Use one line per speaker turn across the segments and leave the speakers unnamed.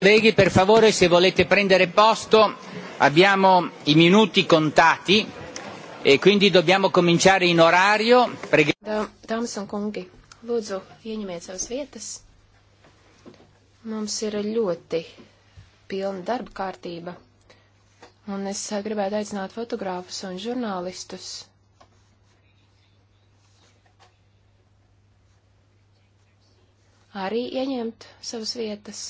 Colleghi, per favore, se volete prendere posto, abbiamo i minuti contati e quindi dobbiamo cominciare in orario. Preg-
Dāmas un kungi, lūdzu, ieņemiet savas vietas. Mums ir ļoti pilna darba kārtība, un es gribētu aicināt fotogrāfus un žurnālistus. Arī ieņemt savas vietas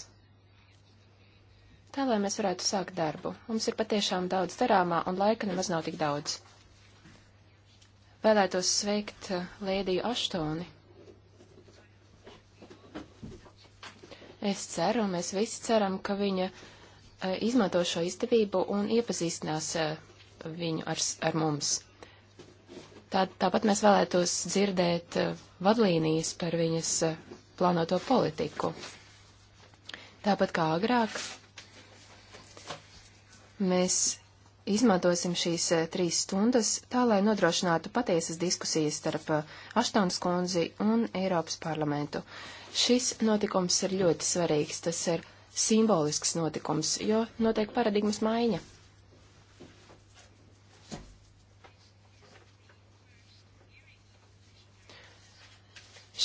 tā lai mēs varētu sākt darbu. Mums ir patiešām daudz darāmā un laika nemaz nav tik daudz. Vēlētos sveikt eh, Lēdiju Aštoni. Es ceru, mēs visi ceram, ka viņa eh, izmanto šo izdevību un iepazīstinās eh, viņu ar, ar mums. Tā, tāpat mēs vēlētos dzirdēt vadlīnijas par viņas plānoto politiku. Tāpat kā agrāk, Mēs izmantosim šīs eh, trīs stundas tā, lai nodrošinātu patiesas diskusijas starp eh, Aštons kundzi un Eiropas parlamentu. Šis notikums ir ļoti svarīgs. Tas ir simbolisks notikums, jo notiek paradigmas maiņa.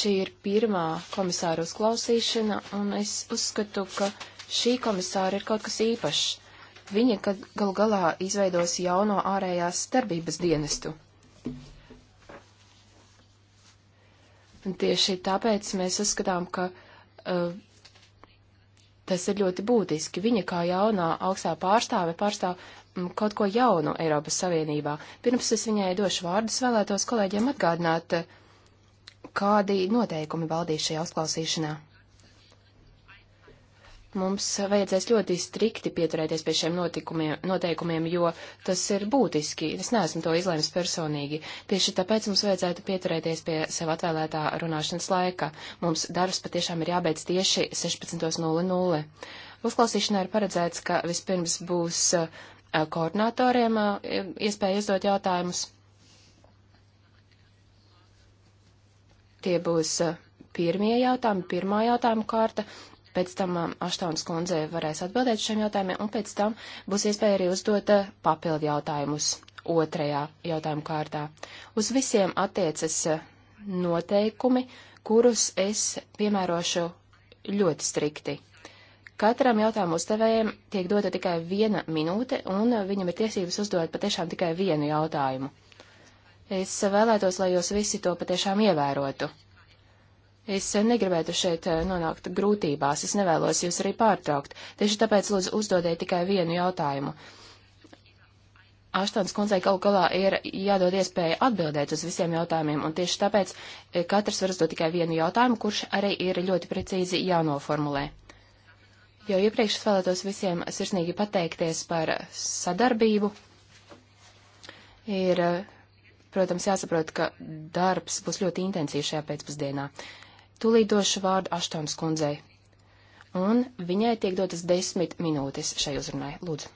Šī ir pirmā komisāra uzklausīšana, un es uzskatu, ka šī komisāra ir kaut kas īpašs viņa gal galā izveidos jauno ārējās starpības dienestu. Un tieši tāpēc mēs uzskatām, ka uh, tas ir ļoti būtiski. Viņa kā jaunā augstā pārstāve pārstāv um, kaut ko jaunu Eiropas Savienībā. Pirms es viņai došu vārdus, vēlētos kolēģiem atgādināt, eh, kādi noteikumi valdīs šajā uzklausīšanā. Mums vajadzēs ļoti strikti pieturēties pie šiem noteikumiem, jo tas ir būtiski. Es neesmu to izlēmis personīgi. Tieši tāpēc mums vajadzētu pieturēties pie sev atvēlētā runāšanas laika. Mums darbs patiešām ir jābeidz tieši 16.00. Uzklausīšanā ir paredzēts, ka vispirms būs eh, koordinatoriem eh, iespēja izdot jautājumus. Tie būs eh, pirmie jautājumi, pirmā jautājuma kārta, Pēc tam um, Aštaunas kundze varēs atbildēt šiem jautājumiem, un pēc tam būs iespēja arī uzdot uh, papildu jautājumus otrajā jautājuma kārtā. Uz visiem attiecas uh, noteikumi, kurus es piemērošu ļoti strikti. Katram jautājumu uzdevējiem tiek dota tikai viena minūte, un uh, viņam ir tiesības uzdot patiešām tikai vienu jautājumu. Es vēlētos, lai jūs visi to patiešām ievērotu. Es negribētu šeit eh, nonākt grūtībās, es nevēlos jūs arī pārtraukt. Tieši tāpēc lūdzu uzdodiet tikai vienu jautājumu. Aštons kundzei galu galā ir jādod iespēja atbildēt uz visiem jautājumiem, un tieši tāpēc eh, katrs var uzdot tikai vienu jautājumu, kurš arī ir ļoti precīzi jānoformulē. Jau iepriekš es vēlētos visiem sirsnīgi pateikties par sadarbību. Ir, eh, protams, jāsaprot, ka darbs būs ļoti intensīvs šajā pēcpusdienā. Tūlīt došu vārdu Aštons kundzei. Un viņai tiek dotas desmit minūtes šai uzrunai. Lūdzu.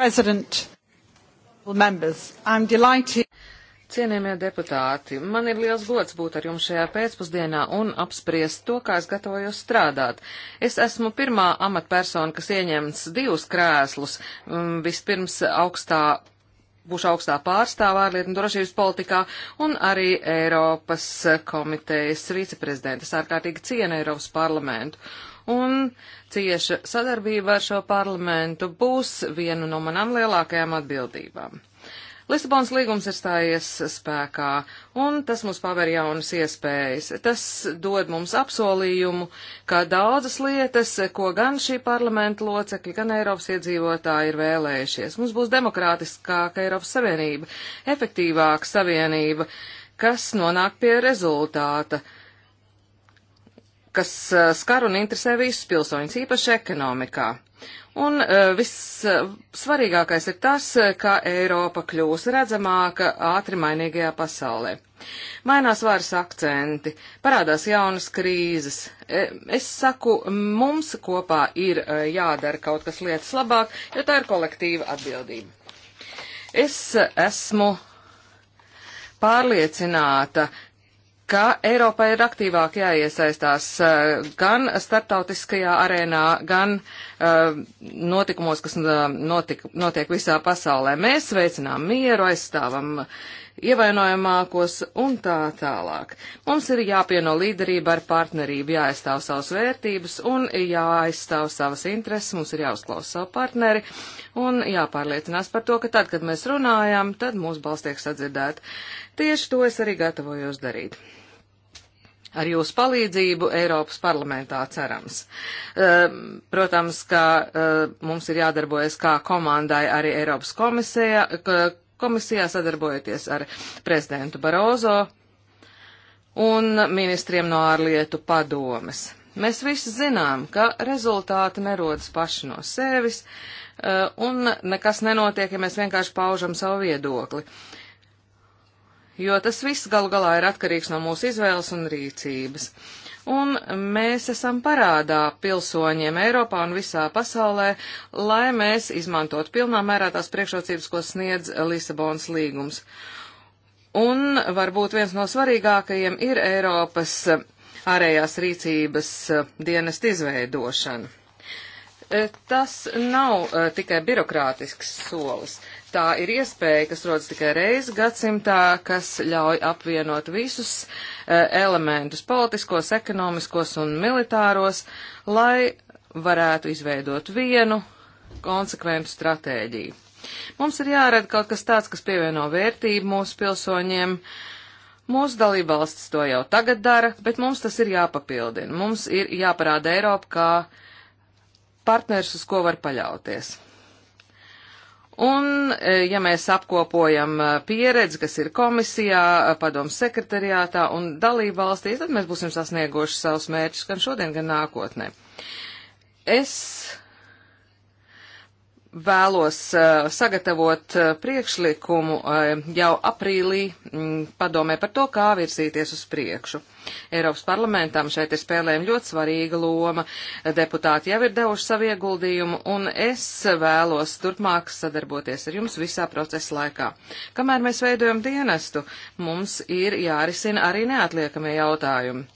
President, members, I'm delighted. Cienījamie deputāti, man ir liels gods būt ar jums šajā pēcpusdienā un apspriest to, kā es gatavojos strādāt. Es esmu pirmā amatpersona, kas ieņems divus krēslus, mm, vispirms augstā būšu augstā pārstāvā ārlietu un drošības politikā un arī Eiropas komitejas viceprezidenta. Es ārkārtīgi cienu Eiropas parlamentu. Un cieša sadarbība ar šo parlamentu būs viena no manām lielākajām atbildībām. Lisabonas līgums ir stājies spēkā, un tas mums paver jaunas iespējas. Tas dod mums apsolījumu, ka daudzas lietas, ko gan šī parlamenta locekļi, gan Eiropas iedzīvotāji ir vēlējušies. Mums būs demokrātiskāka Eiropas Savienība, efektīvāka Savienība, kas nonāk pie rezultāta. Uh, kas skar un interesē visus pilsoņus, īpaši ekonomikā. Un vissvarīgākais ir tas, ka Eiropa kļūs redzamāka ātri mainīgajā pasaulē. Mainās vairs akcenti, parādās jaunas krīzes. E, es saku, mums kopā ir jādara kaut kas lietas labāk, jo tā ir kolektīva atbildība. Es esmu pārliecināta, ka Eiropai ir aktīvāk jāiesaistās eh, gan starptautiskajā arēnā, gan uh, notikumos, kas eh, notik, notiek visā pasaulē. Mēs veicinām mieru, aizstāvam ievainojamākos un tā tālāk. Mums ir jāpieno līderība ar partnerību, jāaizstāv savas vērtības un jāaizstāv savas intereses, mums ir jāuzklausa savu partneri un jāpārliecinās par to, ka tad, kad mēs runājam, tad mūsu balss tiek sadzirdēt. Tieši to es arī gatavojos darīt. Ar jūsu palīdzību Eiropas parlamentā cerams. Ehm, protams, ka ehm, mums ir jādarbojas kā komandai arī Eiropas komisija, komisijā sadarbojoties ar prezidentu Barozo un ministriem no ārlietu padomes. Mēs visi zinām, ka rezultāti nerodas paši no sevis, eh, un nekas nenotiek, ja mēs vienkārši paužam savu viedokli. Jo tas viss galu galā ir atkarīgs no mūsu izvēles un rīcības un mēs esam parādā pilsoņiem Eiropā un visā pasaulē, lai mēs izmantotu pilnā mērā tās priekšrocības, ko sniedz Lisabonas līgums. Un varbūt viens no svarīgākajiem ir Eiropas ārējās rīcības dienesta izveidošana. E, tas nav uh, tikai birokrātisks solis. Tā ir iespēja, kas rodas tikai reizi gadsimtā, kas ļauj apvienot visus uh, elementus - politiskos, ekonomiskos un militāros, lai varētu izveidot vienu konsekventu stratēģiju. Mums ir jārada kaut kas tāds, kas pievieno vērtību mūsu pilsoņiem. Mūsu dalībvalstis to jau tagad dara, bet mums tas ir jāpapildina. Mums ir jāparāda Eiropa kā partners, uz ko var paļauties. Un, e, ja mēs apkopojam e, pieredzi, kas ir komisijā, e, padomu sekretariātā un dalību valstīs, tad mēs būsim sasnieguši savus mērķus gan šodien, gan nākotnē. Es vēlos eh, sagatavot eh, priekšlikumu eh, jau aprīlī mm, padomē par to, kā virzīties uz priekšu. Eiropas parlamentam šeit ir spēlējama ļoti svarīga loma, deputāti jau ir devuši savu ieguldījumu, un es vēlos turpmāk sadarboties ar jums visā procesa laikā. Kamēr mēs veidojam dienestu, mums ir jārisina arī neatliekamie jautājumi.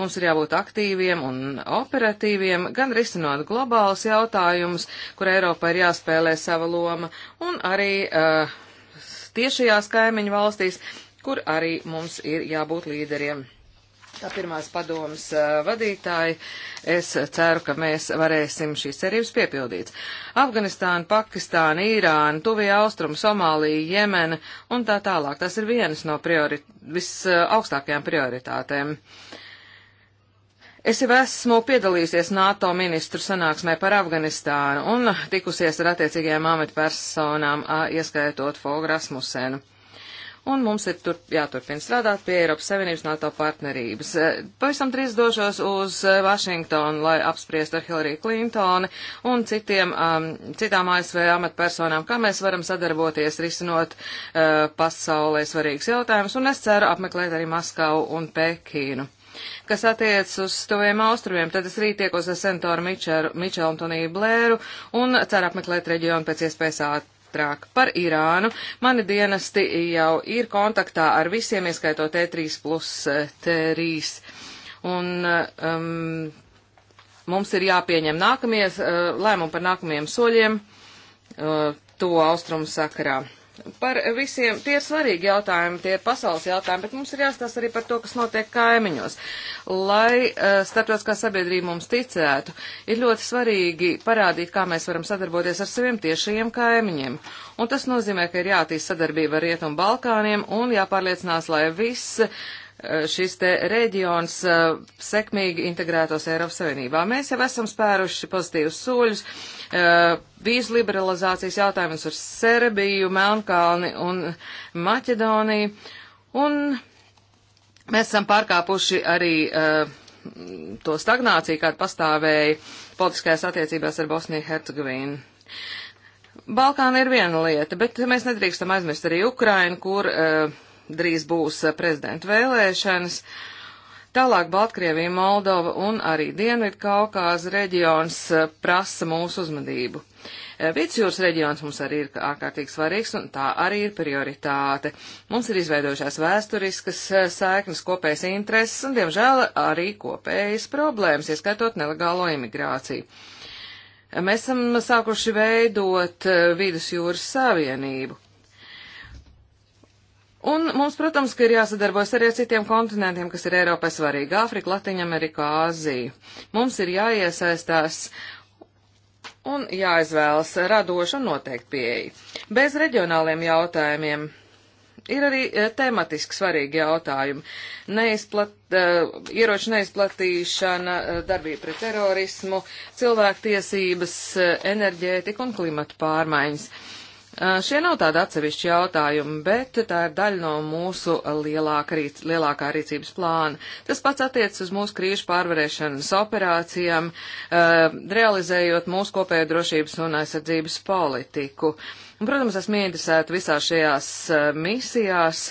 Mums ir jābūt aktīviem un operatīviem, gan risinot globālus jautājumus, kur Eiropa ir jāspēlē sava loma, un arī uh, tiešajās kaimiņu valstīs, kur arī mums ir jābūt līderiem. Kā pirmās padomas uh, vadītāji, es ceru, ka mēs varēsim šīs cerības piepildīt. Afganistāna, Pakistāna, Īrāna, Tuvija Austruma, Somālija, Jemena un tā tālāk. Tas ir vienas no priori... visaugstākajām prioritātēm. Uh, Es jau esmu piedalījusies NATO ministru sanāksmē par Afganistānu un tikusies ar attiecīgajām amatpersonām, ieskaitot Folgu Rasmusenu. Un mums ir tur, jāturpina strādāt pie Eiropas Savienības NATO partnerības. Pavisam drīz došos uz Vašingtonu, lai apspriestu ar Hillary Clintoni un citiem, um, citām ASV amatpersonām, kā mēs varam sadarboties, risinot uh, pasaulē svarīgus jautājumus, un es ceru apmeklēt arī Maskavu un Pekīnu. Kas attiec uz tuviem austrumiem, tad es rīt tiekos ar Sentoru Mičelu, Mičelu un Toniju Blēru un ceru apmeklēt reģionu pēc iespējas ātrāk ātrāk par Irānu. Mani dienesti jau ir kontaktā ar visiem, ieskaitot E3 plus e T3. Un um, mums ir jāpieņem nākamies, uh, lēmumi par nākamajiem soļiem uh, to austrumu sakarā par visiem, tie ir svarīgi jautājumi, tie ir pasaules jautājumi, bet mums ir jāstāsta arī par to, kas notiek kaimiņos. Lai uh, starptautiskā sabiedrība mums ticētu, ir ļoti svarīgi parādīt, kā mēs varam sadarboties ar saviem tiešajiem kaimiņiem. Un tas nozīmē, ka ir jātīst sadarbība ar Rietumu Balkāniem un jāpārliecinās, lai viss Eh, šis te reģions eh, sekmīgi integrētos Eiropas Savienībā. Mēs jau esam spēruši pozitīvus soļus. Eh, vīzu liberalizācijas jautājums ar Serbiju, Melnkalni un Maķedoniju. Un mēs esam pārkāpuši arī to stagnāciju, kāda pastāvēja politiskajās attiecībās ar Bosniju Hercegovinu. Balkāna ir viena lieta, bet mēs nedrīkstam aizmirst arī Ukrainu, kur uh, drīz būs eh, prezidenta vēlēšanas. Tālāk Baltkrievija, Moldova un arī Dienvidu Kaukāza reģions eh, prasa mūsu uzmanību. Eh, Vidusjūras reģions mums arī ir ārkārtīgi svarīgs, un tā arī ir prioritāte. Mums ir izveidojušās vēsturiskas saiknes, kopējas intereses un, diemžēl, arī kopējas problēmas, ieskaitot nelegālo imigrāciju. Mēs esam sākuši veidot Vidusjūras savienību. Un mums, protams, ka ir jāsadarbojas arī ar citiem kontinentiem, kas ir Eiropai svarīgi - Āfrika, Latviņamerika, Āzija. Mums ir jāiesaistās un jāizvēlas radoša un noteikti pieeja. Bez reģionāliem jautājumiem ir arī eh, tematiski svarīgi jautājumi. Neizplat, uh, ieroču neizplatīšana, uh, darbība pret terorismu, cilvēktiesības, uh, enerģētika un klimatu pārmaiņas. Uh, Šie nav tādi atsevišķi jautājumi, bet tā ir daļa no mūsu lielākā, rīc, lielākā rīcības plāna. Tas pats attiecas uz mūsu krīžu pārvarēšanas operācijām, realizējot mūsu kopējo drošības un aizsardzības politiku. Un, protams, esmu interesēta visās šajās misijās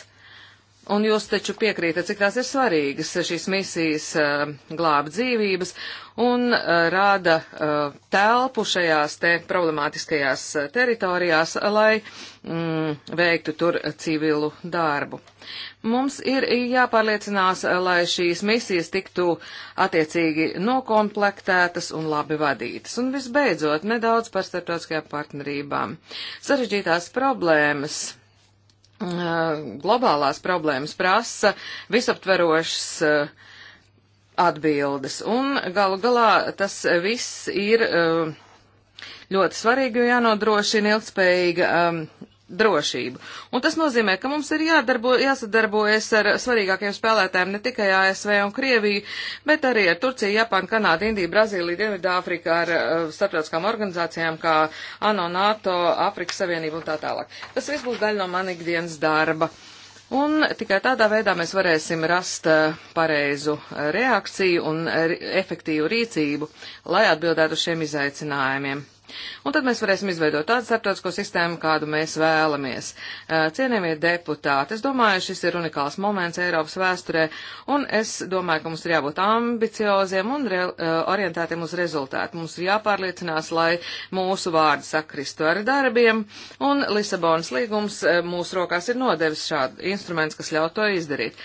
Un jūs taču piekrītat, cik tās ir svarīgas šīs misijas eh, glābt dzīvības un eh, rāda eh, telpu šajās te problemātiskajās teritorijās, lai mm, veiktu tur civilu darbu. Mums ir jāpārliecinās, lai šīs misijas tiktu attiecīgi nokomplektētas un labi vadītas. Un visbeidzot, nedaudz par starptautiskajām partnerībām. Sarežģītās problēmas globālās problēmas prasa visaptverošas atbildes. Un galu galā tas viss ir ļoti svarīgi, jo jānodrošina ilgspējīga drošību. Un tas nozīmē, ka mums ir jādarbo, jāsadarbojas ar svarīgākajiem spēlētājiem ne tikai ASV un Krieviju, bet arī ar Turciju, Japānu, Kanādu, Indiju, Brazīliju, Dienvidāfriku, ar uh, starptautiskām organizācijām kā ANO, NATO, Afrikas Savienību un tā tālāk. Tas viss būs daļa no man ikdienas darba. Un tikai tādā veidā mēs varēsim rast uh, pareizu uh, reakciju un efektīvu rīcību, lai atbildētu šiem izaicinājumiem. Un tad mēs varēsim izveidot tādu starptautisko sistēmu, kādu mēs vēlamies. Eh, cienījamie deputāti, es domāju, šis ir unikāls moments Eiropas vēsturē, un es domāju, ka mums ir jābūt ambicioziem un re, eh, orientētiem uz rezultātu. Mums ir jāpārliecinās, lai mūsu vārdi sakristu ar darbiem, un Lisabonas līgums eh, mūsu rokās ir nodevis šādu instruments, kas ļauj to izdarīt.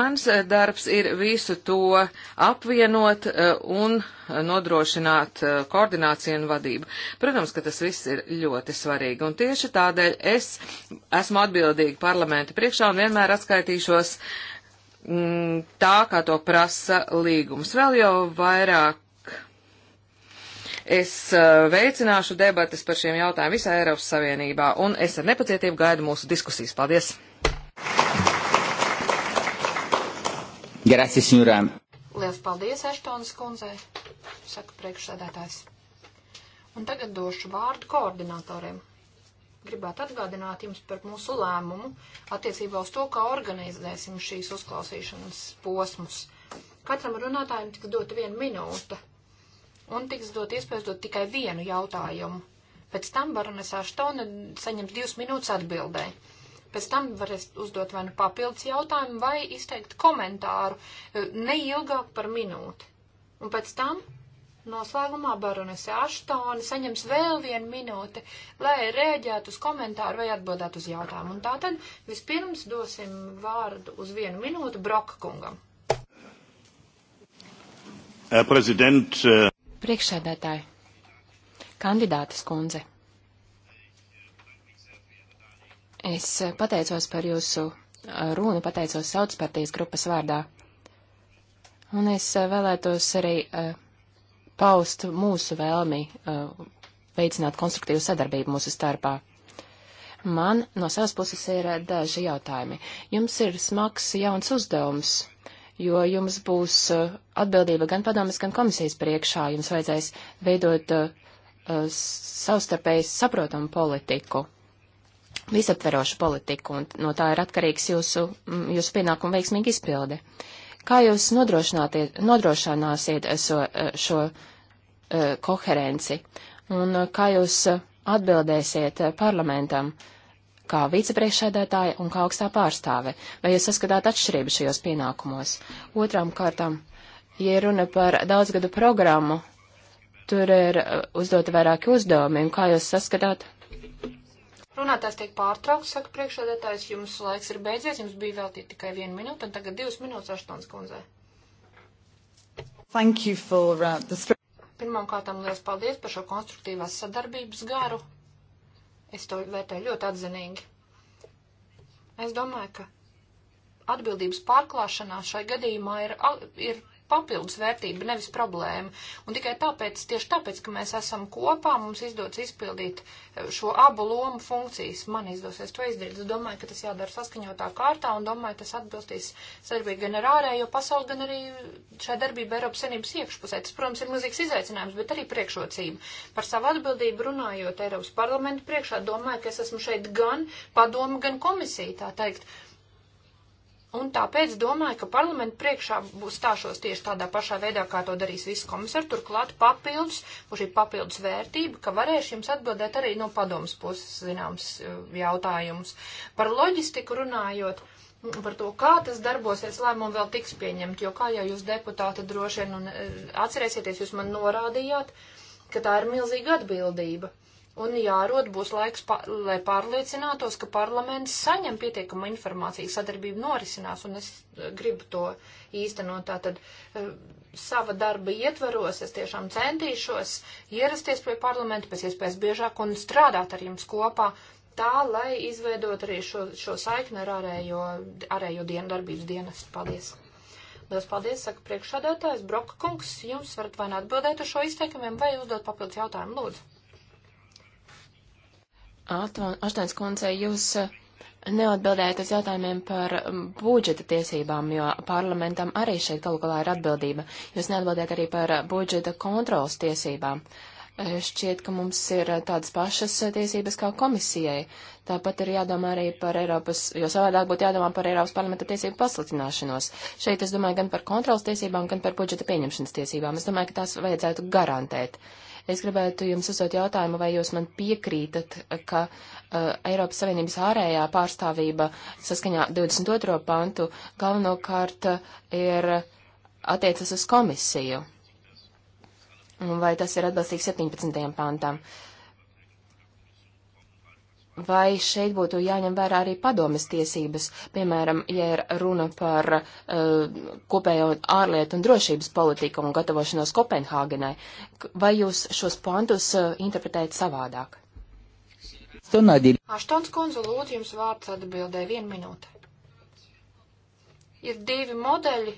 Mans darbs ir visu to apvienot un nodrošināt eh, koordināciju un vadību. Protams, ka tas viss ir ļoti svarīgi, un tieši tādēļ es esmu atbildīgi parlamenta priekšā un vienmēr atskaitīšos mm, tā, kā to prasa līgums. Vēl jau vairāk es eh, veicināšu debatas par šiem jautājumiem visā Eiropas Savienībā, un es ar nepacietību gaidu mūsu diskusijas. Paldies!
Grazie, signora
Liels paldies Eštonas kundzei, saka priekšsēdētājs. Un tagad došu vārdu koordinatoriem. Gribētu atgādināt jums par mūsu lēmumu attiecībā uz to, kā organizēsim šīs uzklausīšanas posmus. Katram runātājam tiks dota viena minūte un tiks dot iespējas dot tikai vienu jautājumu. Pēc tam Baronesa Aštone saņems divas minūtes atbildēji. Pēc tam varēs uzdot vai nu papildus jautājumu, vai izteikt komentāru eh, neilgāk par minūti. Un pēc tam noslēgumā baronese Aštoni saņems vēl vienu minūti, lai rēģētu uz komentāru vai atbildētu uz jautājumu. Un tātad vispirms dosim vārdu uz vienu minūtu Broka kungam.
Prezident. Äh,
Priekšsēdētāji. Kandidātes kundze. Es pateicos par jūsu uh, runu, pateicos saucpartijas grupas vārdā. Un es uh, vēlētos arī uh, paust mūsu vēlmi uh, veicināt konstruktīvu sadarbību mūsu starpā. Man no savas puses ir uh, daži jautājumi. Jums ir smags jauns uzdevums, jo jums būs uh, atbildība gan padomas, gan komisijas priekšā. Jums vajadzēs veidot savstarpēji saprotamu politiku visaptverošu politiku, un no tā ir atkarīgs jūsu, mm, jūsu pienākumu veiksmīgi izpildi. Kā jūs nodrošināsiet eh, šo, šo uh, eh, koherenci, un eh, kā jūs atbildēsiet parlamentam kā vicepriekšēdētāja un kā augstā pārstāve? Vai jūs saskatāt atšķirību šajos pienākumos? Otrām kārtām, ja runa par daudzgadu programmu, tur ir uzdoti vairāki uzdevumi, un kā jūs saskatāt Runātājs tiek pārtraukts, saka priekšādētājs, jums laiks ir beidzies, jums bija veltīta tikai viena minūte, un tagad divas minūtes aštuns kundzē.
Thank you for uh, the...
Pirmām kārtām liels paldies par šo konstruktīvās sadarbības garu. Es to vērtēju ļoti atzinīgi. Es domāju, ka atbildības pārklāšanās šai gadījumā ir, ir papildus vērtība, nevis problēma. Un tikai tāpēc, tieši tāpēc, ka mēs esam kopā, mums izdodas izpildīt eh, šo abu lomu funkcijas. Man izdosies to izdarīt. Es domāju, ka tas jādara saskaņotā kārtā un domāju, tas atbilstīs sadarbību gan ar ārējo pasauli, gan arī šai darbībai Eiropas Savienības iekšpusē. Tas, protams, ir milzīgs izaicinājums, bet arī priekšrocība. Par savu atbildību runājot Eiropas parlamentu priekšā, domāju, ka es esmu šeit gan padomu, gan komisiju, tā teikt Un tāpēc domāju, ka parlamentu priekšā būs stāšos tieši tādā pašā veidā, kā to darīs viss komisāri. Turklāt papildus, būs šī papildus vērtība, ka varēšu jums atbildēt arī no padomas puses zināms jautājumus. Par loģistiku runājot, par to, kā tas darbosies, lēmumu vēl tiks pieņemt, jo kā jau jūs deputāti droši vien un e, atcerēsieties, jūs man norādījāt, ka tā ir milzīga atbildība Un jārod būs laiks, pa, lai pārliecinātos, ka parlaments saņem pietiekama informācija, sadarbība norisinās, un es eh, gribu to īstenot. Tātad eh, sava darba ietvaros es tiešām centīšos ierasties pie parlamenta pēc iespējas biežāk un strādāt ar jums kopā, tā, lai izveidot arī šo, šo saikni ar ārējo, ārējo dienu darbības dienestu. Paldies! Lielas paldies, saka priekšādātājs Broka kungs. Jums varat vai nu atbildēt uz šo izteikumiem, vai uzdot papildus jautājumu, lūdzu. Aštons kundze, jūs eh, neatbildējat uz jautājumiem par mm, budžeta tiesībām, jo parlamentam arī šeit galu galā ir atbildība. Jūs neatbildējat arī par eh, budžeta kontrolas tiesībām. Eh, šķiet, ka mums ir tādas pašas tiesības kā komisijai. Tāpat ir jādomā arī par Eiropas, jo savādāk būtu jādomā par Eiropas parlamenta tiesību pasliktināšanos. Šeit es domāju gan par kontrolas tiesībām, gan par budžeta pieņemšanas tiesībām. Es domāju, ka tās vajadzētu garantēt. Uh, Es gribētu jums uzdot jautājumu, vai jūs man piekrītat, ka uh, Eiropas Savienības ārējā pārstāvība saskaņā 22. pantu galvenokārt ir attiecas uz komisiju. Vai tas ir atbilstīgs 17. pantam? Uh, Vai šeit būtu jāņem vērā arī padomas tiesības, piemēram, ja ir runa par uh, kopējo ārlietu un drošības politiku un gatavošanos Kopenhāgenai, vai jūs šos pantus uh, interpretējat savādāk? Aštons kundze, lūdzu, jums vārds atbildēja vienu minūti. Ir divi modeļi,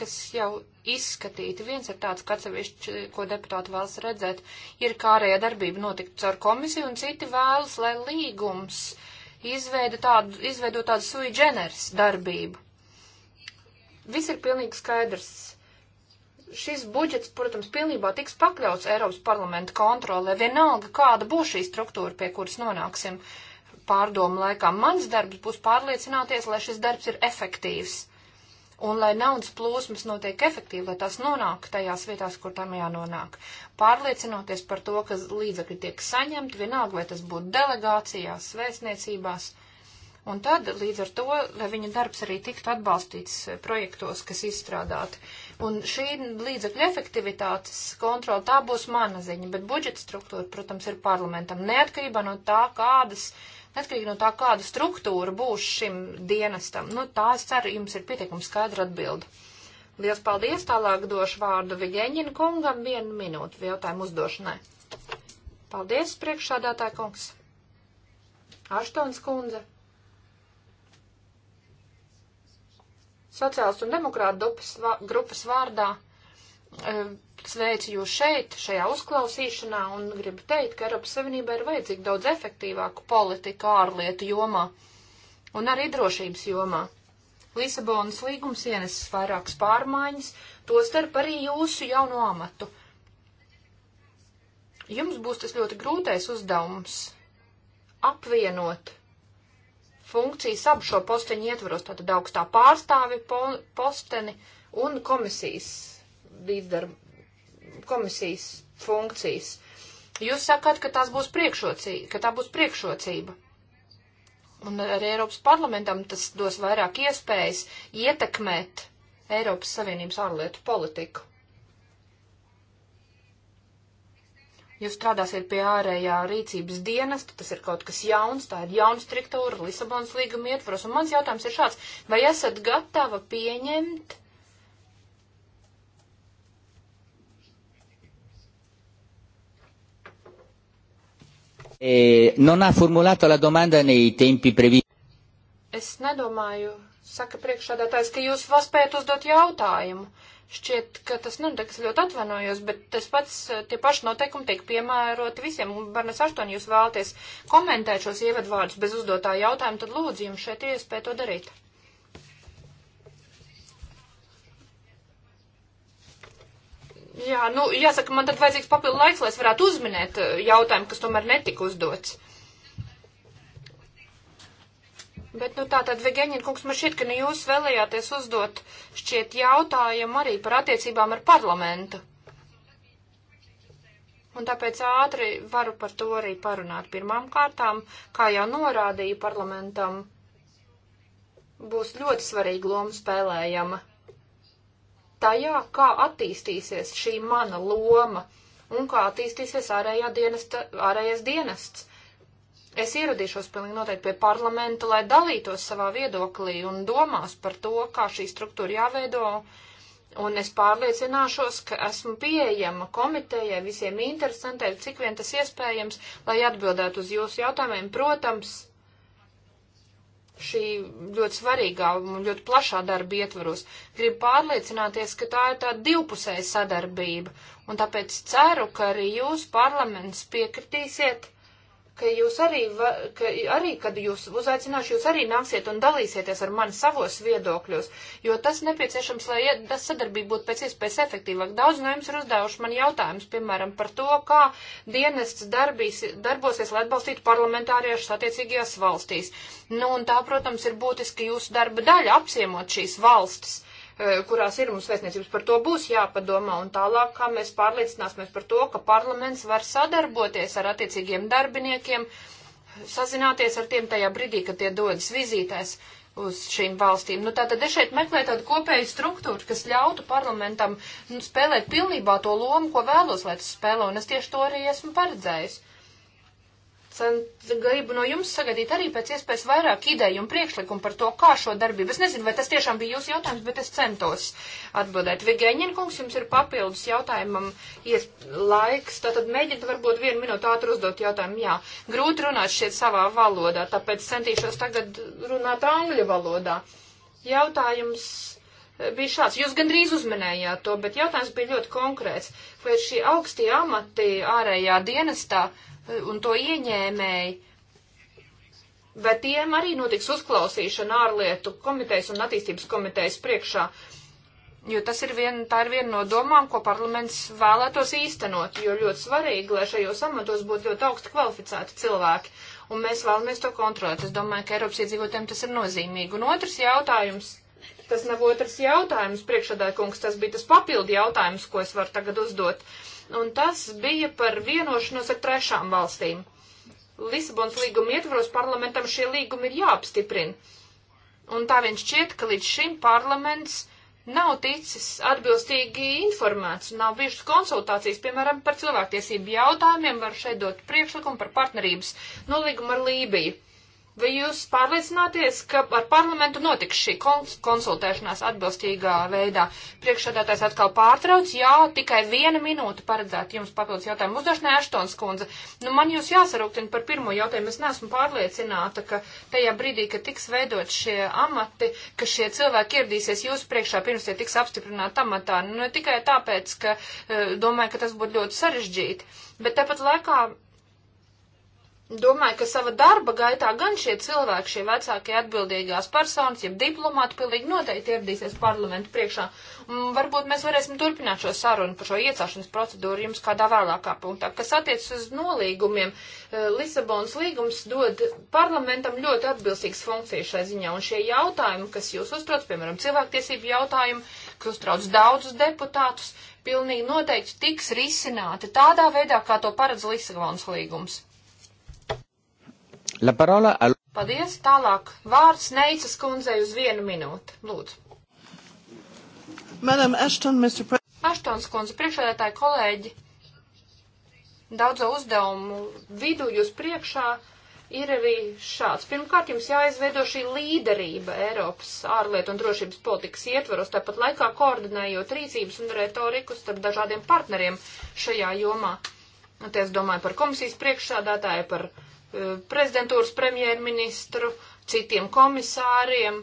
kas jau izskatīti. Viens ir tāds, ka atsevišķi, ko deputāti vēlas redzēt, ir kā ārējā darbība notikt caur komisiju, un citi vēlas, lai līgums izveido tādu, izveido tādu sui generis darbību. Viss ir pilnīgi skaidrs. Šis budžets, protams, pilnībā tiks pakļauts Eiropas parlamenta kontrolē, vienalga kāda būs šī struktūra, pie kuras nonāksim pārdomu laikā. Mans darbs būs pārliecināties, lai šis darbs ir efektīvs un lai naudas plūsmas notiek efektīvi, lai tās nonāk tajās vietās, kur tam jānonāk. Pārliecinoties par to, ka līdzekļi tiek saņemti, vienalga, vai tas būtu delegācijās, vēstniecībās, un tad līdz ar to, lai viņa darbs arī tiktu atbalstīts eh, projektos, kas izstrādāti. Un šī līdzekļa efektivitātes kontrola tā būs mana ziņa, bet budžeta struktūra, protams, ir parlamentam neatkarībā no tā, kādas Atkarīgi no tā, kāda struktūra būs šim dienestam. Nu, tā es ceru, jums ir pietiekami skaidra atbilde. Liels paldies! Tālāk došu vārdu Vigeņina kungam vienu minūtu jautājumu uzdošanai. Paldies, priekšsādātāja kungs! Aštons kundze! Sociālistu un demokrātu grupas vārdā Ehm, sveicu jūs šeit, šajā uzklausīšanā, un gribu teikt, ka Eiropas Savienībai ir vajadzīga daudz efektīvāku politiku ārlietu jomā un arī drošības jomā. Lisabonas līgums ienesis vairākas pārmaiņas, to starp arī jūsu jauno amatu. Jums būs tas ļoti grūtais uzdevums apvienot funkcijas ap šo posteņu ietvaros, tātad augstā pārstāvi po, posteni un komisijas līdzdarba komisijas funkcijas. Jūs sakāt, ka, būs ka tā būs priekšrocība. Un arī Eiropas parlamentam tas dos vairāk iespējas ietekmēt Eiropas Savienības ārlietu politiku. Jūs strādāsiet pie ārējā rīcības dienesta, tas ir kaut kas jauns, tā ir jauna struktūra, Lisabonas līguma ietvaros. Un mans jautājums ir šāds, vai esat gatava pieņemt
E, non ha formulato la domanda nei tempi previsti.
Es nedomāju, saka priekšādātājs, ka jūs vēl spējat uzdot jautājumu. Šķiet, ka tas nenotiks ļoti atvainojos, bet tas pats, e, tie paši noteikumi tiek piemēroti visiem. Un, Barnes Aštoni, jūs vēlaties komentēt šos ievadvārdus bez uzdotā jautājuma, tad lūdzu jums šeit iespēja to darīt. Jā, nu, jāsaka, man tad vajadzīgs papildu laiks, lai es varētu uzminēt eh, jautājumu, kas tomēr netika uzdots. Bet, nu, tā tad, Vigeņina kungs, man šķiet, ka ne jūs vēlējāties uzdot šķiet jautājumu arī par attiecībām ar parlamentu. Un tāpēc ātri varu par to arī parunāt. Pirmām kārtām, kā jau norādīju, parlamentam būs ļoti svarīga loma spēlējama tajā, kā attīstīsies šī mana loma un kā attīstīsies ārējā dienesta, ārējais dienests. Es ieradīšos pilnīgi noteikti pie parlamenta, lai dalītos savā viedoklī un domās par to, kā šī struktūra jāveido, un es pārliecināšos, ka esmu pieejama komitejai, visiem interesantiem, cik vien tas iespējams, lai atbildētu uz jūsu jautājumiem. Protams, šī ļoti svarīgā un ļoti plašā darba ietvaros. Gribu pārliecināties, ka tā ir tā divpusēja sadarbība, un tāpēc ceru, ka arī jūs parlaments piekritīsiet ka jūs arī, va, ka arī, kad jūs uzaicināšu, jūs arī nāksiet un dalīsieties ar mani savos viedokļos, jo tas nepieciešams, lai tas sadarbība būtu pēc iespējas efektīvāk. Daudz no jums ir uzdevuši man jautājumus, piemēram, par to, kā dienests darbīs, darbosies, lai atbalstītu parlamentāriešus attiecīgajās valstīs. Nu, un tā, protams, ir būtiski jūsu darba daļa apciemot šīs valstis. E, kurās ir mums vēstniecības. Par to būs jāpadomā un tālāk, kā mēs pārliecināsimies par to, ka parlaments var sadarboties ar attiecīgiem darbiniekiem, sazināties ar tiem tajā brīdī, kad tie dodas vizītēs uz šīm valstīm. Nu, tātad es šeit meklēju tādu kopēju struktūru, kas ļautu parlamentam nu, spēlēt pilnībā to lomu, ko vēlos, lai tas spēlē, un es tieši to arī esmu paredzējis gribu no jums sagadīt arī pēc iespējas vairāk ideju un priekšlikumu par to, kā šo darbību. Es nezinu, vai tas tiešām bija jūsu jautājums, bet es centos atbildēt. Vigēņina kungs, jums ir papildus jautājumam ies laiks, tātad mēģiniet varbūt vienu minūtu ātri uzdot jautājumu. Jā, grūti runāt šeit savā valodā, tāpēc centīšos tagad runāt angļu valodā. Jautājums bija šāds. Jūs gandrīz uzminējāt to, bet jautājums bija ļoti konkrēts. Vai šī augstie amati ārējā dienestā un to ieņēmēji, vai tiem arī notiks uzklausīšana ārlietu komitejas un attīstības komitejas priekšā, jo tas ir viena, tā ir viena no domām, ko parlaments vēlētos īstenot, jo ļoti svarīgi, lai šajos amatos būtu ļoti augsti kvalificēti cilvēki, un mēs vēlamies to kontrolēt. Es domāju, ka Eiropas iedzīvotājiem tas ir nozīmīgi. Un otrs jautājums, tas nav otrs jautājums, priekšādāja kungs, tas bija tas papildi jautājums, ko es varu tagad uzdot. Uh, un tas bija par vienošanos ar trešām valstīm. Lisabons līguma ietvaros parlamentam šie līgumi ir jāapstiprina. Un tā viņš šķiet, ka līdz šim parlaments nav ticis atbilstīgi informēts un nav bijušas konsultācijas, piemēram, par cilvēktiesību jautājumiem, var šeit dot priekšlikumu par partnerības nolīgumu ar Lībiju. Vai jūs pārliecināties, ka ar parlamentu notiks šī konsultēšanās atbilstīgā veidā? Priekšsēdētājs atkal pārtrauc, jā, tikai viena minūte paredzēta jums papildus jautājumu uzdošanai, Aštons kundze. Nu, man jūs jāsarūktina par pirmo jautājumu. Es neesmu pārliecināta, ka tajā brīdī, kad tiks veidot šie amati, ka šie cilvēki ieradīsies jūsu priekšā pirms tie tiks apstiprināti amatā. Nu, ne tikai tāpēc, ka eh, domāju, ka tas būtu ļoti sarežģīti, bet tāpat laikā Domāju, ka sava darba gaitā gan šie cilvēki, šie vecākie atbildīgās personas, jeb diplomāti, pilnīgi noteikti ieradīsies parlamentu priekšā. Un varbūt mēs varēsim turpināt šo sarunu par šo iecāšanas procedūru jums kādā vēlākā punktā. Kas attiecas uz nolīgumiem, eh, Lisabonas līgums dod parlamentam ļoti atbilstīgas funkcijas šai ziņā, un šie jautājumi, kas jūs uztrauc, piemēram, cilvēktiesību jautājumi, kas uztrauc daudzus deputātus, pilnīgi noteikti tiks risināti tādā veidā, kā to paredz Lisabonas līgums.
La parola al...
Paldies, tālāk. Vārds Neicas kundzei uz vienu minūti.
Lūdzu. Madam Ashton, Mr. Pre...
Ashtons kundze, priekšādētāji kolēģi, daudzo uzdevumu vidu jūs priekšā ir arī šāds. Pirmkārt, jums jāizveido šī līderība Eiropas ārlietu un drošības politikas ietvaros, tāpat laikā koordinējot rīcības un retoriku starp dažādiem partneriem šajā jomā. Un te es domāju par komisijas priekšsādātāju, par uh, prezidentūras premjerministru, citiem komisāriem,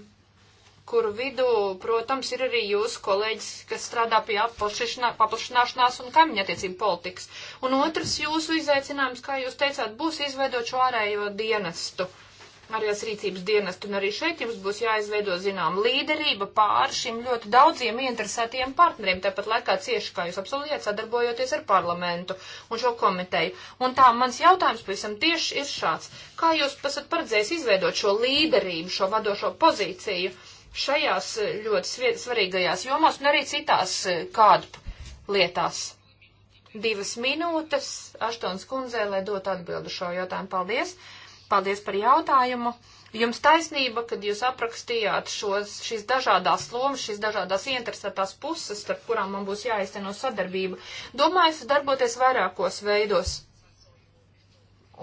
kuru vidū, protams, ir arī jūsu kolēģis, kas strādā pie paplašināšanās un kaimiņattiecību politikas. Un otrs jūsu izaicinājums, kā jūs teicāt, būs izveidot šo ārējo dienestu. Uh, ārējās rīcības dienestu, un arī šeit jums būs jāizveido, zinām, līderība pār šiem ļoti daudziem interesētiem partneriem, tāpat laikā cieši, kā jūs apsolījāt, sadarbojoties ar parlamentu un šo komiteju. Un tā, mans jautājums pavisam tieši ir šāds. Kā jūs esat paredzējis izveidot šo līderību, šo vadošo pozīciju šajās eh, ļoti svarīgajās jomās un arī citās eh, kādu lietās? Divas minūtes, Aštons kundzē, lai dotu atbildu šo jautājumu. Paldies! Uh, Paldies par jautājumu. Jums taisnība, kad jūs aprakstījāt šos, šīs dažādās lomas, šīs dažādās interesētās puses, starp kurām man būs jāizteno sadarbība. Domāju, sadarboties vairākos veidos.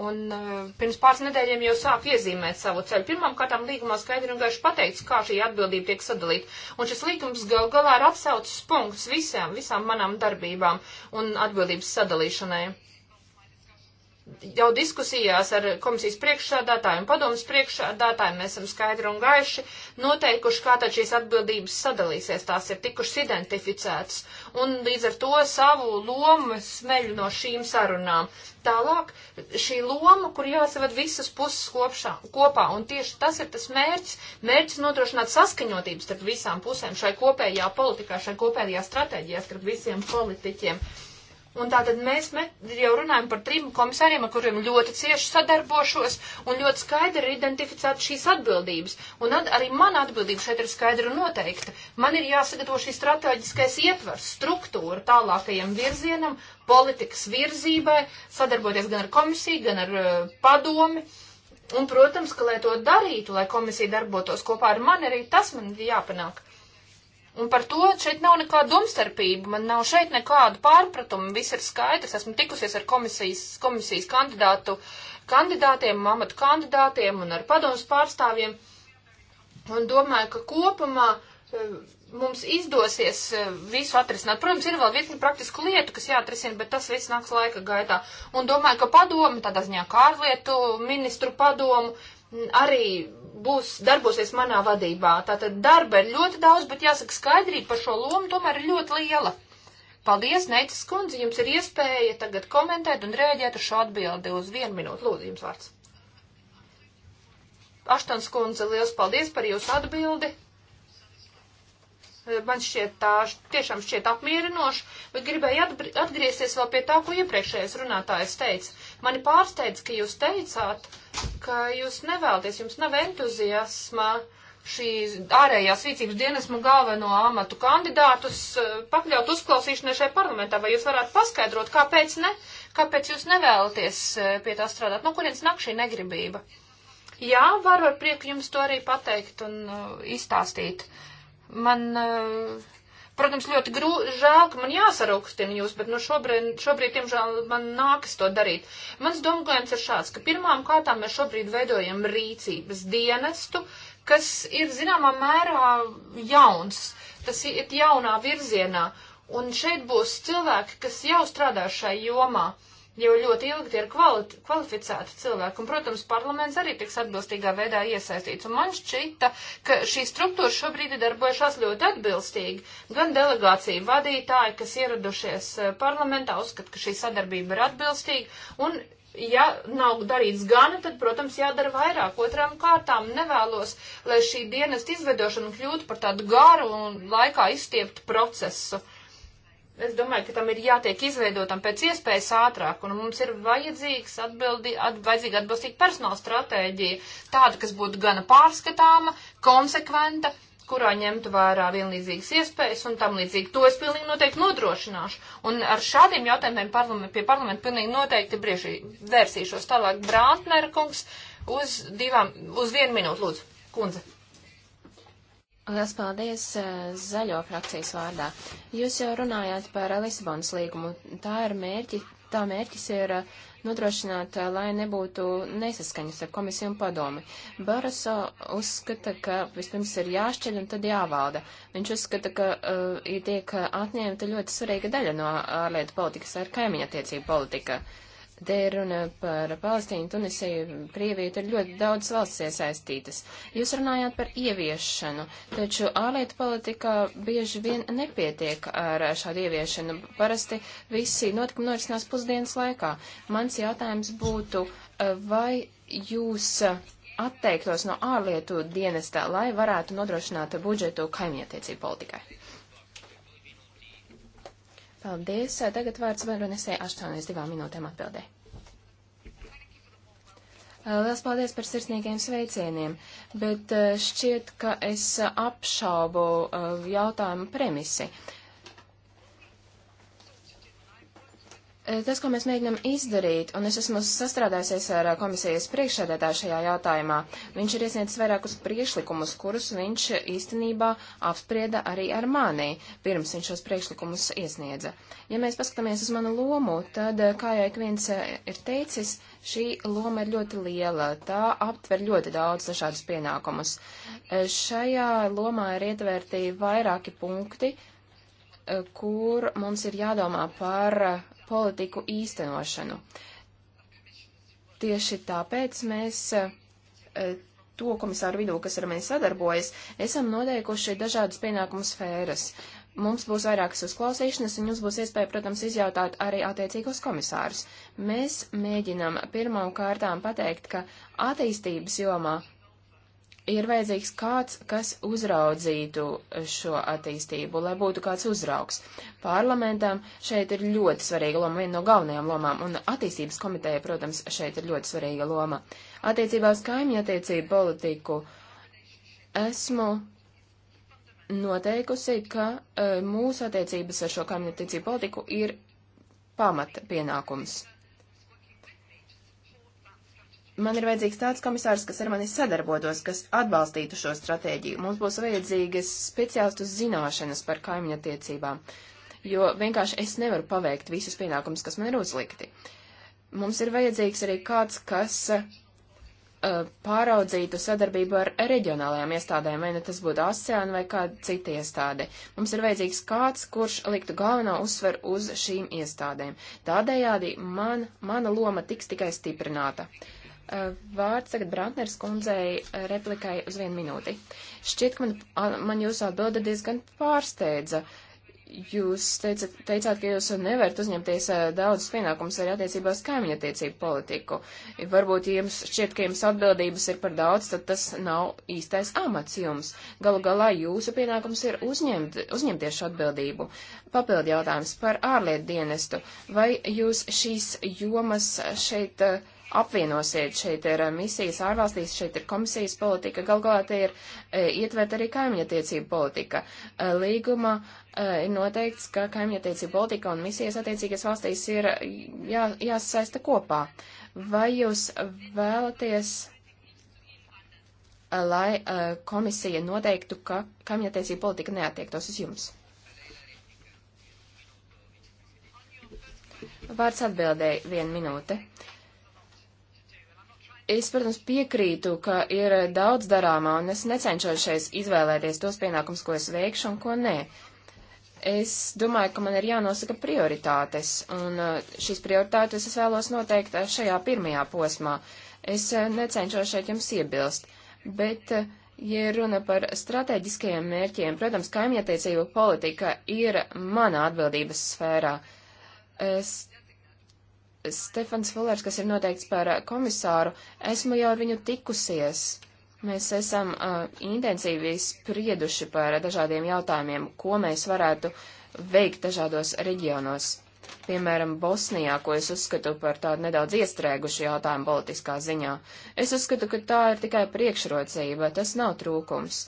Un uh, pirms pāris nedēļiem jau sāk iezīmēt savu ceļu. Pirmkārt, līgumā skaidri un gaiši pateikts, kā šī atbildība tiek sadalīta. Un šis līgums gal galā ir atsaucas punkts visām, visām manām darbībām un atbildības sadalīšanai jau diskusijās ar komisijas priekšsādātāju un padomas priekšsādātāju mēs esam skaidri un gaiši noteikuši, kā tad šīs atbildības sadalīsies, tās ir tikušas identificētas. Un līdz ar to savu lomu smeļu no šīm sarunām. Tālāk šī loma, kur jāsavad visas puses kopšā, kopā, un tieši tas ir tas mērķis, mērķis nodrošināt saskaņotības starp visām pusēm šai kopējā politikā, šai kopējā stratēģijā starp visiem politiķiem. Un tātad mēs met, jau runājam par trim komisāriem, ar kuriem ļoti cieši sadarbošos un ļoti skaidri ir identificēta šīs atbildības. Un ad, arī mana atbildība šeit ir skaidra un noteikta. Man ir jāsagatavo šī strateģiskais ietvers, struktūra tālākajam virzienam, politikas virzībai, sadarboties gan ar komisiju, gan ar uh, padomi. Un, protams, ka, lai to darītu, lai komisija darbotos kopā ar mani, arī tas man ir jāpanāk. Un par to šeit nav nekāda domstarpība, man nav šeit nekādu pārpratumu, viss ir skaidrs, esmu tikusies ar komisijas, komisijas kandidātu, kandidātiem, amatu kandidātiem un ar padomus pārstāvjiem. Un domāju, ka kopumā eh, mums izdosies eh, visu atrisināt. Protams, ir vēl virkni praktisku lietu, kas jāatrisina, bet tas viss nāks laika gaitā. Un domāju, ka padomu, tādā ziņā kā ārlietu ministru padomu, arī būs, darbosies manā vadībā. Tātad darba ir ļoti daudz, bet jāsaka skaidrība par šo lomu tomēr ir ļoti liela. Paldies, Neicis kundze, jums ir iespēja tagad komentēt un rēģēt uz šo atbildi uz vienu minūtu. Lūdzu, jums vārds. Aštons kundze, liels paldies par jūsu atbildi. Man šķiet tā tiešām šķiet apmierinoši, bet gribēju atgriezties vēl pie tā, ko iepriekšējais runātājs teica. Mani pārsteidz, ka jūs teicāt, ka jūs nevēlties, jums nav entuziasma šīs ārējās rīcības dienesmu galveno amatu kandidātus eh, pakļaut uzklausīšanai šai parlamentā. Vai jūs varētu paskaidrot, kāpēc ne? Kāpēc jūs nevēlaties eh, pie tā strādāt? No kurienes nāk šī negribība? Jā, varu ar prieku jums to arī pateikt un uh, izstāstīt. Man uh, Protams, ļoti grū, žēl, ka man jāsaraukstina jūs, bet nu šobrīd, šobrīd, diemžēl, man nākas to darīt. Mans domājums ir šāds, ka pirmām kārtām mēs šobrīd veidojam rīcības dienestu, kas ir zināmā mērā jauns, tas ir jaunā virzienā, un šeit būs cilvēki, kas jau strādā šai jomā. Uh, jau ļoti ilgi ir kvalit kvalificēti cilvēki, un, protams, parlaments arī tiks atbilstīgā veidā iesaistīts. Un man šķita, ka šī struktūra šobrīd ir darbojušās ļoti atbilstīgi. Gan delegācija vadītāji, kas ieradušies eh, parlamentā, uzskata, ka šī sadarbība ir atbilstīga, un ja nav darīts gana, tad, protams, jādara vairāk. Otrām kārtām nevēlos, lai šī dienas izvedošana kļūtu par tādu garu un laikā izstieptu procesu. Uh, es domāju, ka tam ir jātiek izveidotam pēc iespējas ātrāk, un mums ir vajadzīgs atbildi, at, vajadzīga atbilstīga personāla stratēģija, tāda, kas būtu gana pārskatāma, konsekventa, kurā ņemtu vērā vienlīdzīgas iespējas un tam līdzīgi. To es pilnīgi noteikti nodrošināšu. Un ar šādiem jautājumiem parlament, pie parlamenta pilnīgi noteikti brieži vērsīšos tālāk Brāntnera kungs uz divām, uz vienu minūtu, lūdzu, kundze. Lielas paldies eh, zaļo frakcijas vārdā. Jūs jau runājāt par Lisabonas līgumu. Tā ir mērķi, tā mērķis ir eh, nodrošināt, eh, lai nebūtu nesaskaņas ar komisiju un padomi. Baraso uzskata, ka vispirms ir jāšķeļ un tad jāvalda. Viņš uzskata, ka uh, tiek atņemta ļoti svarīga daļa no ārlietu politikas ar kaimiņattiecību politika. Uh, Te ir runa par Palestīnu, Tunisiju, Krieviju, tur ļoti daudz valsts iesaistītas. Jūs runājāt par ieviešanu, taču ārlietu politikā bieži vien nepietiek ar šādu ieviešanu. Parasti visi notikumi norisinās pusdienas laikā. Mans jautājums būtu, eh, vai jūs eh, atteiktos no ārlietu dienestā, lai varētu nodrošināt budžetu kaimietiecību politikai? Paldies. Tagad vārds Veronisei Aštānijas divām minūtēm atbildē. Lielas paldies par sirsnīgiem sveicieniem, bet eh, šķiet, ka es apšaubu eh, jautājumu premisi. Uh, Eh, tas, ko mēs mēģinam izdarīt, un es esmu sastrādājusies ar eh, komisijas priekšsēdētāju šajā jautājumā, viņš ir iesniedzis vairākus priekšlikumus, kurus viņš īstenībā apsprieda arī ar mani, pirms viņš šos priekšlikumus iesniedza. Ja mēs paskatāmies uz manu lomu, tad, eh, kā jau ik viens ir teicis, šī loma ir ļoti liela, tā aptver ļoti daudz dažādus pienākumus. Šajā lomā ir ietverti vairāki punkti, kur mums ir jādomā par politiku īstenošanu. Tieši tāpēc mēs e, to komisāru vidū, kas ar mani sadarbojas, esam noteikuši dažādas pienākumu sfēras. Mums būs vairākas uzklausīšanas, un jums būs iespēja, protams, izjautāt arī attiecīgos komisārus. Mēs mēģinām pirmām kārtām pateikt, ka attīstības jomā ir vajadzīgs kāds, kas uzraudzītu šo attīstību, lai būtu kāds uzraugs. Parlamentam šeit ir ļoti svarīga loma, viena no galvenajām lomām, un attīstības komiteja, protams, šeit ir ļoti svarīga loma. Attiecībā uz kaimiņu attiecību politiku esmu noteikusi, ka uh, mūsu attiecības ar šo kaimiņu attiecību politiku ir pamata pienākums. Man ir vajadzīgs tāds komisārs, kas ar mani sadarbotos, kas atbalstītu šo stratēģiju. Mums būs vajadzīgas speciālistu zināšanas par kaimiņa attiecībām, jo vienkārši es nevaru paveikt visus pienākumus, kas man ir uzlikti. Mums ir vajadzīgs arī kāds, kas uh, pāraudzītu sadarbību ar reģionālajām iestādēm, vai nu tas būtu ASEAN vai kāda cita iestāde. Mums ir vajadzīgs kāds, kurš liktu galveno uzsveru uz šīm iestādēm. Tādējādi man, mana loma tiks tikai stiprināta. Uh, Eh, vārds tagad Brantners kundzei eh, replikai uz vienu minūti. Šķiet, ka man, man jūsu atbilde diezgan pārsteidza. Jūs teicat, teicāt, ka jūs nevarat uzņemties eh, daudzus pienākumus arī attiecībā uz kaimiņa attiecību politiku. Varbūt, ja jums šķiet, ka jums atbildības ir par daudz, tad tas nav īstais amats jums. Galu galā jūsu pienākums ir uzņemt, uzņemties šo atbildību. Papildi jautājums par ārlietu dienestu. Vai jūs šīs jomas šeit. Uh, apvienosiet. Šeit ir eh, misijas ārvalstīs, šeit ir komisijas politika, gal galā te ir e, ietverta arī kaimiņatiecība politika. E, līguma e, ir noteikts, ka kaimiņatiecība politika un misijas attiecīgās valstīs ir jā, jāsasaista kopā. Vai jūs vēlaties, lai komisija noteiktu, ka kaimiņatiecība politika neatiektos uz jums? Vārds atbildēja vienu minūti. Uh, Es, protams, piekrītu, ka ir daudz darāmā, un es necenšos šeit izvēlēties tos pienākums, ko es veikšu un ko nē. Es domāju, ka man ir jānosaka prioritātes, un uh, šīs prioritātes es vēlos noteikt uh, šajā pirmajā posmā. Es uh, necenšos šeit jums iebilst, bet, ja runa par strateģiskajiem mērķiem, protams, kaimietiecību politika ir mana atbildības sfērā. Es Stefans Fulers, kas ir noteikts par eh, komisāru, esmu jau ar viņu tikusies. Mēs esam uh, intensīvi sprieduši par dažādiem jautājumiem, ko mēs varētu veikt dažādos reģionos. Piemēram, Bosnijā, ko es uzskatu par tādu nedaudz iestrēgušu jautājumu politiskā ziņā. Es uzskatu, ka tā ir tikai priekšrocība, tas nav trūkums.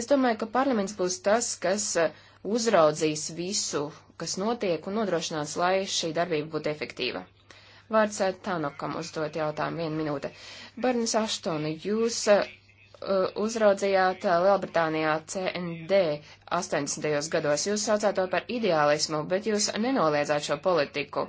Es domāju, ka parlaments būs tas, kas eh, uzraudzīs visu, kas notiek un nodrošinās, lai šī darbība būtu efektīva. Vārds eh, Tanokam uzdot jautājumu vienu minūte. Barnis Aštoni, jūs uh, uzraudzījāt eh, Lielbritānijā CND 80. gados. Jūs saucāt to par ideālismu, bet jūs nenoliedzāt šo politiku.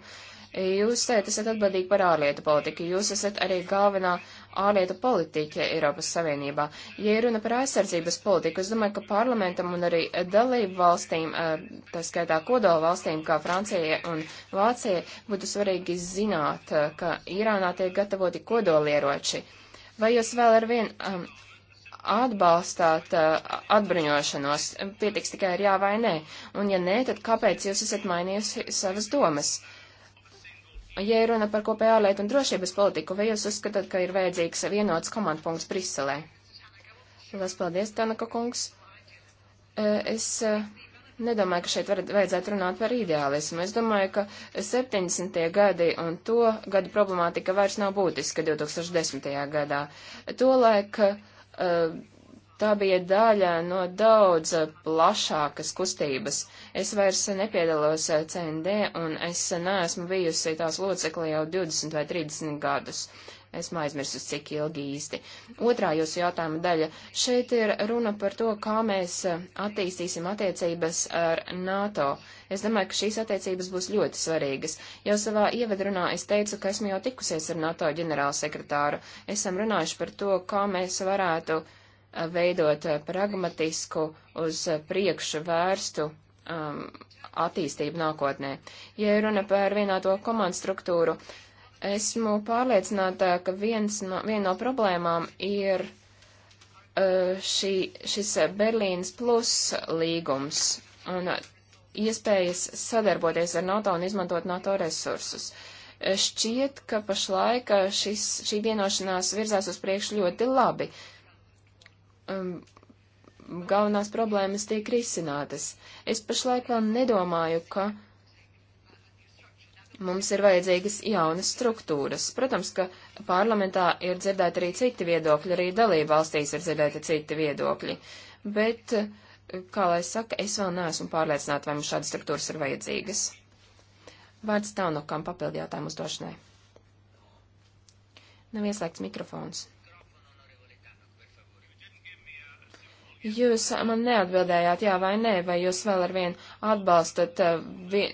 Jūs teicat, esat atbildīgi par ārlietu politiku. Jūs esat arī galvenā ārlietu politiķe Eiropas Savienībā. Ja runa par aizsardzības politiku, es domāju, ka parlamentam un arī dalību valstīm, eh, tā skaitā kodola valstīm kā Francijai un Vācijai, būtu svarīgi zināt, eh, ka Irānā tiek gatavoti kodolieroči. Vai jūs vēl ar vien um, atbalstāt uh, atbruņošanos? Pietiks tikai ar jā vai nē. Un ja nē, tad kāpēc jūs esat mainījusi savas domas? Uh, Ja runa par kopējā ārlietu un drošības politiku, vai jūs uzskatāt, ka ir vajadzīgs vienots komandpunkts Briselē? Lielas paldies, Tanaka kungs. E, es e, nedomāju, ka šeit var, vajadzētu runāt par ideālismu. Es domāju, ka 70. gadi un to gadu problemātika vairs nav būtiska 2010. gadā. Tolaik uh, Tā bija daļa no daudz plašākas kustības. Es vairs nepiedalos CND un es neesmu bijusi tās locekle jau 20 vai 30 gadus. Esmu aizmirsus, cik ilgi īsti. Otrā jūsu jautājuma daļa. Šeit ir runa par to, kā mēs attīstīsim attiecības ar NATO. Es domāju, ka šīs attiecības būs ļoti svarīgas. Jau savā ievadrunā es teicu, ka esmu jau tikusies ar NATO ģenerālsekretāru. Esam runājuši par to, kā mēs varētu uh, veidot eh, pragmatisku, uz priekšu vērstu um, attīstību nākotnē. Ja runa par vienāto komandu struktūru, esmu pārliecināta, ka viens no, viena no problēmām ir uh, šī, šis Berlīnas plus līgums un iespējas sadarboties ar NATO un izmantot NATO resursus. Eh, šķiet, ka pašlaik šis, šī vienošanās virzās uz priekšu ļoti labi. Uh, um, galvenās problēmas tiek risinātas. Es pašlaik vēl nedomāju, ka mums ir vajadzīgas jaunas struktūras. Protams, ka parlamentā ir dzirdēti arī citi viedokļi, arī dalība valstīs ir dzirdēti citi viedokļi, bet, kā lai saka, es vēl neesmu pārliecināta, vai mums šādas struktūras ir vajadzīgas. Vārds Taunokam papildu jautājumu uzdošanai. Nav ieslēgts mikrofons. Jūs man neatbildējāt, jā vai nē, vai jūs vēl ar vienu atbalstat eh, vi,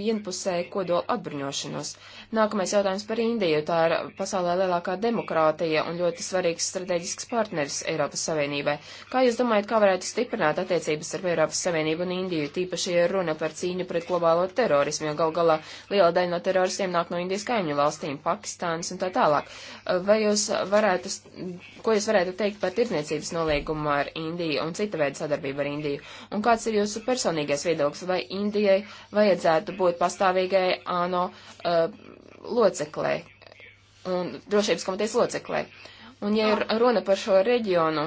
vienpusēju kodola atbruņošanos. Nākamais jautājums par Indiju. Tā ir pasaulē lielākā demokrātija un ļoti svarīgs strateģisks partneris Eiropas Savienībai. Kā jūs domājat, kā varētu stiprināt attiecības starp Eiropas Savienību un Indiju, tīpaši ir runa par cīņu pret globālo terorismu, jo gal galā liela daļa no teroristiem nāk no Indijas kaimiņu valstīm, Pakistānas un tā tālāk. Vai jūs varētu, ko jūs varētu teikt par tirdzniecības nolīgumu ar Indiju un cita veida sadarbību ar Indiju? Un kāds ir jūsu personīgais viedoklis, vai Indijai vajadzētu būt pastāvīgai ANO uh, loceklē, un drošības komitejas loceklē. Un ja ir runa par šo reģionu,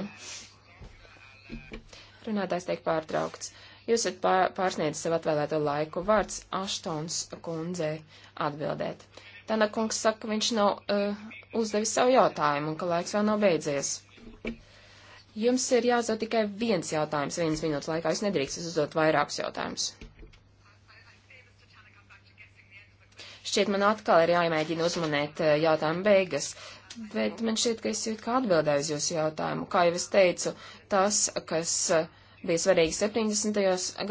runātājs tiek pārtraukts. Jūs esat pārsniedzis sev atvēlēto laiku. Vārds Aštons kundzei atbildēt. Tāna kungs saka, ka viņš nav uh, uzdevis savu jautājumu un ka laiks vēl nav beidzies. Jums ir jāuzdod tikai viens jautājums vienas minūtes laikā. Jūs nedrīkstat uzdot vairākus jautājumus. Šķiet, man atkal ir jāmēģina uzmanēt eh, jautājumu beigas, bet man šķiet, ka es jau kā atbildēju uz jūsu jautājumu. Kā jau es teicu, tas, kas eh, bija svarīgi 70.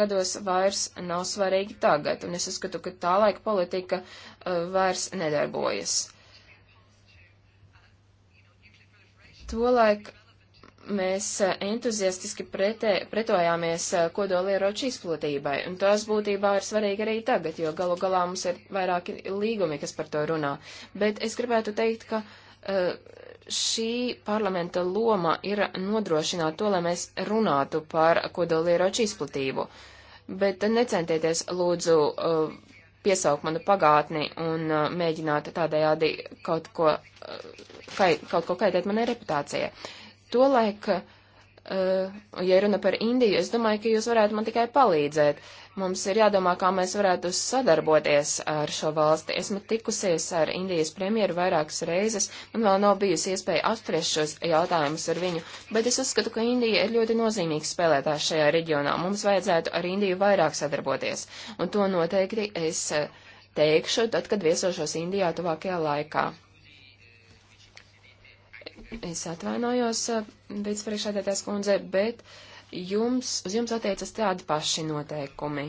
gados, vairs nav svarīgi tagad, un es uzskatu, ka tā laika politika eh, vairs nedarbojas. Tolaik mēs eh, entuziastiski pretē, pretojāmies eh, kodolieroču izplatībai, un tas būtībā ir svarīgi arī tagad, jo galu galā mums ir vairāki līgumi, kas par to runā. Bet es gribētu teikt, ka eh, šī parlamenta loma ir nodrošināt to, lai mēs runātu par kodolieroču izplatību. Bet necentieties, lūdzu, piesaukt manu pagātni un mēģināt tādējādi kaut ko, kaut ko kaitēt manai reputācijai. Tolaik, eh, ja runa par Indiju, es domāju, ka jūs varētu man tikai palīdzēt. Mums ir jādomā, kā mēs varētu sadarboties ar šo valsti. Esmu tikusies ar Indijas premjeru vairākas reizes, man vēl nav bijusi iespēja apspriest šos jautājumus ar viņu, bet es uzskatu, ka Indija ir ļoti nozīmīgs spēlētājs šajā reģionā. Mums vajadzētu ar Indiju vairāk sadarboties, un to noteikti es eh, teikšu tad, kad viesošos Indijā tuvākajā laikā. Es atvainojos, vicepriekšādētājs kundze, bet jums, uz jums attiecas
tādi paši noteikumi.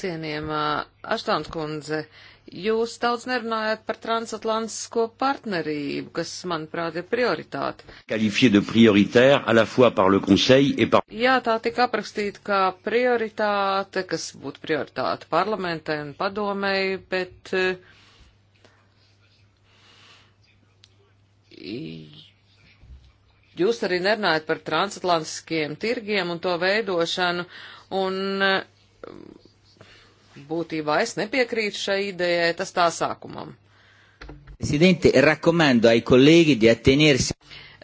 Cienījamā Aštons kundze, jūs daudz nerunājat par transatlantisko partnerību, kas, manuprāt, ir prioritāte. Par... Jā, tā tika aprakstīta kā prioritāte, kas būtu prioritāte parlamentai un padomēji, bet uh, jūs arī nerunājat par transatlantiskiem tirgiem un to veidošanu, un eh, būtībā es nepiekrītu šai idejai, tas tā sākumam.
Presidente, rakomando ai kolēģi di attenersi.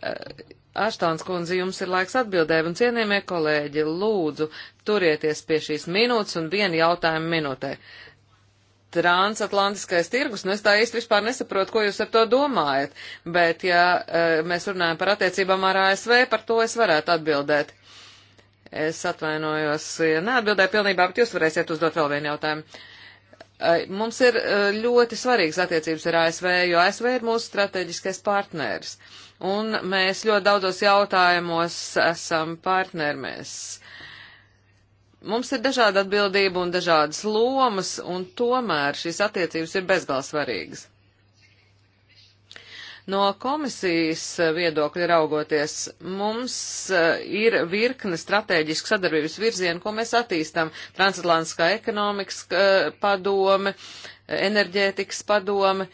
Eh,
Aštāns kundze, jums ir laiks atbildēt, un cienījamie kolēģi, lūdzu, turieties pie šīs minūtes un vienu jautājumu minūtē transatlantiskais tirgus, nu es tā īsti vispār nesaprotu, ko jūs ar to domājat, bet ja eh, mēs runājam par attiecībām ar ASV, par to es varētu atbildēt. Es atvainojos, ja neatbildēju pilnībā, bet jūs varēsiet uzdot vēl vienu jautājumu. Eh, mums ir eh, ļoti svarīgas attiecības ar ASV, jo ASV ir mūsu strateģiskais partneris. Un mēs ļoti daudzos jautājumos esam partneri. Mēs Mums ir dažāda atbildība un dažādas lomas, un tomēr šīs attiecības ir bezgalā svarīgas. No komisijas viedokļa raugoties, mums e, ir virkne strateģisku sadarbības virzienu, ko mēs attīstam. Transatlantiskā ekonomikas e, padome, enerģētikas padome,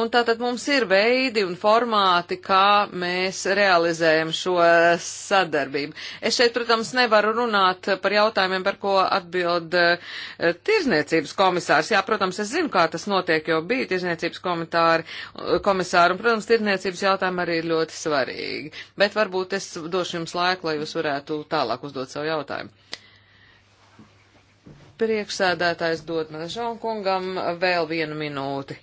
un tātad mums ir veidi un formāti, kā mēs realizējam šo sadarbību. Es šeit, protams, nevaru runāt par jautājumiem, par ko atbild uh, tirzniecības komisārs. Jā, protams, es zinu, kā tas notiek, jo bija tirzniecības komitāri, komisāri, un, protams, tirzniecības jautājumi arī ir ļoti svarīgi. Bet varbūt es došu jums laiku, lai jūs varētu tālāk uzdot savu jautājumu. Priekšsēdētājs dod man Žonkungam vēl vienu minūti.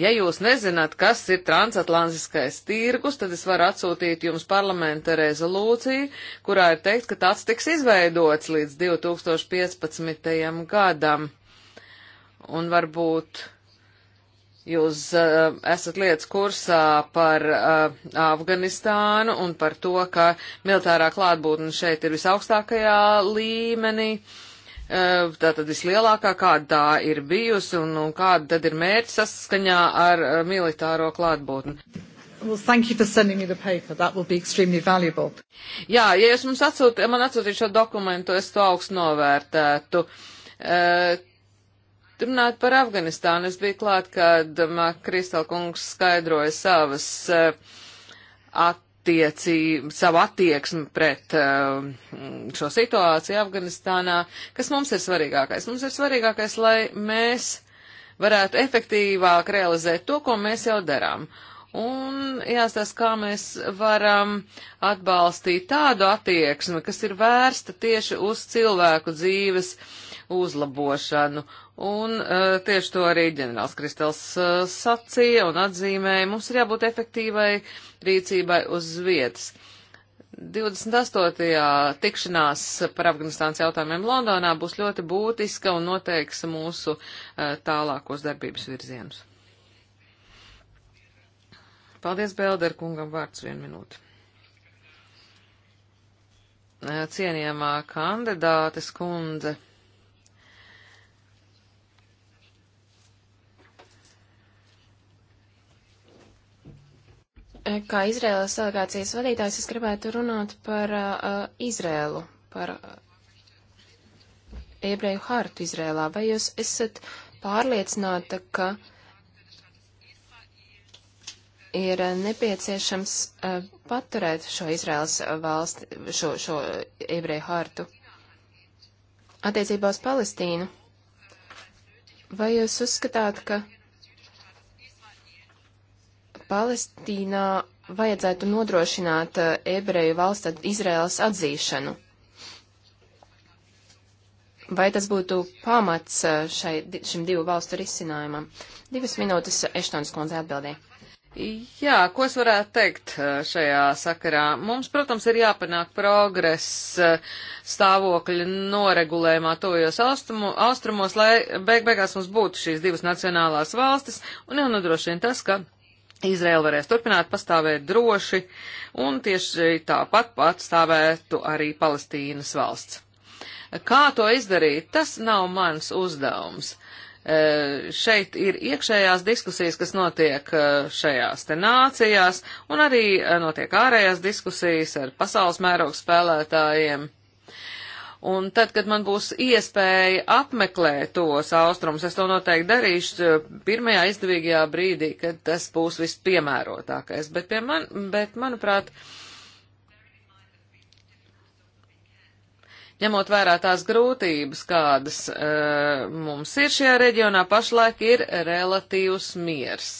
Ja jūs nezināt, kas ir transatlantiskais tirgus, tad es varu atsūtīt jums parlamenta rezolūciju, kurā ir teikt, ka tāds tiks izveidots līdz 2015. gadam. Un varbūt jūs uh, esat lietas kursā par uh, Afganistānu un par to, ka militārā klātbūtne šeit ir visaugstākajā līmenī. Uh, Eh, tātad vislielākā, kāda tā ir bijusi un, un kāda tad ir mērķi saskaņā ar eh, militāro klātbūtni. Well, thank you for sending me the paper. That will be extremely valuable. Jā, ja jūs mums atsūt, man atsūtītu šo dokumentu, es to augstu novērtētu. Uh, Runāt par Afganistānu, es biju klāt, kad Kristal kungs skaidroja savas uh, at, attiecību, savu attieksmi pret um, šo situāciju Afganistānā, kas mums ir svarīgākais. Mums ir svarīgākais, lai mēs varētu efektīvāk realizēt to, ko mēs jau darām. Un jāstāsta, kā mēs varam atbalstīt tādu attieksmi, kas ir vērsta tieši uz cilvēku dzīves uzlabošanu Un uh, tieši to arī ģenerāls Kristels uh, sacīja un atzīmēja. Mums ir jābūt efektīvai rīcībai uz vietas. 28. tikšanās par Afganistānas jautājumiem Londonā būs ļoti būtiska un noteiks mūsu uh, tālākos darbības virzienus. Paldies, Bēlder kungam, vārds vienu minūti. Cienījamā kandidāte skundze.
Eh, kā Izrēlas delegācijas vadītājs, es gribētu runāt par uh, eh, Izrēlu, par eh, ebreju hartu Izrēlā. Vai jūs esat pārliecināta, ka ir nepieciešams uh, paturēt šo Izrēlas valsti, šo, šo ebreju hartu? Attiecībā uz Palestīnu. Vai jūs uzskatāt, ka Palestīnā vajadzētu nodrošināt eh, ebreju valsts Izraēlas atzīšanu. Vai tas būtu pamats eh, šai, šim divu valstu risinājumam? Divas minūtes eh, Eštons kundze atbildēja.
Jā, ko es varētu teikt šajā sakarā? Mums, protams, ir jāpanāk progress stāvokļa noregulējumā tojos austrumu, austrumos, lai beig beigās mums būtu šīs divas nacionālās valstis un jānodrošina tas, ka Izraela varēs turpināt pastāvēt droši, un tieši tāpat pastāvētu arī Palestīnas valsts. Kā to izdarīt, tas nav mans uzdevums. E, šeit ir iekšējās diskusijas, kas notiek e, šajās te nācijās, un arī e, notiek ārējās diskusijas ar pasaules mērogu spēlētājiem Un tad, kad man būs iespēja apmeklēt tos austrumus, es to noteikti darīšu eh, pirmajā izdevīgajā brīdī, kad tas būs vispiemērotākais. Bet, pie man, bet manuprāt, ņemot vērā tās grūtības, kādas uh, mums ir šajā reģionā, pašlaik ir relatīvs miers.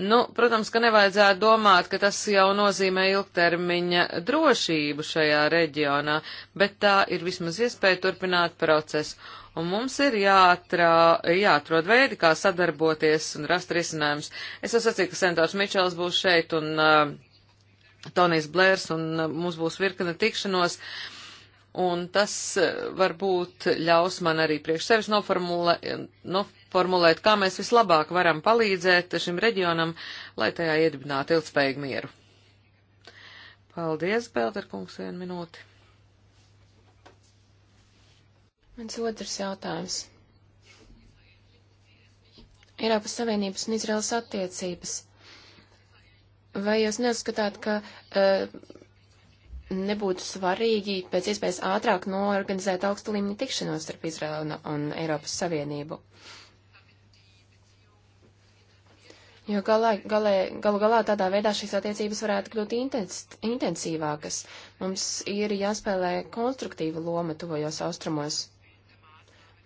Nu, protams, ka nevajadzētu domāt, ka tas jau nozīmē ilgtermiņa drošību šajā reģionā, bet tā ir vismaz iespēja turpināt procesu. Un mums ir jāatrā, jāatrod veidi, kā sadarboties un rast risinājumus. Es jau sacīju, ka Sentors Mičels būs šeit un uh, Tonijs Blērs un uh, mums būs virkne tikšanos. Uh, un tas eh, varbūt ļaus man arī priekš sevis noformulē, noformulēt, kā mēs vislabāk varam palīdzēt šim reģionam, lai tajā iedibinātu ilgspējīgu mieru. Paldies, Belderkungs, vienu minūti.
Mans otrs jautājums. Eiropas Savienības un Izraels attiecības. Vai jūs neuzskatāt, ka uh, nebūtu svarīgi pēc iespējas ātrāk noorganizēt augsta līmeņa tikšanos starp Izraelu un, un Eiropas Savienību. Jo galā, galē, galu galā tādā veidā šīs attiecības varētu kļūt intens, intensīvākas. Mums ir jāspēlē konstruktīva loma tuvojos austrumos.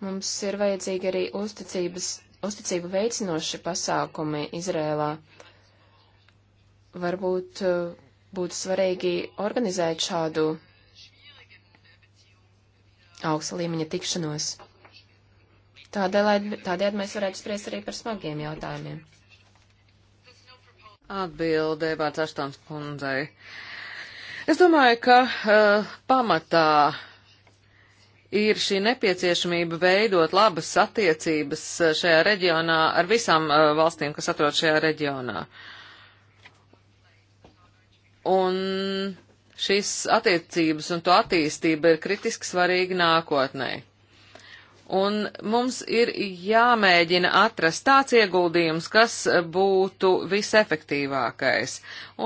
Mums ir vajadzīgi arī uzticības, uzticību veicinoši pasākumi Izrēlā. Varbūt uh, būtu svarīgi organizēt šādu augsta līmeņa tikšanos. Tādēļ, tādēļ mēs varētu spriest arī par smagiem jautājumiem.
Atbilde vārds Aštons kundzei. Es domāju, ka uh, pamatā ir šī nepieciešamība veidot labas attiecības eh, šajā reģionā ar visām uh, valstīm, kas atrod šajā reģionā. Uh, Un šīs attiecības un to attīstība ir kritiski svarīga nākotnē. Un mums ir jāmēģina atrast tāds ieguldījums, kas būtu visefektīvākais.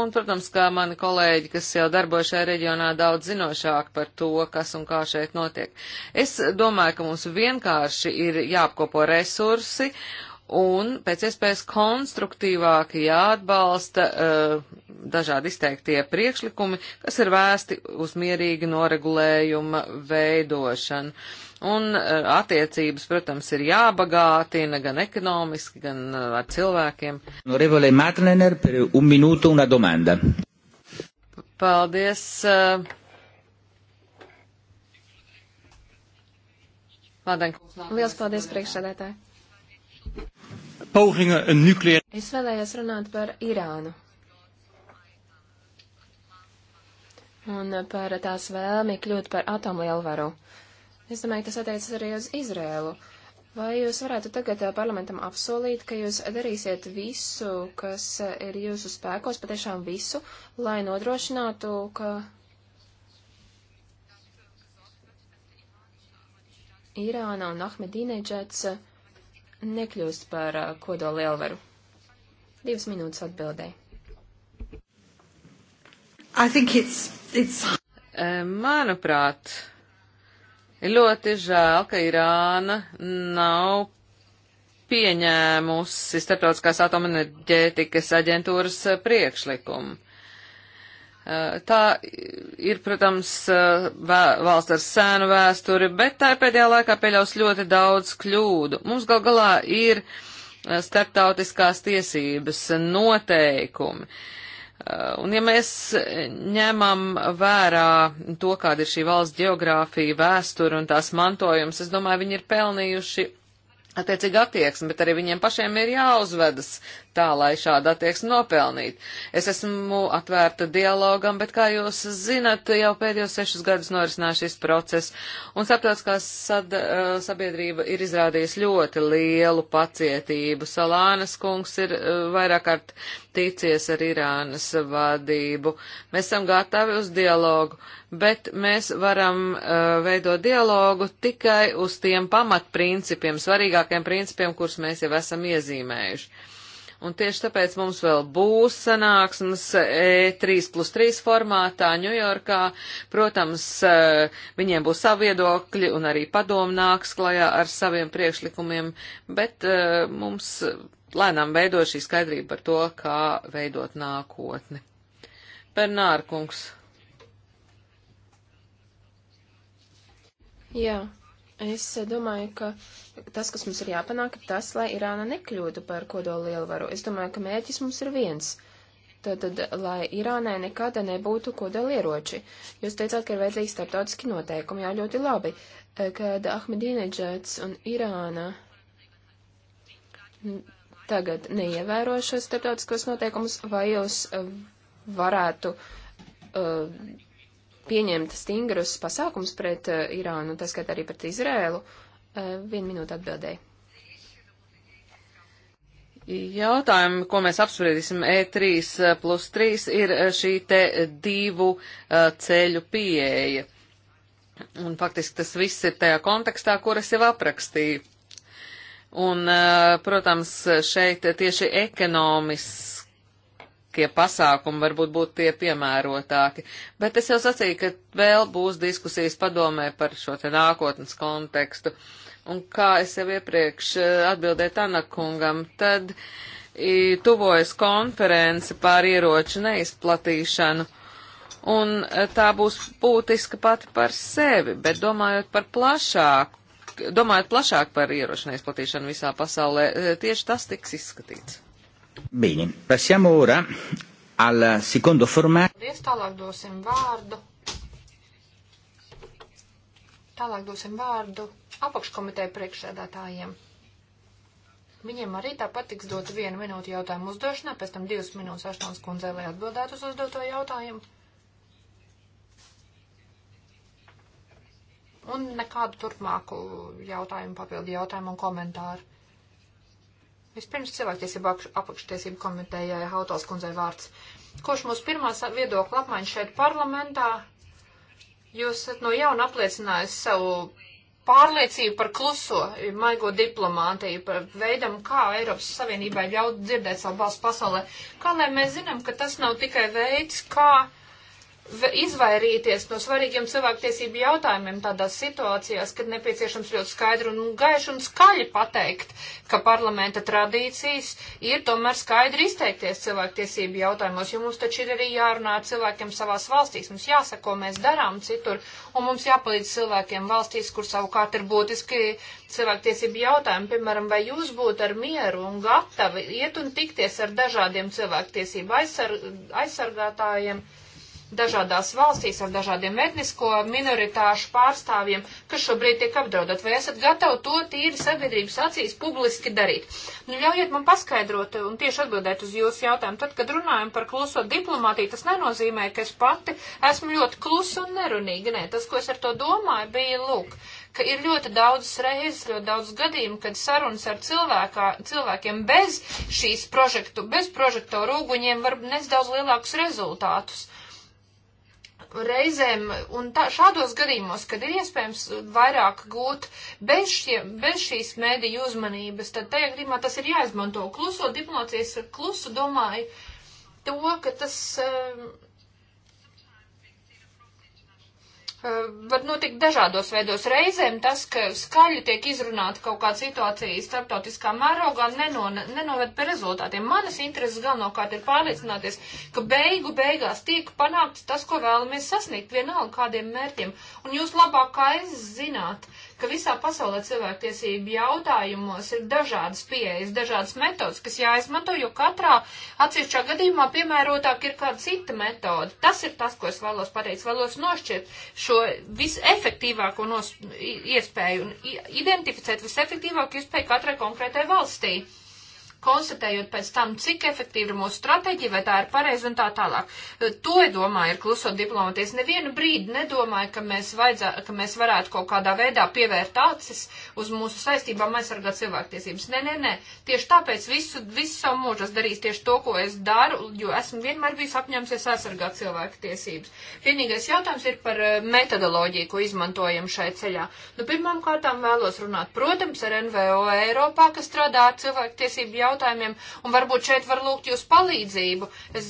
Un, protams, kā mani kolēģi, kas jau darbojas šajā reģionā, daudz zinošāk par to, kas un kā šeit notiek. Es domāju, ka mums vienkārši ir jāapkopo resursi un pēc iespējas konstruktīvāk jāatbalsta uh, dažādi izteiktie priekšlikumi, kas ir vēsti uz mierīgi noregulējuma veidošanu. Un uh, attiecības, protams, ir jābagātina gan ekonomiski, gan uh, ar cilvēkiem.
Norevole Matlener, per un minūtu una domanda.
Paldies. Uh, Liels paldies priekšsēdētāji.
Es
vēlējos runāt par Irānu. Un par tās vēlmi kļūt par atomlielvaru. Es domāju, tas attiecas arī uz Izrēlu. Vai jūs varētu tagad eh, parlamentam apsolīt, ka jūs darīsiet visu, kas eh, ir jūsu spēkos, patiešām visu, lai nodrošinātu, ka Irāna un Ahmedīneģets nekļūst par uh, kodola lielvaru. Divas minūtes atbildēji.
It's, it's... E, manuprāt, ļoti žēl, ka Irāna nav pieņēmusi Startautiskās atomenerģētikas aģentūras e, priekšlikumu. Eh, tā ir, protams, eh, valsts ar sēnu vēsturi, bet tā pēdējā laikā pieļaus ļoti daudz kļūdu. Mums gal galā ir eh, starptautiskās tiesības noteikumi. Un ja mēs ņemam vērā to, kāda ir šī valsts geogrāfija, vēsture un tās mantojums, es domāju, viņi ir pelnījuši attiecīgi attieksmi, bet arī viņiem pašiem ir jāuzvedas tā, lai šāda attieksme nopelnītu. Es esmu atvērta dialogam, bet, kā jūs zinat, jau pēdējos sešus gadus norisinās šis process, un starptautiskā eh, sabiedrība ir izrādījusi ļoti lielu pacietību. Salānas kungs ir eh, vairāk kārt ticies ar Irānas vadību. Mēs esam gatavi uz dialogu, bet mēs varam uh, veidot dialogu tikai uz tiem pamatprincipiem, svarīgākiem principiem, kurus mēs jau esam iezīmējuši. Un tieši tāpēc mums vēl būs sanāksmes E3 plus 3 formātā Ņujorkā. Protams, eh, viņiem būs savi viedokļi un arī padomu nāks klajā ar saviem priekšlikumiem, bet eh, mums lēnām veido šī skaidrība par to, kā veidot nākotni. Bernārkungs.
Jā. Yeah. Es domāju, ka tas, kas mums ir jāpanāk, ir tas, lai Irāna nekļūtu par kodolu lielvaru. Es domāju, ka mērķis mums ir viens. Tātad, lai Irānai nekad nebūtu kodoli ieroči. Jūs teicāt, ka ir vajadzīgi starptautiski noteikumi, jā, ļoti labi, eh, kad Ahmedīneģēts un Irāna tagad neievēro šos starptautiskos noteikumus, vai jūs eh, varētu. Uh, pieņemt stingrus pasākums pret eh, Irānu, tas, kad arī pret Izrēlu, eh, vienu minūtu atbildēju.
Jautājumi, ko mēs apspriedīsim E3 eh, plus 3, ir šī te divu ceļu pieeja. Un faktiski tas viss ir tajā kontekstā, kur es jau aprakstīju. Un, protams, šeit tieši ekonomis tie pasākumi varbūt būtu tie piemērotāki. Bet es jau sacīju, ka vēl būs diskusijas padomē par šo te nākotnes kontekstu. Un kā es jau iepriekš eh, atbildēju Tanakungam, tad i, tuvojas konference pār ieroču neizplatīšanu. Un eh, tā būs būtiska pati par sevi, bet domājot par plašāku, domājot plašāk par ieroču neizplatīšanu visā pasaulē, eh, tieši tas tiks izskatīts.
Bene, passiamo ora al secondo formato.
Paldies, tālāk
dosim vārdu. Tālāk dosim vārdu apakškomiteja priekšsēdētājiem. Viņiem arī tāpat tiks dot viena minūte jautājumu uzdošanā, pēc tam divas minūtes aštuns kundzē, lai atbildētu uz uzdoto jautājumu. Un nekādu turpmāku jautājumu, papildu jautājumu un komentāru. Vispirms cilvēktiesību apakštiesību komitējai Hautals kundzei vārds. Koš mūsu pirmās viedokļa apmaiņa šeit parlamentā, jūs esat no jauna apliecinājis savu pārliecību par kluso, maigo diplomātiju, par veidam, kā Eiropas Savienībai ļaut dzirdēt savu balstu pasaulē. Kā lai mēs zinām, ka tas nav tikai veids, kā izvairīties no svarīgiem cilvēktiesību jautājumiem tādās situācijās, kad nepieciešams ļoti skaidri un gaiši un skaļi pateikt, ka parlamenta tradīcijas ir tomēr skaidri izteikties cilvēktiesību jautājumos, jo mums taču ir arī jārunā ar cilvēkiem savās valstīs, mums jāsaka, ko mēs darām citur, un mums jāpalīdz cilvēkiem valstīs, kur savukārt ir būtiski cilvēktiesību jautājumi, piemēram, vai jūs būtu ar mieru un gatavi iet un tikties ar dažādiem cilvēktiesību aizsarg aizsargātājiem dažādās valstīs ar dažādiem etnisko minoritāšu pārstāvjiem, kas šobrīd tiek apdraudot. Vai esat gatavi to tīri sabiedrības acīs publiski darīt? Nu, ļaujiet man paskaidrot un tieši atbildēt uz jūsu jautājumu. Tad, kad runājam par kluso diplomātiju, tas nenozīmē, ka es pati esmu ļoti klusa un nerunīga. Nē, tas, ko es ar to domāju, bija lūk ka ir ļoti daudz reizes, ļoti daudz gadījumu, kad sarunas ar cilvēkā, cilvēkiem bez šīs prožektu, bez prožektoru uguņiem var nes daudz lielākus rezultātus. Uh, reizēm, un tā, šādos gadījumos, kad ir iespējams vairāk gūt bez, šie, bez šīs mēdīju uzmanības, tad tajā gadījumā tas ir jāizmanto. Kluso diplomācijas klusu domāju to, ka tas. Uh, Eh, var notikt dažādos veidos. Reizēm tas, ka skaļi tiek izrunāta kaut kāda situācija starptautiskā mērogā, neno, nenoved pie rezultātiem. Manas intereses galvenokārt ir pārliecināties, ka beigu beigās tiek panākts tas, ko vēlamies sasniegt, vienalga kādiem mērķiem. Un jūs labāk kā es zināt, uh, ka visā pasaulē cilvēktiesību jautājumos ir dažādas pieejas, dažādas metodas, kas jāizmanto, jo katrā atsevišķā gadījumā piemērotāk ir kāda cita metode. Tas ir tas, ko es vēlos pateikt. Vēlos nošķirt šo visefektīvāko nos, iespēju un identificēt visefektīvāko iespēju katrai konkrētai valstī konstatējot pēc tam, cik efektīva ir mūsu stratēģija, vai tā ir pareiza un tā tālāk. E, to, es domāju, ir klusot diplomāties. Nevienu brīdi nedomāju, ka mēs, vajadzā, ka mēs varētu kaut kādā veidā pievērt acis uz mūsu saistībām aizsargāt cilvēktiesības. Nē, nē, nē. Tieši tāpēc visu, visu savu mūžu es darīšu tieši to, ko es daru, jo esmu vienmēr bijis apņēmusies aizsargāt cilvēktiesības. Vienīgais jautājums ir par e, metodoloģiju, ko izmantojam šai ceļā. Nu, pirmām kārtām vēlos runāt, protams, ar NVO Eiropā, kas strādā ar cilvēktiesību jautājumu jautājumiem, un varbūt šeit var lūgt jūs palīdzību. Es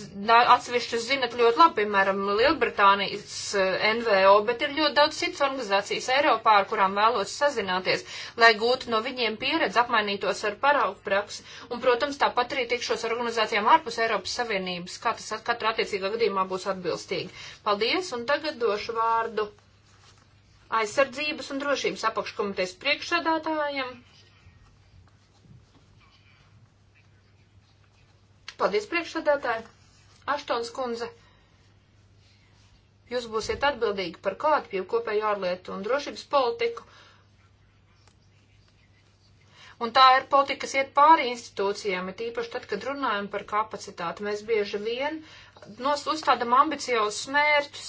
atsevišķus zinat ļoti labi, piemēram, Lielbritānijas eh, NVO, bet ir ļoti daudz citas organizācijas Eiropā, ar kurām vēlos sazināties, lai gūtu no viņiem pieredzi, apmainītos ar paraugu praksi. Un, protams, tāpat arī tikšos ar organizācijām ārpus Eiropas Savienības, kā tas katrā attiecīgā gadījumā būs atbilstīgi. Paldies, un tagad došu vārdu aizsardzības un drošības apakškomitejas priekšsādātājiem Paldies, priekšsādātāji. Aštons kundze. Jūs būsiet atbildīgi par kādu pie kopēju ārlietu un drošības politiku. Un tā ir politika, kas iet pāri institūcijām, ir tīpaši tad, kad runājam par kapacitāti. Mēs bieži vien nos uzstādam ambiciozus mērķus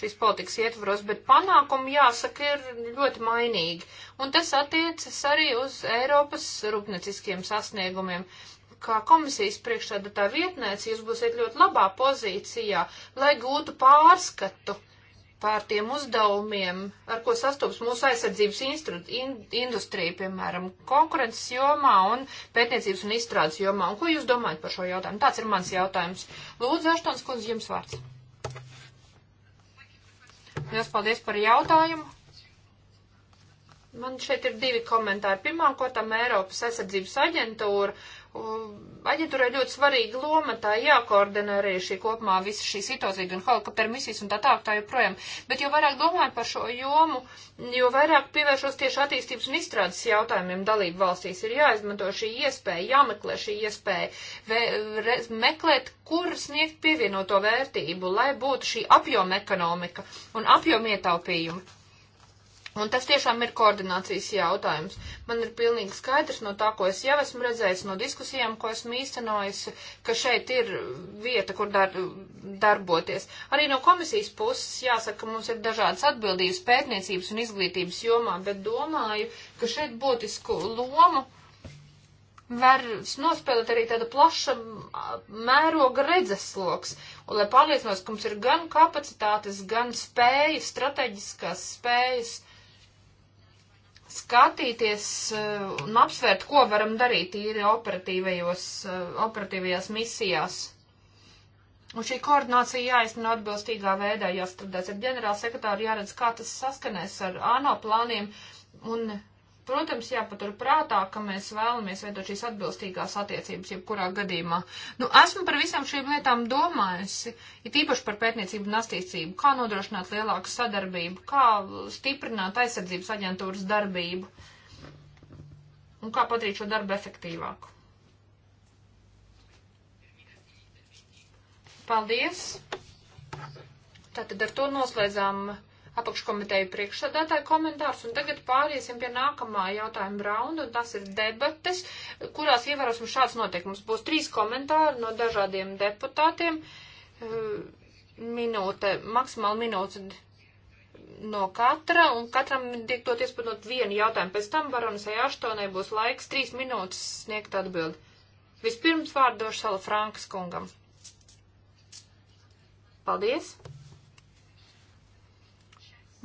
šīs politikas ietvaros, bet panākumi, jāsaka, ir ļoti mainīgi. Un tas attiecas arī uz Eiropas rūpnieciskiem sasniegumiem. Uh, kā komisijas priekšsēdētāja vietnēce, jūs būsiet ļoti labā pozīcijā, lai gūtu pārskatu pār tiem uzdevumiem, ar ko sastopas mūsu aizsardzības instru, in, industrija, piemēram, konkurences jomā un pētniecības un izstrādes jomā. Un ko jūs domājat par šo jautājumu? Tāds ir mans jautājums. Lūdzu, Aštons, kundze, jums vārds. Lielas paldies par jautājumu. Man šeit ir divi komentāri. Pirmkārt, Eiropas aizsardzības aģentūra Aģentūrai ļoti svarīga loma, tā jākoordinē arī šī kopumā visa šī situācija, gan helikopteru misijas un tā tālāk, tā joprojām. Bet jo vairāk domāju par šo jomu, jo vairāk pievēršos tieši attīstības un izstrādes jautājumiem dalību valstīs, ir jāizmanto šī iespēja, jāmeklē šī iespēja, vē, re, meklēt, kur sniegt pievienoto vērtību, lai būtu šī apjoma ekonomika un apjoma ietaupījumi. Un tas tiešām ir koordinācijas jautājums. Man ir pilnīgi skaidrs no tā, ko es jau esmu redzējis, no diskusijām, ko esmu īstenojis, ka šeit ir vieta, kur dar, darboties. Arī no komisijas puses jāsaka, ka mums ir dažādas atbildības pētniecības un izglītības jomā, bet domāju, ka šeit būtisku lomu var nospēlēt arī tāda plaša mēroga redzesloks, un lai pārliecinos, ka mums ir gan kapacitātes, gan spējas, strateģiskās spējas skatīties eh, un apsvērt, ko varam darīt īri eh, operatīvajās misijās. Un šī koordinācija jāizsna atbilstīgā veidā, jāstrādās ar ģenerālsekretāru, jāredz, kā tas saskanēs ar ANO plāniem un Protams, jāpatur prātā, ka mēs vēlamies veidot šīs atbilstīgās attiecības jebkurā gadījumā. Nu, esmu par visām šīm lietām domājusi, ir tīpaši par pētniecību un attīstību, kā nodrošināt lielāku sadarbību, kā stiprināt aizsardzības aģentūras darbību un kā padarīt šo darbu efektīvāku. Paldies! Tātad ar to noslēdzām apakškomiteju priekšsādātāju komentārs, un tagad pāriesim pie nākamā jautājuma raunda, un tas ir debates, kurās ievērosim šāds noteikums. Būs trīs komentāri no dažādiem deputātiem, eh, minūte, maksimāli minūte no katra, un katram tiek iespējot vienu jautājumu. Pēc tam baronisai Aštonai būs laiks trīs minūtes sniegt atbildi. Vispirms vārdošu Sala Frankas kungam. Paldies!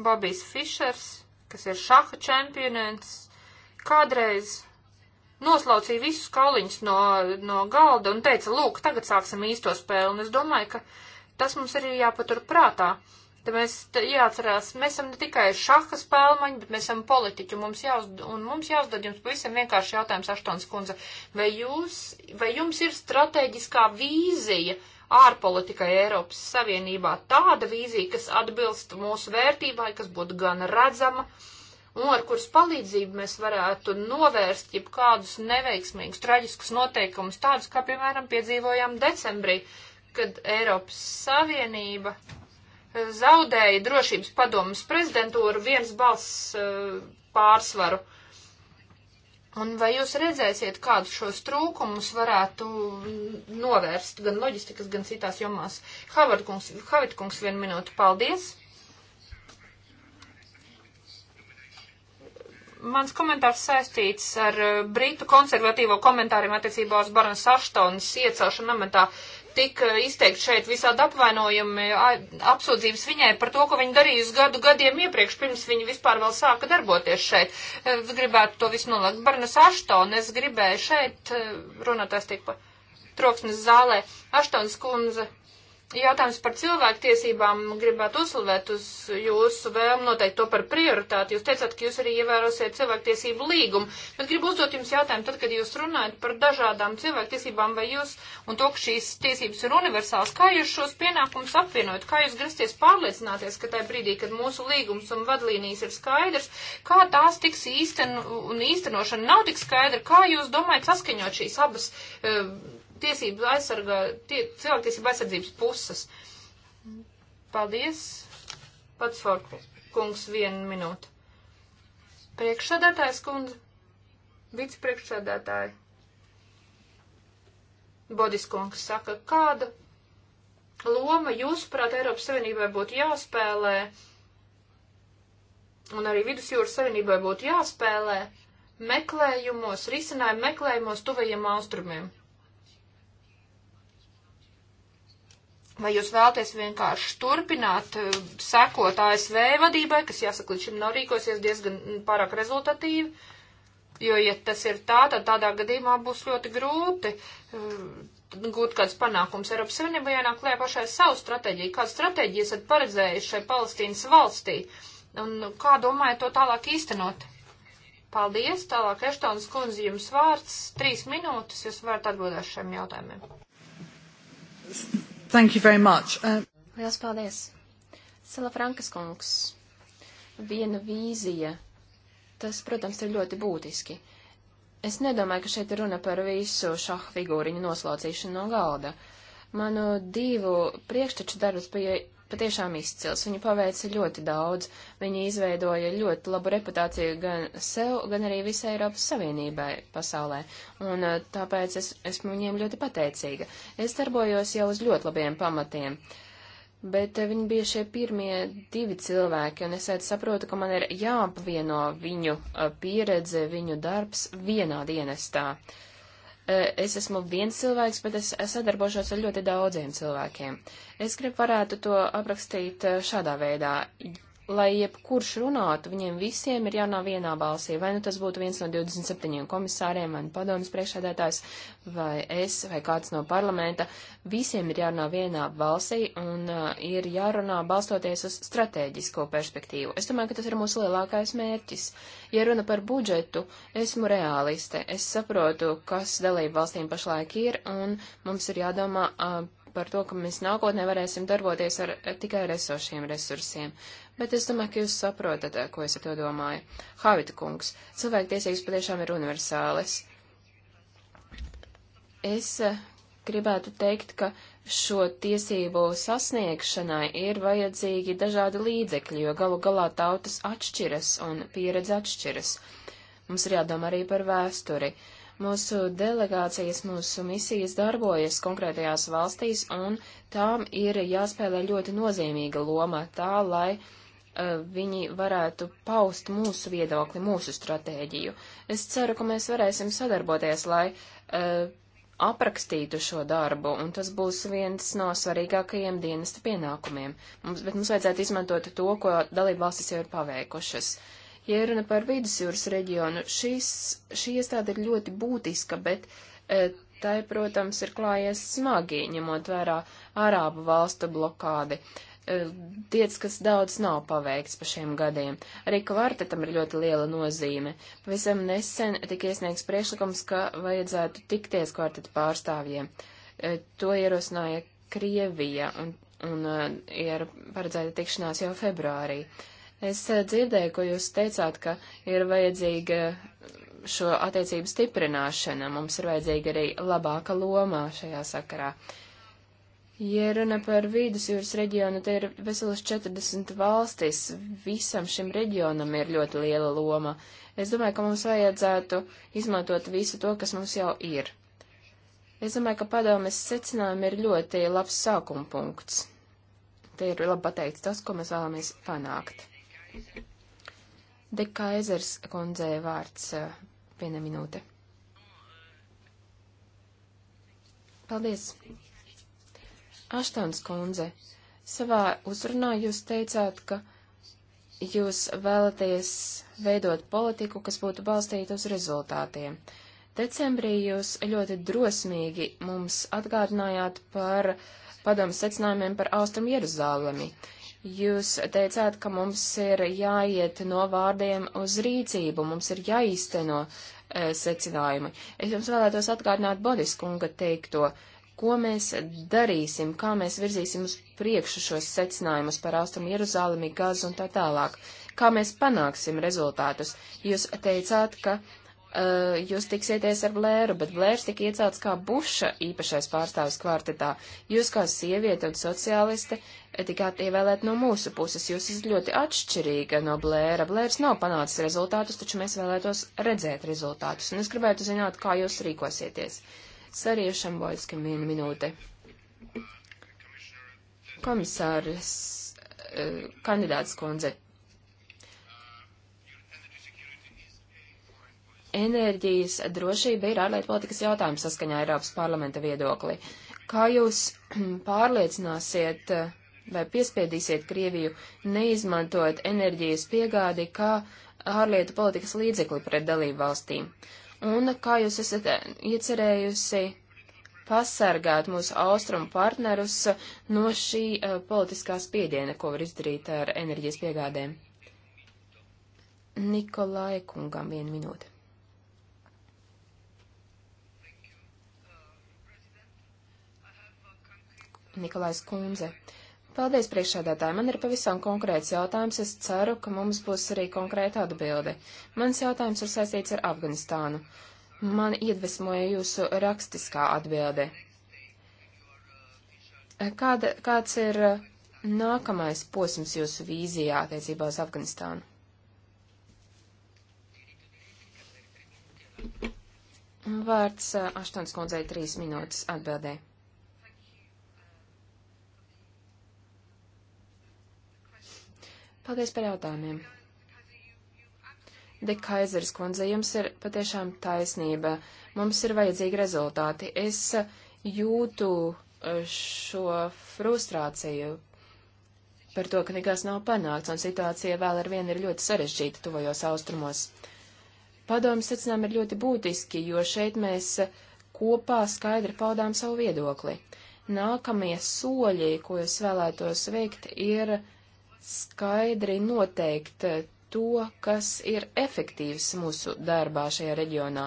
Bobijs Fišers, kas ir šaha čempionēns, kādreiz noslaucīja visus kauliņus no, no galda un teica, lūk, tagad sāksim īsto spēli. Un es domāju, ka tas mums arī jāpatur prātā. Tad mēs jāatcerās, mēs esam ne tikai šaha spēlmaņi, bet mēs esam politiķi, un mums, jāuzd, un mums jāuzdod jums pavisam vienkārši jautājums, Aštons kundze, vai, jūs, vai jums ir strateģiskā vīzija ārpolitikai Eiropas Savienībā tāda vīzija, kas atbilst mūsu vērtībai, kas būtu gan redzama un ar kuras palīdzību mēs varētu novērst jebkādus neveiksmīgus, traģiskus noteikumus, tādus, kā, piemēram, piedzīvojām decembrī, kad Eiropas Savienība eh, zaudēja drošības padomas prezidentūru viens balss eh, pārsvaru. Uh, Un vai jūs redzēsiet, kādus šos trūkumus varētu novērst gan loģistikas, gan citās jomās? Havard kungs, Havard kungs vienu minūtu, paldies! Mans komentārs saistīts ar eh, Britu konservatīvo komentāriem attiecībā uz Barons Aštonas iecelšanu amatā. Uh, tika izteikti šeit visādi apvainojumi, apsūdzības viņai par to, ko viņa darīja uz gadu gadiem iepriekš, pirms viņa vispār vēl sāka darboties šeit. E, es gribētu to visu nolikt. Barnas Aštona, es gribēju šeit e, runāt, es tiku pa troksnes zālē. Aštons kundze, Jautājums par cilvēktiesībām gribētu uzslavēt uz jūsu vēlmu noteikt to par prioritāti. Jūs teicāt, ka jūs arī ievērosiet cilvēktiesību līgumu, bet gribu uzdot jums jautājumu, tad, kad jūs runājat par dažādām cilvēktiesībām vai jūs un to, ka šīs tiesības ir universāls, kā jūs šos pienākumus apvienojat, kā jūs grasties pārliecināties, ka tajā brīdī, kad mūsu līgums un vadlīnijas ir skaidrs, kā tās tiks īsten un īstenošana nav tik skaidra, kā jūs domājat saskaņot šīs abas. Uh, tiesību aizsargā, tie, cilvēktiesību aizsardzības puses. Paldies. Pats Forku kungs vienu minūtu. Priekšsādātājs kundze. Vicepriekšsādātāji. Bodis kungs saka, kāda loma jūsuprāt Eiropas Savienībai būtu jāspēlē un arī Vidusjūras Savienībai būtu jāspēlē meklējumos, risinājumu meklējumos tuvajiem austrumiem? Vai jūs vēlaties vienkārši turpināt eh, sekot ASV vadībai, kas jāsaka līdz šim nav rīkosies diezgan mm, pārāk rezultatīvi? Jo, ja tas ir tā, tad tādā gadījumā būs ļoti grūti eh, gūt kāds panākums. Eiropas Savienībai jānāk klē pašai savu stratēģiju. Kādu stratēģiju esat paredzējuši šai Palestīnas valstī? Un kā domājat to tālāk īstenot? Paldies, tālāk Eštons kundze jums vārds. Trīs minūtes jūs varat atbildēt šiem jautājumiem.
Thank you very much. Uh...
Liels paldies. Sela Frankas kungs. Viena vīzija. Tas, protams, ir ļoti būtiski. Es nedomāju, ka šeit runa par visu šahu figūriņu noslaucīšanu no galda. Manu divu priekšteču darbus bija patiešām izcils. Viņa paveica ļoti daudz. Viņa izveidoja ļoti labu reputāciju gan sev, gan arī visai Eiropas Savienībai pasaulē. Un eh, tāpēc es esmu viņiem ļoti pateicīga. Es darbojos jau uz ļoti labiem pamatiem. Bet eh, viņi bija šie pirmie divi cilvēki, un es saprotu, ka man ir jāapvieno viņu eh, pieredze, viņu darbs vienā dienestā. Uh, E, es esmu viens cilvēks, bet es sadarbošos ar ļoti daudziem cilvēkiem. Es gribu varētu to aprakstīt e, šādā veidā lai jebkurš runātu, viņiem visiem ir jānāk vienā balsī. Vai nu tas būtu viens no 27 komisāriem, vai nu padomjas priekšādātājs, vai es, vai kāds no parlamenta. Visiem ir jārunā vienā balsī un uh, ir jārunā balstoties uz strateģisko perspektīvu. Es domāju, ka tas ir mūsu lielākais mērķis. Ja runa par budžetu, esmu realiste. Es saprotu, kas dalību valstīm pašlaik ir, un mums ir jādomā. Uh, par to, ka mēs nākotnē varēsim darboties ar tikai ar esošiem resursiem. Bet es domāju, ka jūs saprotat, eh, ko es ar to domāju. Havita kungs, cilvēktiesības patiešām ir universālas. Es eh, gribētu teikt, ka šo tiesību sasniegšanai ir vajadzīgi dažādi līdzekļi, jo galu galā tautas atšķiras un pieredze atšķiras. Mums ir jādomā arī par vēsturi. Uh, Mūsu delegācijas, mūsu misijas darbojas konkrētajās valstīs, un tām ir jāspēlē ļoti nozīmīga loma tā, lai uh, viņi varētu paust mūsu viedokli, mūsu stratēģiju. Es ceru, ka mēs varēsim sadarboties, lai uh, aprakstītu šo darbu, un tas būs viens no svarīgākajiem dienesta pienākumiem. Mums, bet mums vajadzētu izmantot to, ko dalība valstis jau ir paveikušas. Uh, Ja runa par vidusjūras reģionu, šis, šī iestāde ir ļoti būtiska, bet e, tai, protams, ir klājies smagi, ņemot vērā Arābu valstu blokādi. E, Tiec, kas daudz nav paveikts pa šiem gadiem. Arī kvartetam ir ļoti liela nozīme. Pavisam nesen tika iesniegts priekšlikums, ka vajadzētu tikties kvarteta pārstāvjiem. E, to ierosināja Krievija, un, un e, ir paredzēta tikšanās jau februārī. Uh, Es eh, dzirdēju, ko jūs teicāt, ka ir vajadzīga eh, šo attiecību stiprināšana, mums ir vajadzīga arī labāka loma šajā sakarā. Ja runa par vīdusjūras reģionu, te ir veselas 40 valstis, visam šim reģionam ir ļoti liela loma. Es domāju, ka mums vajadzētu izmantot visu to, kas mums jau ir. Es domāju, ka padomes secinājumi ir ļoti labs sākuma punkts. Te ir labi pateikts tas, ko mēs vēlamies panākt. De Kaisers kundzei vārds eh, viena minūte. Paldies. Aštons kundze, savā uzrunā jūs teicāt, ka jūs vēlaties veidot politiku, kas būtu balstīta uz rezultātiem. Decembrī jūs ļoti drosmīgi mums atgādinājāt par padomu secinājumiem par Austrum Jeruzālemi. Uh, Jūs teicāt, ka mums ir jāiet no vārdiem uz rīcību, mums ir jāīsteno e, secinājumi. Es jums vēlētos atgādināt Bodis kunga teikto, ko mēs darīsim, kā mēs virzīsim uz priekšu šos secinājumus par Austrumu Jeruzālemi, Gazu un tā tālāk, kā mēs panāksim rezultātus. Jūs teicāt, ka Uh, jūs tiksieties ar Blēru, bet Blērs tika iecelts kā Buša īpašais pārstāvis kvartetā. Jūs kā sieviete un sociāliste eh, tikāt ievēlēt no mūsu puses. Jūs esat ļoti atšķirīga no Blēra. Blērs nav panācis rezultātus, taču mēs vēlētos redzēt rezultātus. Un es gribētu zināt, kā jūs rīkosieties. Sariešam Boļskim viena minūte. Komisārs, uh, eh, kandidāts kundze, enerģijas drošība ir ārlietu politikas jautājums saskaņā Eiropas parlamenta viedokli. Kā jūs pārliecināsiet eh, vai piespiedīsiet Krieviju neizmantot enerģijas piegādi kā ārlietu politikas līdzekli pret dalību valstīm? Un kā jūs esat eh, iecerējusi pasargāt mūsu austrumu partnerus eh, no šī uh, politiskā spiediena, ko var izdarīt ar enerģijas piegādēm? Nikolai kungam vienu minūti. Nikolais Kunze. Paldies, priekšādātāji. Man ir pavisam konkrēts jautājums. Es ceru, ka mums būs arī konkrēta atbilde. Mans jautājums ir saistīts ar Afganistānu. Man iedvesmoja jūsu rakstiskā atbilde. Kāda, kāds ir nākamais posms jūsu vīzijā attiecībā uz Afganistānu? Vārds eh, Aštons kundzei trīs minūtes atbildēja. Paldies par jautājumiem. De Kaisers kundze, jums ir patiešām taisnība. Mums ir vajadzīgi rezultāti. Es uh, jūtu uh, šo frustrāciju par to, ka nekas nav panākts, un situācija vēl ar vienu ir ļoti sarežģīta tuvajos austrumos. Padomu secinājumi ir ļoti būtiski, jo šeit mēs uh, kopā skaidri paudām savu viedokli. Nākamie soļi, ko es vēlētos veikt, ir skaidri noteikt eh, to, kas ir efektīvs mūsu darbā šajā reģionā.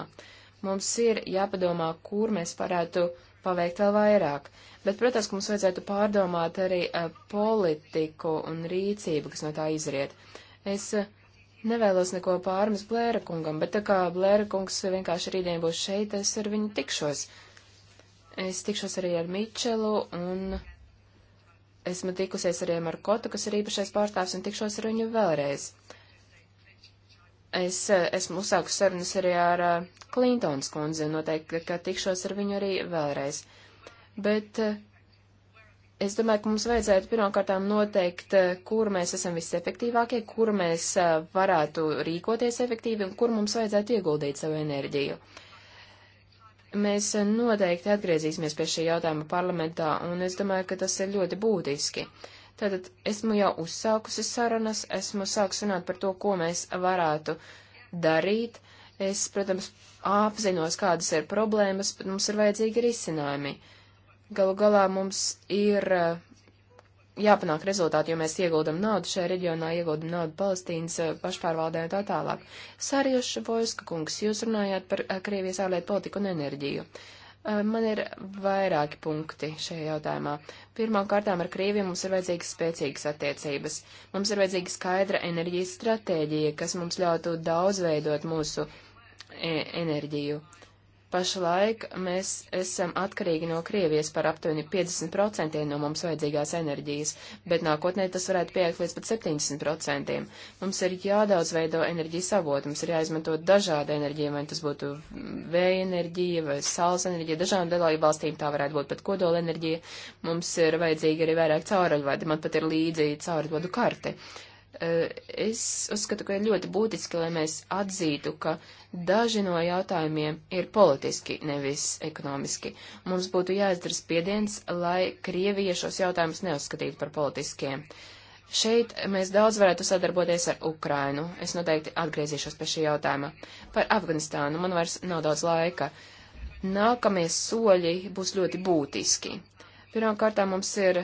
Mums ir jāpadomā, kur mēs varētu paveikt vēl vairāk, bet, protams, mums vajadzētu pārdomāt arī eh, politiku un rīcību, kas no tā izriet. Es eh, nevēlos neko pārmest Blēra kungam, bet tā kā Blēra kungs vienkārši rītdien būs šeit, es ar viņu tikšos. Es tikšos arī ar Mičelu un esmu tikusies arī ar Kotu, kas ir īpašais pārstāvs, un tikšos ar viņu vēlreiz. Es eh, esmu uzsākusi sarunas arī ar eh, Klintons kundzi, noteikti, ka tikšos ar viņu arī vēlreiz. Bet eh, es domāju, ka mums vajadzētu pirmkārtām noteikt, kur mēs esam visefektīvākie, kur mēs varētu rīkoties efektīvi un kur mums vajadzētu ieguldīt savu enerģiju. Uh, Mēs noteikti atgriezīsimies pie šī jautājuma parlamentā, un es domāju, ka tas ir ļoti būtiski. Tātad esmu jau uzsākusi sarunas, esmu sākus runāt par to, ko mēs varētu darīt. Es, protams, apzinos, kādas ir problēmas, bet mums ir vajadzīgi risinājumi. Galu galā mums ir jāpanāk rezultāti, jo mēs ieguldam naudu šajā reģionā, ieguldam naudu Palestīnas eh, pašpārvaldē un tā tālāk. Sārieša Vojska kungs, jūs runājāt par eh, Krievijas ārlietu politiku un enerģiju. Eh, man ir vairāki punkti šajā jautājumā. Pirmām kārtām ar Krieviju mums ir vajadzīgas spēcīgas attiecības. Mums ir vajadzīga skaidra enerģijas stratēģija, kas mums ļautu daudzveidot mūsu e enerģiju. Uh, Pašlaik mēs esam atkarīgi no Krievijas par aptuveni 50% no mums vajadzīgās enerģijas, bet nākotnē tas varētu pieaugt līdz pat 70%. Mums ir jādaudzveido enerģijas avot, mums ir jāizmanto dažāda enerģija, vai tas būtu vēja enerģija vai saules enerģija, dažām dalību valstīm tā varētu būt pat kodola enerģija. Mums ir vajadzīga arī vairāk cauruļvadi, man pat ir līdzi cauruļvadu karte. Uh, Eh, es uzskatu, ka ir ļoti būtiski, lai mēs atzītu, ka daži no jautājumiem ir politiski, nevis ekonomiski. Mums būtu jāizdara spiediens, lai Krievija šos jautājumus neuzskatītu par politiskiem. Šeit mēs daudz varētu sadarboties ar Ukrainu. Es noteikti atgriezīšos pie šī jautājuma. Par Afganistānu man vairs nav daudz laika. Nākamie soļi būs ļoti būtiski. Pirmkārt, mums ir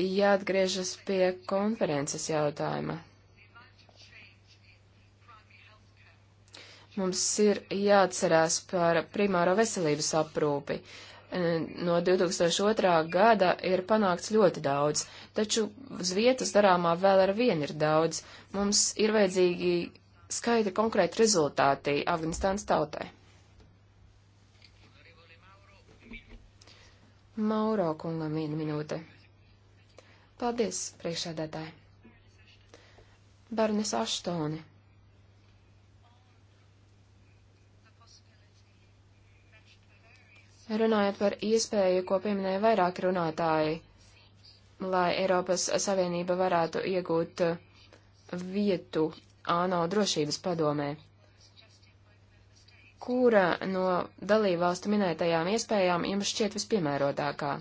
jāatgriežas pie konferences jautājuma. Mums ir jāatcerās par primāro veselības aprūpi. E, no 2002. gada ir panākts ļoti daudz, taču uz vietas darāmā vēl ar vienu ir daudz. Mums ir vajadzīgi skaidri konkrēti rezultāti Afganistānas tautai. Mauro kungam viena minūte. Paldies, priekšēdētāji. Barnes Aštoni. Runājot par iespēju, ko pieminēja vairāk runātāji, lai Eiropas Savienība varētu iegūt vietu ANO drošības padomē. Kura no dalībvalstu minētajām iespējām jums šķiet vispiemērotākā?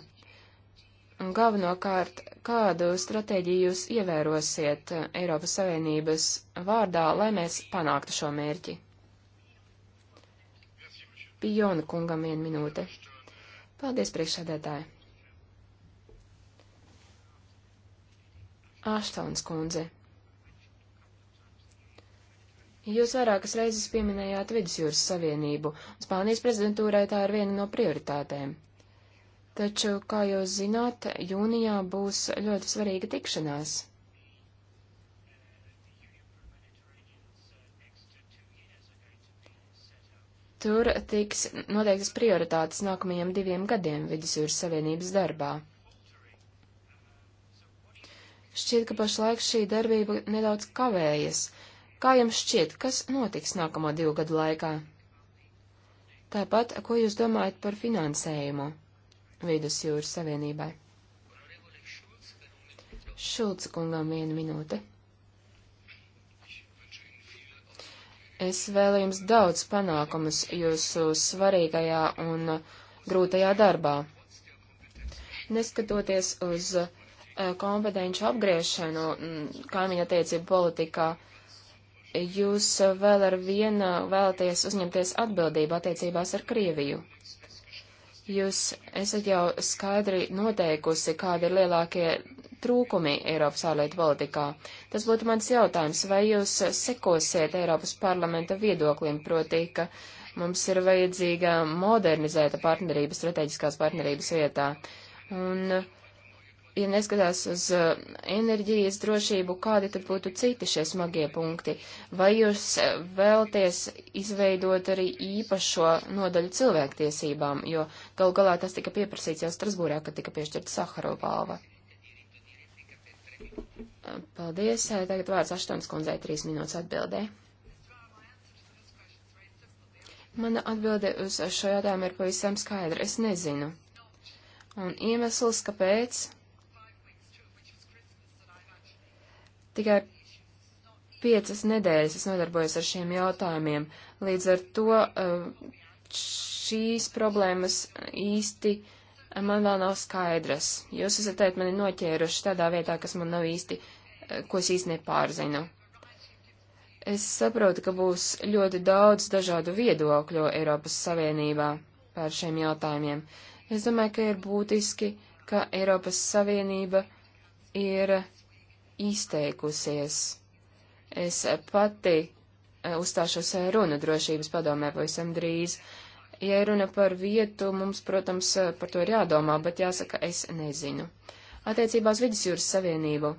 Un galvenokārt, kādu stratēģiju jūs ievērosiet Eiropas Savienības vārdā, lai mēs panāktu šo mērķi? Pijona kungam viena minūte. Paldies, priekšsēdētāji. Aštons kundze. Jūs vairākas reizes pieminējāt Vidusjūras Savienību, un Spānijas prezidentūrai tā ir viena no prioritātēm. Taču, kā jūs zināt, jūnijā būs ļoti svarīga tikšanās. Tur tiks noteiktas prioritātes nākamajiem diviem gadiem Vidusjūras Savienības darbā. Šķiet, ka pašlaik šī darbība nedaudz kavējas. Kā jums šķiet, kas notiks nākamo divu gadu laikā? Tāpat, ko jūs domājat par finansējumu? Vidusjūras Savienībai. Šulca kungam viena minūte. Es vēlu jums daudz panākumus jūsu svarīgajā un grūtajā darbā. Neskatoties uz eh, kompetenci apgriešanu mm, kaimiņa attiecību politikā, jūs vēl ar vienu vēlaties uzņemties atbildību attiecībās ar Krieviju. Jūs esat jau skaidri noteikusi, kādi ir lielākie trūkumi Eiropas ārlietu politikā. Tas būtu mans jautājums, vai jūs sekosiet Eiropas parlamenta viedoklim, proti, ka mums ir vajadzīga modernizēta partnerības, strateģiskās partnerības vietā. Un uh, ja neskatās uz eh, enerģijas drošību, kādi tad būtu citi šie smagie punkti? Vai jūs eh, vēlties izveidot arī īpašo nodaļu cilvēktiesībām, jo gal galā tas tika pieprasīts jau Strasbūrā, kad tika piešķirta Saharo balva? Paldies. Tagad vārds Aštons kundzei trīs minūtes atbildē. Mana atbilde uz šo jautājumu ir pavisam skaidra. Es nezinu. Un iemesls, kāpēc Tikai piecas nedēļas es nodarbojos ar šiem jautājumiem, līdz ar to eh, šīs problēmas īsti man vēl nav skaidras. Jūs esat teikt mani noķēruši tādā vietā, kas man nav īsti, eh, ko es īsti nepārzinu. Es saprotu, ka būs ļoti daudz dažādu viedokļu Eiropas Savienībā par šiem jautājumiem. Es domāju, ka ir būtiski, ka Eiropas Savienība ir izteikusies. Es pati e, uzstāšos runu drošības padomē pavisam drīz. Ja runa par vietu, mums, protams, e, par to ir jādomā, bet jāsaka, es nezinu. Attiecībā uz Vidusjūras Savienību.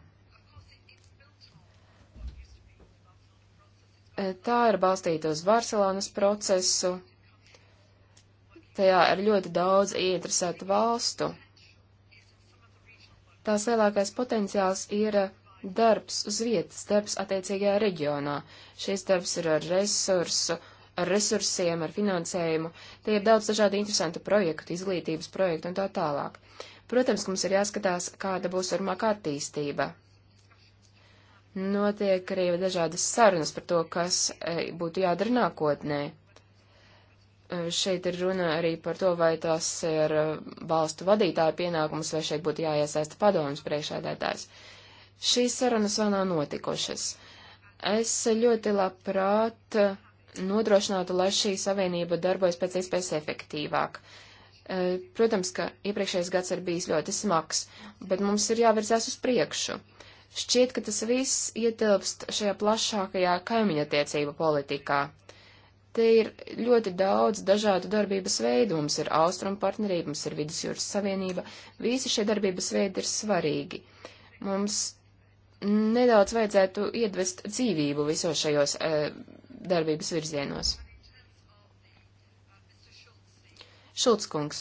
E, tā ir balstīta uz Barcelonas procesu. Tajā ir ļoti daudz ieinteresētu valstu. Tās lielākais potenciāls ir darbs uz vietas, darbs attiecīgajā reģionā. Šis darbs ir ar resursu, ar resursiem, ar finansējumu. Tie ir daudz dažādi interesanti projekti, izglītības projekti un tā tālāk. Protams, mums ir jāskatās, kāda būs turmākā attīstība. Notiek arī dažādas sarunas par to, kas e, būtu jādara nākotnē. E, šeit ir runa arī par to, vai tas ir e, valstu vadītāju pienākums, vai šeit būtu jāiesaista padomus priekšādētājs. Uh, Šīs sarunas vēl nav notikušas. Es ļoti labprāt nodrošinātu, lai šī savienība darbojas pēc iespējas efektīvāk. E, protams, ka iepriekšējais gads ir bijis ļoti smags, bet mums ir jāvirzās uz priekšu. Šķiet, ka tas viss ietilpst šajā plašākajā kaimiņattiecību politikā. Te ir ļoti daudz dažādu darbības veidu, mums ir austrumu partnerība, mums ir vidusjūras savienība, visi šie darbības veidi ir svarīgi. Mums nedaudz vajadzētu iedvest dzīvību visos šajos e, darbības virzienos. Šulc kungs,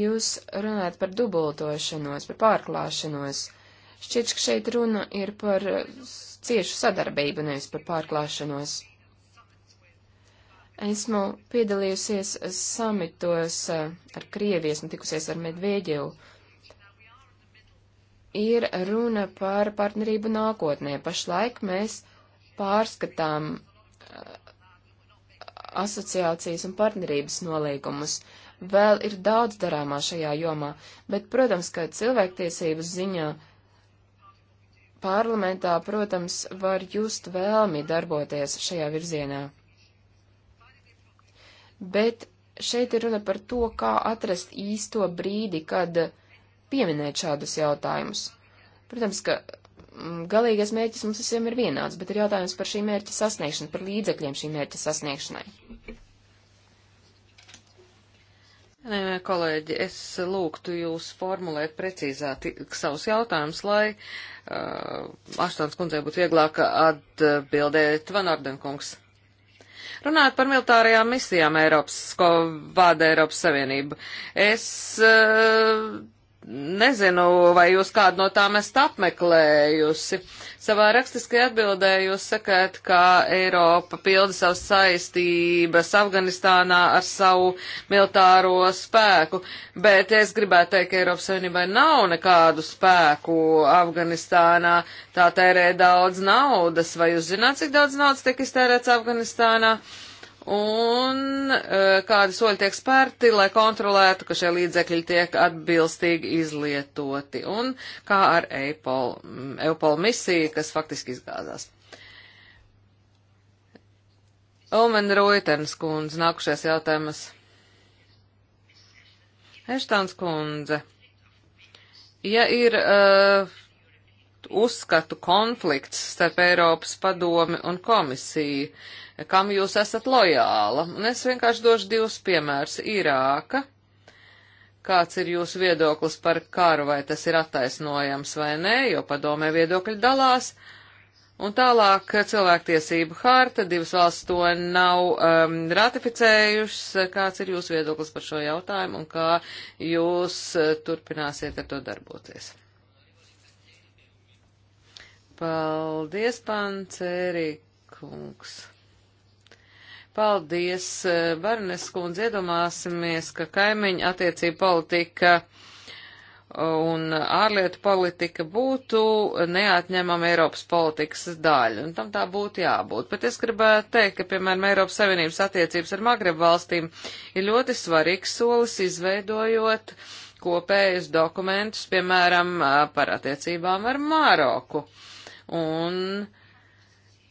jūs runājat par dubultošanos, par pārklāšanos. Šķiet, ka šeit runa ir par e, ciešu sadarbību, nevis par pārklāšanos. Esmu piedalījusies samitos e, ar Krievijas un tikusies ar Medvēģevu ir runa par partnerību nākotnē. Pašlaik mēs pārskatām uh, asociācijas un partnerības nolīgumus. Vēl ir daudz darāmā šajā jomā, bet, protams, ka cilvēktiesības ziņā parlamentā, protams, var just vēlmi darboties šajā virzienā. Bet šeit ir runa par to, kā atrast īsto brīdi, kad uh, pieminēt šādus jautājumus. Protams, ka mm, galīgais mērķis mums visiem ir vienāds, bet ir jautājums par šī mērķa sasniegšanu, par līdzekļiem šī mērķa sasniegšanai.
Nē, kolēģi, es lūgtu jūs formulēt precīzāk savus jautājumus, lai uh, Aštāns kundzei būtu vieglāk atbildēt Vanardenkungs. Runājot par militārajām misijām Eiropas, ko vada Eiropas Savienība, es uh, Nezinu, vai jūs kādu no tām esat apmeklējusi. Savā rakstiskajā atbildē jūs sakāt, ka Eiropa pilda savas saistības Afganistānā ar savu militāro spēku, bet es gribētu teikt, ka Eiropas Savienībai nav nekādu spēku Afganistānā. Tā tērē daudz naudas. Vai jūs zināt, cik daudz naudas tiek iztērēts Afganistānā? Uh, un e, kādi soļi tiek spērti, lai kontrolētu, ka šie līdzekļi tiek atbilstīgi izlietoti, un kā ar EUPOL, EUPOL misiju, kas faktiski izgāzās. Ulmen Roitens kundze, nākušais jautājumas. Eštons kundze, ja ir uh, uzskatu konflikts starp Eiropas padomi un komisiju, kam jūs esat lojāla. Un es vienkārši došu divus piemērus. Irāka. Kāds ir jūsu viedoklis par karu, vai tas ir attaisnojams vai nē, jo padomē viedokļi dalās. Un tālāk cilvēktiesību harta, divas valsts to nav um, ratificējušas. Kāds ir jūsu viedoklis par šo jautājumu un kā jūs uh, turpināsiet ar to darboties? Paldies, Pancēri kungs. Paldies, Barnes kundze, iedomāsimies, ka kaimiņa attiecība politika un ārlietu politika būtu neatņemama Eiropas politikas daļa, un tam tā būtu jābūt. Bet es gribētu teikt, ka, piemēram, Eiropas Savienības attiecības ar Magreb valstīm ir ļoti svarīgs solis, izveidojot kopējus dokumentus, piemēram, par attiecībām ar Māroku. Uh, un,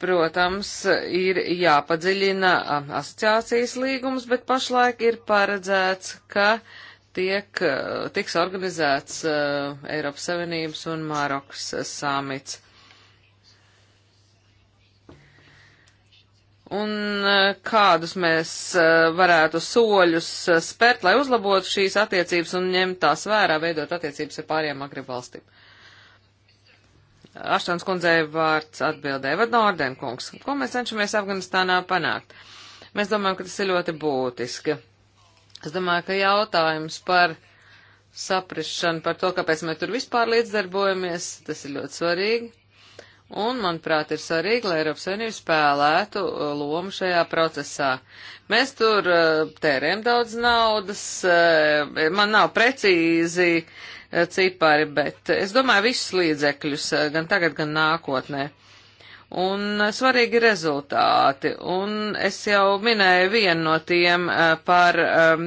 protams, ir jāpadziļina asociācijas līgums, bet pašlaik ir paredzēts, ka tiek, tiks organizēts uh, Eiropas Savienības un Mārokas samits. Un kādus mēs varētu soļus spērt, lai uzlabotu šīs attiecības un ņemt tās vērā, veidot attiecības ar pārējām agrivalstīm? Aštons kundzei vārds atbildē, vad Nordenkungs, ko mēs cenšamies Afganistānā panākt? Mēs domājam, ka tas ir ļoti būtiski. Es domāju, ka jautājums par saprašanu, par to, kāpēc mēs tur vispār līdzdarbojamies, tas ir ļoti svarīgi. Un, manuprāt, ir svarīgi, lai Eiropas Savienība spēlētu uh, lomu šajā procesā. Mēs tur uh, tērējam daudz naudas, uh, man nav precīzi uh, Eh, cipari, bet es domāju visus līdzekļus eh, gan tagad, gan nākotnē. Un eh, svarīgi rezultāti. Un es jau minēju vienu no tiem par um,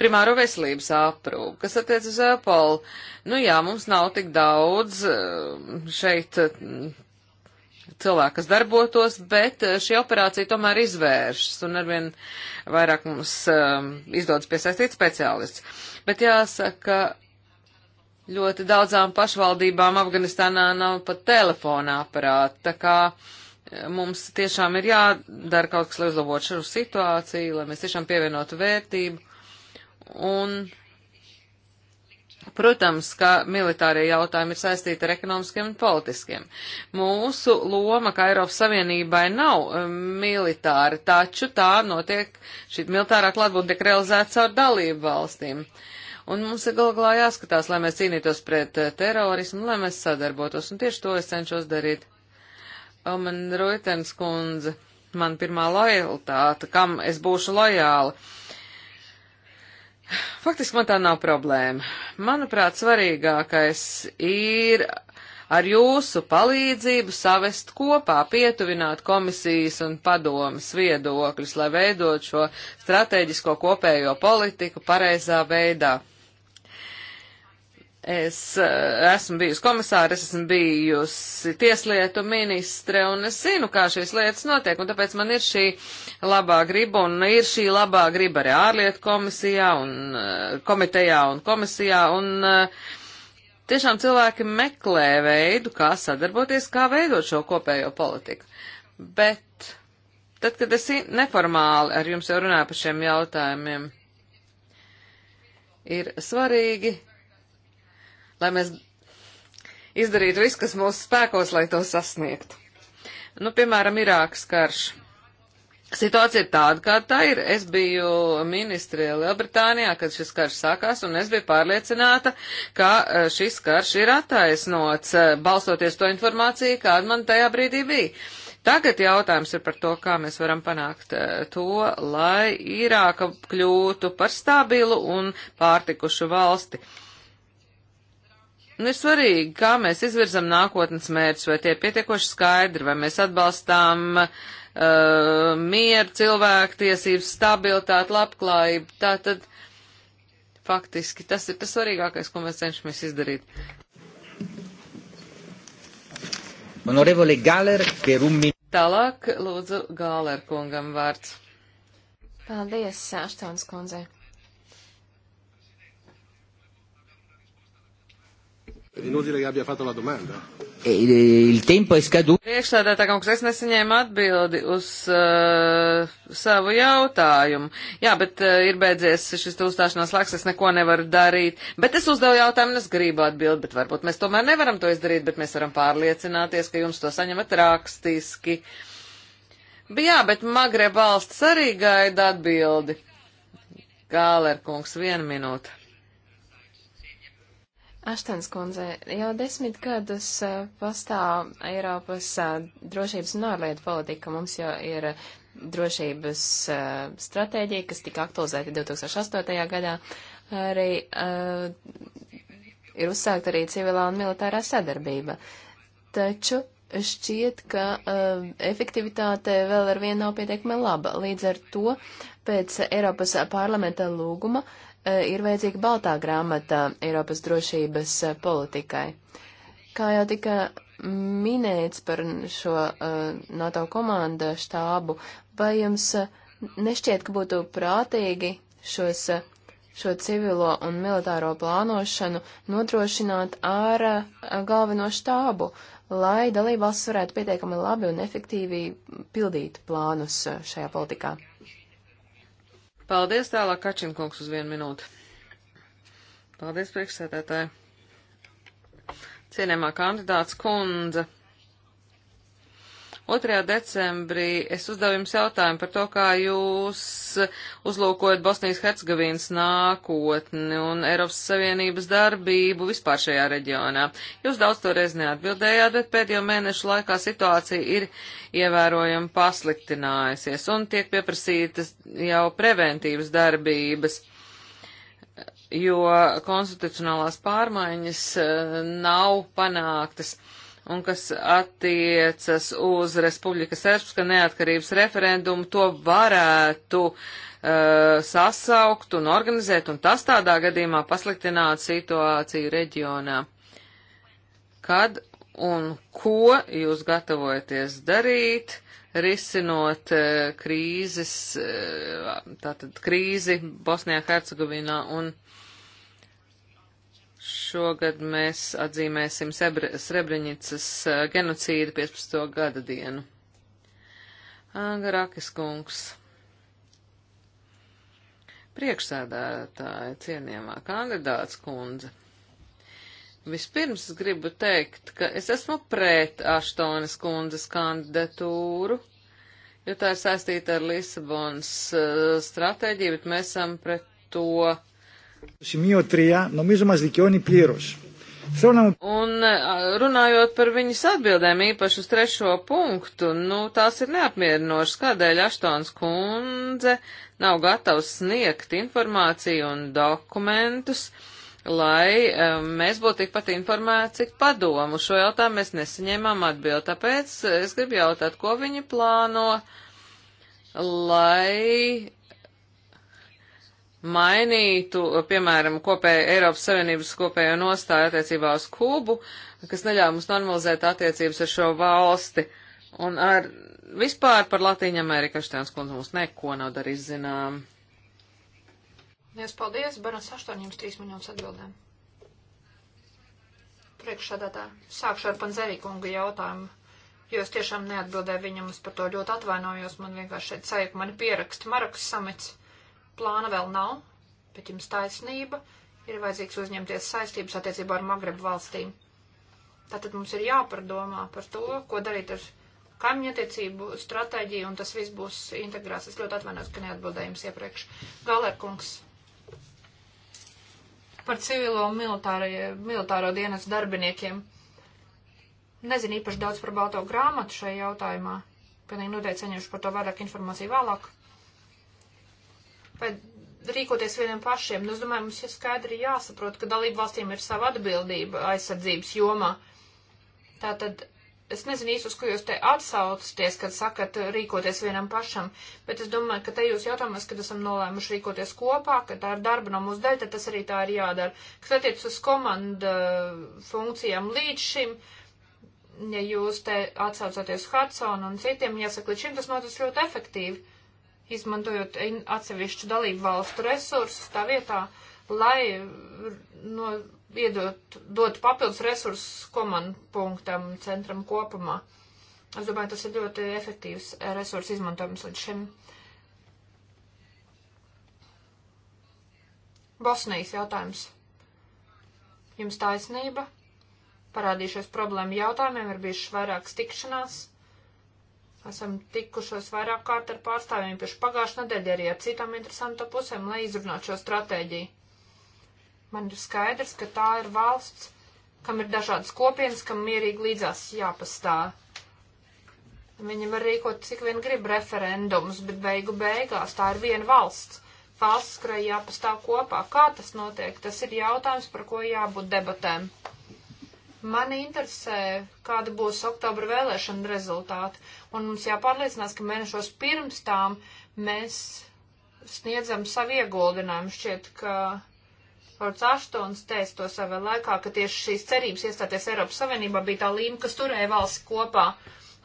primāro veselības aprūpu, kas attiec uz Apple. Nu jā, mums nav tik daudz šeit mm, cilvēki, kas darbotos, bet šī operācija tomēr izvēršas un arvien vairāk mums um, izdodas piesaistīt speciālists. Bet jāsaka, ļoti daudzām pašvaldībām Afganistānā nav pat telefona aparāta, tā kā e, mums tiešām ir jādara kaut kas, lai uzlabotu šo situāciju, lai mēs tiešām pievienotu vērtību. Un, protams, ka militārie jautājumi ir saistīti ar ekonomiskiem un politiskiem. Mūsu loma, kā Eiropas Savienībai, nav e, militāra, taču tā notiek, šī militārā klātbūtne tiek realizēta caur dalību valstīm. Uh, Un mums ir galvā jāskatās, lai mēs cīnītos pret eh, terorismu, lai mēs sadarbotos, un tieši to es cenšos darīt. Man Roitens kundze, man pirmā lojalitāte, kam es būšu lojāli. Faktiski man tā nav problēma. Manuprāt, svarīgākais ir ar jūsu palīdzību savest kopā, pietuvināt komisijas un padomas viedokļus, lai veidot šo strateģisko kopējo politiku pareizā veidā. Es eh, esmu bijusi komisāra, es esmu bijusi tieslietu ministre, un es zinu, kā šīs lietas notiek, un tāpēc man ir šī labā griba, un ir šī labā griba arī ārlietu komisijā, un eh, komitejā, un komisijā, un eh, tiešām cilvēki meklē veidu, kā sadarboties, kā veidot šo kopējo politiku. Bet tad, kad es neformāli ar jums jau runāju par šiem jautājumiem, ir svarīgi lai mēs izdarītu visu, kas mūsu spēkos, lai to sasniegtu. Nu, piemēram, Irākas karš. Situācija ir tāda, kā tā ir. Es biju ministri Lielbritānijā, kad šis karš sākās, un es biju pārliecināta, ka e, šis karš ir attaisnots, e, balstoties to informāciju, kāda man tajā brīdī bija. Tagad jautājums ir par to, kā mēs varam panākt e, to, lai Irāka kļūtu par stabilu un pārtikušu valsti. Uh, Nu, ir svarīgi, kā mēs izvirzam nākotnes mērķus, vai tie ir pietiekoši skaidri, vai mēs atbalstām uh, mieru, cilvēktiesības, stabilitāti, labklājību. Tā tad faktiski tas ir tas svarīgākais, ko mēs cenšamies izdarīt.
Honorevole Galer, Kerumi.
Tālāk, lūdzu, Galer kungam vārds. Paldies, Aštons kundzei.
Inutile, ja bija fatala domanda. E, e, il tempo è scaduto.
Priekšsēdētā kungs, es nesaņēmu atbildi uz uh, savu jautājumu. Jā, bet uh, ir beidzies šis uzstāšanās laiks, es neko nevaru darīt. Bet es uzdevu jautājumu, es gribu atbildi, bet varbūt mēs tomēr nevaram to izdarīt, bet mēs varam pārliecināties, ka jums to saņemat rakstiski. Bet, jā, bet Magreb valsts arī gaida atbildi. Gāler kungs, viena minūte. Aštans kundze,
jau desmit gadus pastāv Eiropas drošības un ārlietu politika. Mums jau ir drošības stratēģija, kas tika aktualizēta 2008. gadā. Arī uh, ir uzsākta arī civilā un militārā sadarbība. Taču šķiet, ka uh, efektivitāte vēl ar vienu nav pietiekami laba. Līdz ar to pēc Eiropas parlamenta lūguma uh, Eh, ir vajadzīga baltā grāmata Eiropas drošības eh, politikai. Kā jau tika minēts par šo eh, NATO komandu štābu, vai jums nešķiet, ka būtu prātīgi šos, šo civilo un militāro plānošanu nodrošināt ar galveno štābu, lai dalībvalsts varētu pietiekami labi un efektīvi pildīt plānus šajā politikā?
Paldies tālāk, Kačinkungs, uz vienu minūti. Paldies, priekšsēdētāji. Cienējamā kandidāts kundze. 2. decembrī es uzdevu jums jautājumu par to, kā jūs uzlūkojat Bosnijas Hercegovīnas nākotni un Eiropas Savienības darbību vispār šajā reģionā. Jūs daudz toreiz neatbildējāt, bet pēdējo mēnešu laikā situācija ir ievērojami pasliktinājusies un tiek pieprasītas jau preventīvas darbības jo konstitucionālās pārmaiņas eh, nav panāktas un kas attiecas uz Republika Srpska neatkarības referendumu, to varētu uh, sasaukt un organizēt, un tas tādā gadījumā pasliktinātu situāciju reģionā. Kad un ko jūs gatavojaties darīt, risinot uh, krīzes, uh, tātad krīzi Bosnijā, Hercegovinā un Šogad mēs atzīmēsim Srebrenicas eh, genocīdu 15. gada dienu. Angarakis kungs. Priekšsēdētāja cienījamā kandidāts kundze. Vispirms gribu teikt, ka es esmu pret Aštonas kundzes kandidatūru, jo tā ir saistīta ar Lisabonas uh, stratēģiju, bet mēs esam pret to
Σημείο 3, νομίζω μας δικαιώνει πλήρως.
Un runājot par viņas atbildēm īpaši uz trešo punktu, nu, tās ir neapmierinošas, kādēļ Aštons kundze nav gatavs sniegt informāciju un dokumentus, lai um, mēs būtu tikpat informēti, cik padomu. Šo jautājumu mēs nesaņēmām atbildi, tāpēc e, es gribu jautāt, ko viņi plāno, lai mainītu, piemēram, kopēju Eiropas Savienības kopējo nostāju attiecībā uz Kubu, kas neļāva mums normalizēt attiecības ar šo valsti. Un ar vispār par Latīņu Ameriku Aštēns kundze mums neko nav darījis zinām.
Liels paldies, Bernas aštuoņiem trīs minūtes atbildēm. Priekšsādātā sākšu ar Panzerīkunga jautājumu, jo es tiešām neatbildēju viņam, es par to ļoti atvainojos, man vienkārši šeit sajūta mani pieraksta Marakas samits plāna vēl nav, bet jums taisnība ir vajadzīgs uzņemties saistības attiecībā ar Magrebu valstīm. Tātad mums ir jāpardomā par to, ko darīt ar kaimiņattiecību stratēģiju, un tas viss būs integrēts. Es ļoti atvainojos, ka neatbildēju jums iepriekš. Galerkungs. Par civilo un militāro, militāro dienas darbiniekiem. Nezinu īpaši daudz par balto grāmatu šajā jautājumā. Pilnīgi noteikti saņemšu par to vairāk informāciju vēlāk vai rīkoties vieniem pašiem. Nu, es domāju, mums ir skaidri jāsaprot, ka dalību valstīm ir sava atbildība aizsardzības jomā. Tātad es nezinu īsti, uz ko jūs te atsaucaties, kad sakat eh, rīkoties vienam pašam, bet es domāju, ka te jūs jautājumos, kad esam nolēmuši rīkoties kopā, ka tā ir darba no mūsu daļa, tad tas arī tā ir jādara. Kas attiec uz komanda funkcijām līdz šim, ja jūs te atsaucaties Hudsonu un citiem, jāsaka, līdz šim tas notiek ļoti efektīvi izmantojot atsevišķu dalību valstu resursus tā vietā, lai no, iedot, dot papildus resursus komandu punktam, centram kopumā. Es domāju, tas ir ļoti efektīvs eh, resursu izmantojums līdz šim. Bosnijas jautājums. Jums taisnība. Parādījušies problēma jautājumiem, ir bijušas vairākas tikšanās Esam tikušos vairāk kārt ar pārstāvjiem pieši pagājušā nedēļa arī ar citām interesantām pusēm, lai izrunātu šo stratēģiju. Man ir skaidrs, ka tā ir valsts, kam ir dažādas kopienas, kam mierīgi līdzās jāpastāv. Viņi var rīkot cik vien grib referendumus, bet beigu beigās tā ir viena valsts. Valsts, kurai jāpastāv kopā. Kā tas notiek? Tas ir jautājums, par ko jābūt debatēm. Mani interesē, kāda būs oktobra vēlēšana rezultāti, un mums jāpārliecinās, ka mēnešos pirms tām mēs sniedzam savu ieguldinājumu. Šķiet, ka Lords Aštons teica to savā laikā, ka tieši šīs cerības iestāties Eiropas Savienībā bija tā līme, kas turēja valsts kopā.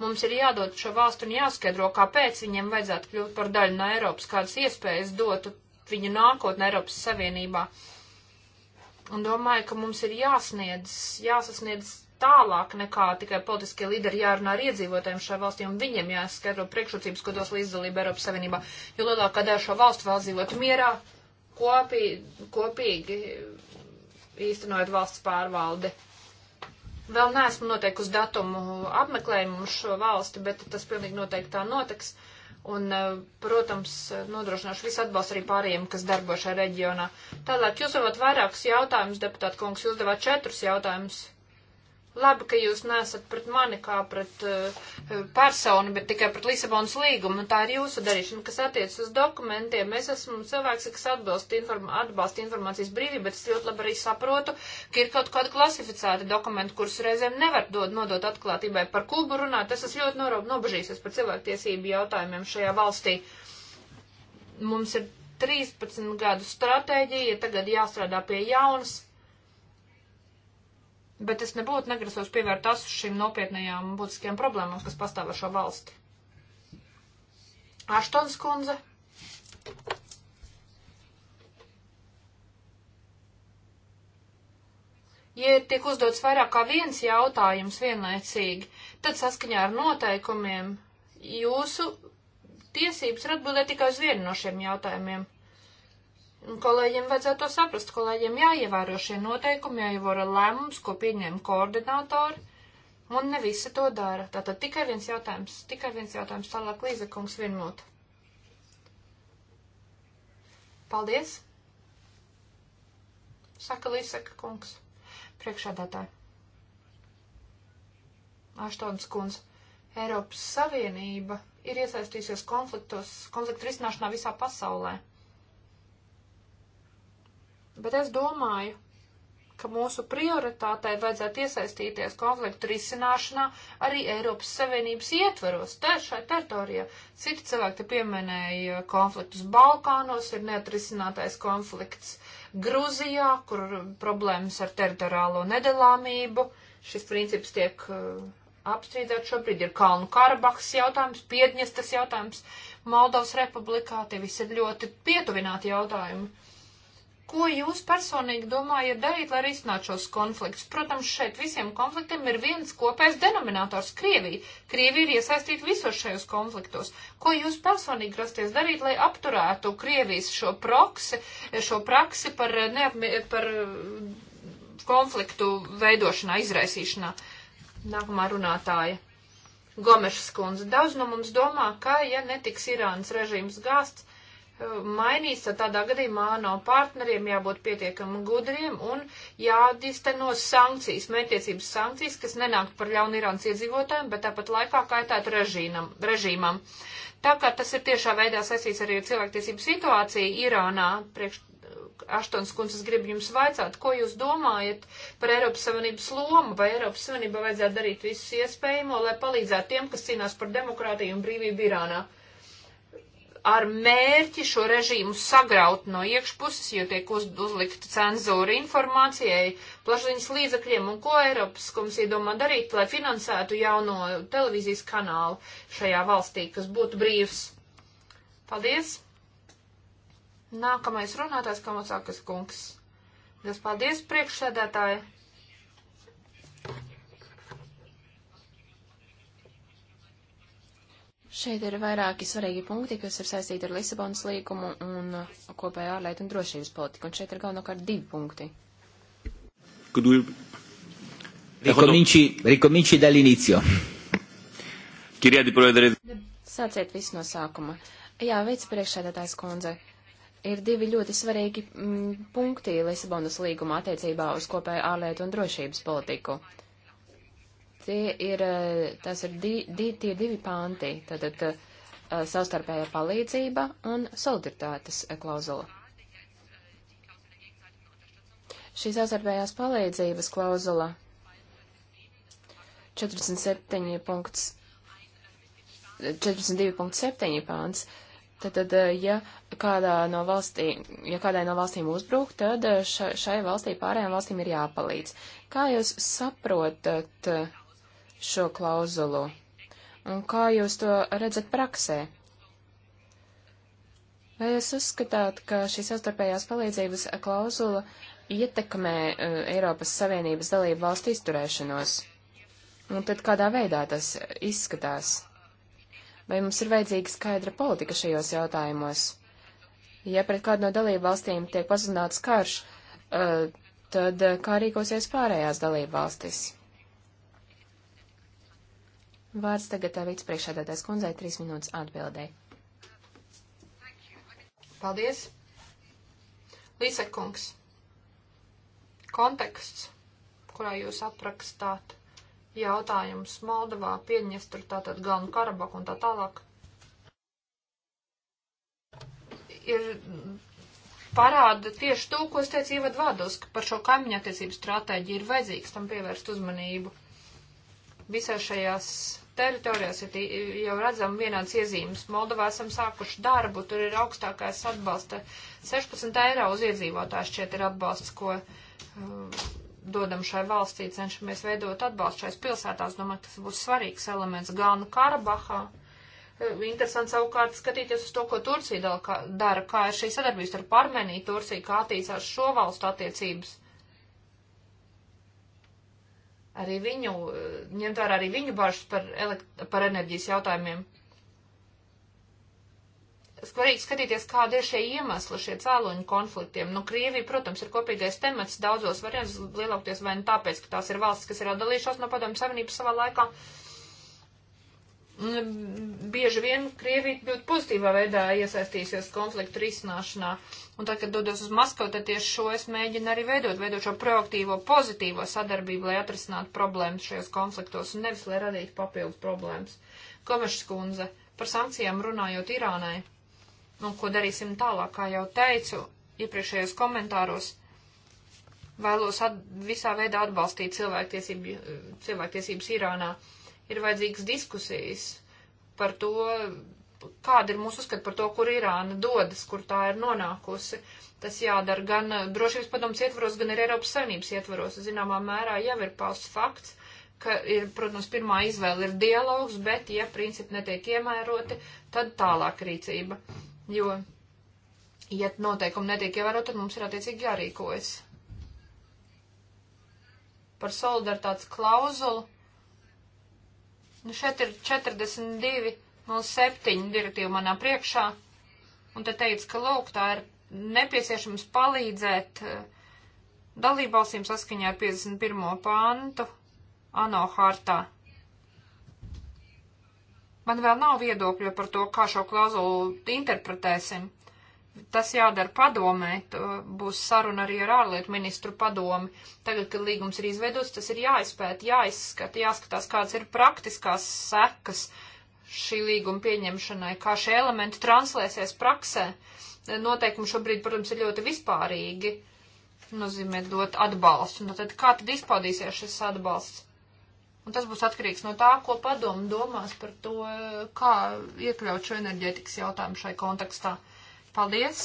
Mums ir jādod šo valstu un jāskaidro, kāpēc viņiem vajadzētu kļūt par daļu no Eiropas, kādas iespējas dotu viņu nākotnē Eiropas Savienībā. Uh, Un domāju, ka mums ir jāsniedz, jāsasniedz tālāk nekā tikai politiskie līderi jārunā ar iedzīvotājiem šajā valstī, un viņiem jāskaidro priekšrocības, ko dos līdzdalība Eiropas Savienībā, jo lielākā daļa šo valstu vēl dzīvot mierā, kopī, kopīgi īstenojot valsts pārvaldi. Vēl neesmu noteikusi datumu apmeklējumu uz šo valsti, bet tas pilnīgi noteikti tā notiks. Uh, un, eh, protams, nodrošināšu visu atbalstu arī pārējiem, kas darbo šajā reģionā. Tālāk, jūs varat vairākus jautājumus, deputāt kungs, jūs devāt četrus jautājumus. Labi, ka jūs nesat pret mani kā pret uh, personu, bet tikai pret Lisabonas līgumu, un tā ir jūsu darīšana, kas attiec uz dokumentiem. Es esmu cilvēks, kas atbalsta, inform atbalsta informācijas brīvību, bet es ļoti labi arī saprotu, ka ir kaut kāda klasificēta dokumenta, kurus reizēm nevar dod, nodot atklātībai. Par Kubu runāt, es esmu ļoti norob, nobežīsies par cilvēktiesību jautājumiem šajā valstī. Mums ir 13 gadu stratēģija, tagad jāstrādā pie jaunas bet es nebūtu negrasos pievērt tas šīm nopietnējām būtiskajām problēmām, kas pastāv ar šo valsti. Aštons kundze. Ja tiek uzdots vairāk kā viens jautājums vienlaicīgi, tad saskaņā ar noteikumiem jūsu tiesības ir atbildēt tikai uz vienu no šiem jautājumiem. Kolēģiem vajadzētu to saprast, kolēģiem jāievēro šie noteikumi, jāievēro lēmums, ko pieņem koordinātori, un ne visi to dara. Tātad tikai viens jautājums, tikai viens jautājums, tālāk Līzakungs vienmot. Paldies! Saka Līsaka kungs, priekšādātāji. Aštons kungs, Eiropas Savienība ir iesaistījusies konfliktos, konfliktu risināšanā visā pasaulē. Bet es domāju, ka mūsu prioritātei vajadzētu iesaistīties konfliktu risināšanā arī Eiropas Savienības ietvaros, te šai teritorijā. Citi cilvēki te pieminēja konfliktus Balkānos, ir neatrisinātais konflikts Gruzijā, kur problēmas ar teritoriālo nedalāmību. Šis princips tiek uh, apstrīdēts šobrīd, ir Kalnu Karabahas jautājums, Piedņestas jautājums, Moldovas republikā, tie visi ir ļoti pietuvināti jautājumi Ko jūs personīgi domājat darīt, lai risinātu šos konfliktus? Protams, šeit visiem konfliktiem ir viens kopējs denominators - Krievija. Krievija ir iesaistīta visos šajos konfliktos. Ko jūs personīgi grasties darīt, lai apturētu Krievijas šo, proksi, šo praksi par, eh, neapmi, par eh, konfliktu veidošanā, izraisīšanā? Nākamā runātāja. Gomešas kundze. Daudz no mums domā, ka, ja netiks Irānas režīms gāsts, mainīs, tad tādā gadījumā no partneriem jābūt pietiekami gudriem un jādisteno sankcijas, mērķiecības sankcijas, kas nenāk par ļaunu Irānas iedzīvotājiem, bet tāpat laikā kaitētu režīnam, režīmam. Tā kā tas ir tiešā veidā saistīts arī ar cilvēktiesību situāciju Irānā, priekš Aštons kundzes grib jums vaicāt, ko jūs domājat par Eiropas Savienības lomu, vai Eiropas Savienība vajadzētu darīt visus iespējamo, lai palīdzētu tiem, kas cīnās par demokrātiju un brīvību Irānā ar mērķi šo režīmu sagraut no iekšpuses, jo tiek uz, uzlikta cenzūra informācijai, plašsaziņas līdzakļiem un ko Eiropas komisija domā darīt, lai finansētu jauno televīzijas kanālu šajā valstī, kas būtu brīvs. Paldies! Nākamais runātājs Kamasākas kungs. Liels paldies priekšsēdētāji! Šeit ir vairāki svarīgi punkti, kas ir saistīti ar Lisabonas līgumu un kopējā ārlietu un drošības politiku. Un šeit ir galvenokārt divi punkti. Ricominci,
ricominci dall'inizio.
Sāciet visu no sākuma. Jā, vicepriekšsēdētājs kundze. Ir divi ļoti svarīgi m, mm, punkti Lisabonas līguma attiecībā uz kopēju ārlietu un drošības politiku. Uh, Tie ir, eh, tas ir di, di, tie divi panti, tātad eh, savstarpējā palīdzība un solidaritātes eh, klauzula. Šī savstarpējās palīdzības klauzula 47. 42.7 pāns. Tad, ja kādā no valstīm, ja kādai no valstīm uzbruk, tad šai valstī pārējām valstīm ir jāpalīdz. Kā jūs saprotat šo klauzulu? Un kā jūs to redzat praksē? Vai jūs uzskatāt, ka šī sastarpējās palīdzības klauzula ietekmē uh, Eiropas Savienības dalību valstu izturēšanos? Un tad kādā veidā tas izskatās? Vai mums ir vajadzīga skaidra politika šajos jautājumos? Ja pret kādu no dalību valstīm tiek pazudināts karš, uh, tad uh, kā rīkosies pārējās dalību valstis? Vārds tagad vicepriekšādātais kundzei trīs minūtes atbildēji. Paldies! Līsekungs, konteksts, kurā jūs aprakstāt jautājumus Moldovā, Piedņestru, tātad Galnu Karabaku un tā tālāk, ir parāda tieši to, ko es teicu ievadvādos, ka par šo kaimiņattiecību stratēģiju ir vajadzīgs tam pievērst uzmanību. Visā šajās teritorijās ir jau redzam vienāds iezīmes. Moldovā esam sākuši darbu, tur ir augstākais atbalsta 16 eiro uz iedzīvotāju šķiet ir atbalsts, ko uh, dodam šai valstī, cenšamies veidot atbalstu šais pilsētās. Domāju, tas būs svarīgs elements Galnu Karabahā. Uh, interesanti savukārt skatīties uz to, ko Turcija dara, kā ir šī sadarbības ar Parmeniju, Turcija, kā attīstās šo valstu attiecības. Uh, arī viņu, eh, ņemt vērā arī viņu bažas par, elekt, par enerģijas jautājumiem. Svarīgi skatīties, kāda ir šie iemesli, šie cēloņi konfliktiem. Nu, Krievija, protams, ir kopīgais temats daudzos variantos lielākoties vai nu tāpēc, ka tās ir valstis, kas ir atdalījušās no padomju savienības savā laikā. Uh, bieži vien Krievija ļoti pozitīvā veidā iesaistīsies konfliktu risināšanā. Un tad, kad dodos uz Maskavu, tad tieši šo es mēģinu arī veidot, veidot šo proaktīvo, pozitīvo sadarbību, lai atrisinātu problēmas šajos konfliktos un nevis, lai radītu papildus problēmas. Komešs kundze, par sankcijām runājot Irānai, nu, ko darīsim tālāk, kā jau teicu iepriekšējos komentāros, vēlos visā veidā atbalstīt cilvēktiesību, cilvēktiesības Irānā ir vajadzīgas diskusijas par to, kāda ir mūsu uzskata par to, kur Irāna dodas, kur tā ir nonākusi. Tas jādara gan drošības padomus ietvaros, gan arī Eiropas Savienības ietvaros. Zināmā mērā jau ir pausts fakts, ka, ir, protams, pirmā izvēle ir dialogs, bet, ja principi netiek iemēroti, tad tālāk rīcība. Jo, ja noteikumi netiek ievēroti, tad mums ir attiecīgi jārīkojas. Par solidaritātes klauzulu Nu, šeit ir 42 mums septiņu direktīvu manā priekšā, un te teica, ka lūk, tā ir nepieciešams palīdzēt eh, dalībvalstīm saskaņā ar 51. pantu ANO hartā. Man vēl nav viedokļa par to, kā šo klauzulu interpretēsim tas jādara padomē, būs saruna arī ar ārlietu ministru padomi. Tagad, kad līgums ir izveidots, tas ir jāizpēta, jāizskata, jāskatās, kādas ir praktiskās sekas šī līguma pieņemšanai, kā šie elementi translēsies praksē. Noteikumi šobrīd, protams, ir ļoti vispārīgi, nozīmē dot atbalstu. Un nu, tad kā tad izpaudīsies šis atbalsts? Un tas būs atkarīgs no tā, ko padomu domās par to, kā iekļaut šo enerģētikas jautājumu šai kontekstā. Uh, Paldies!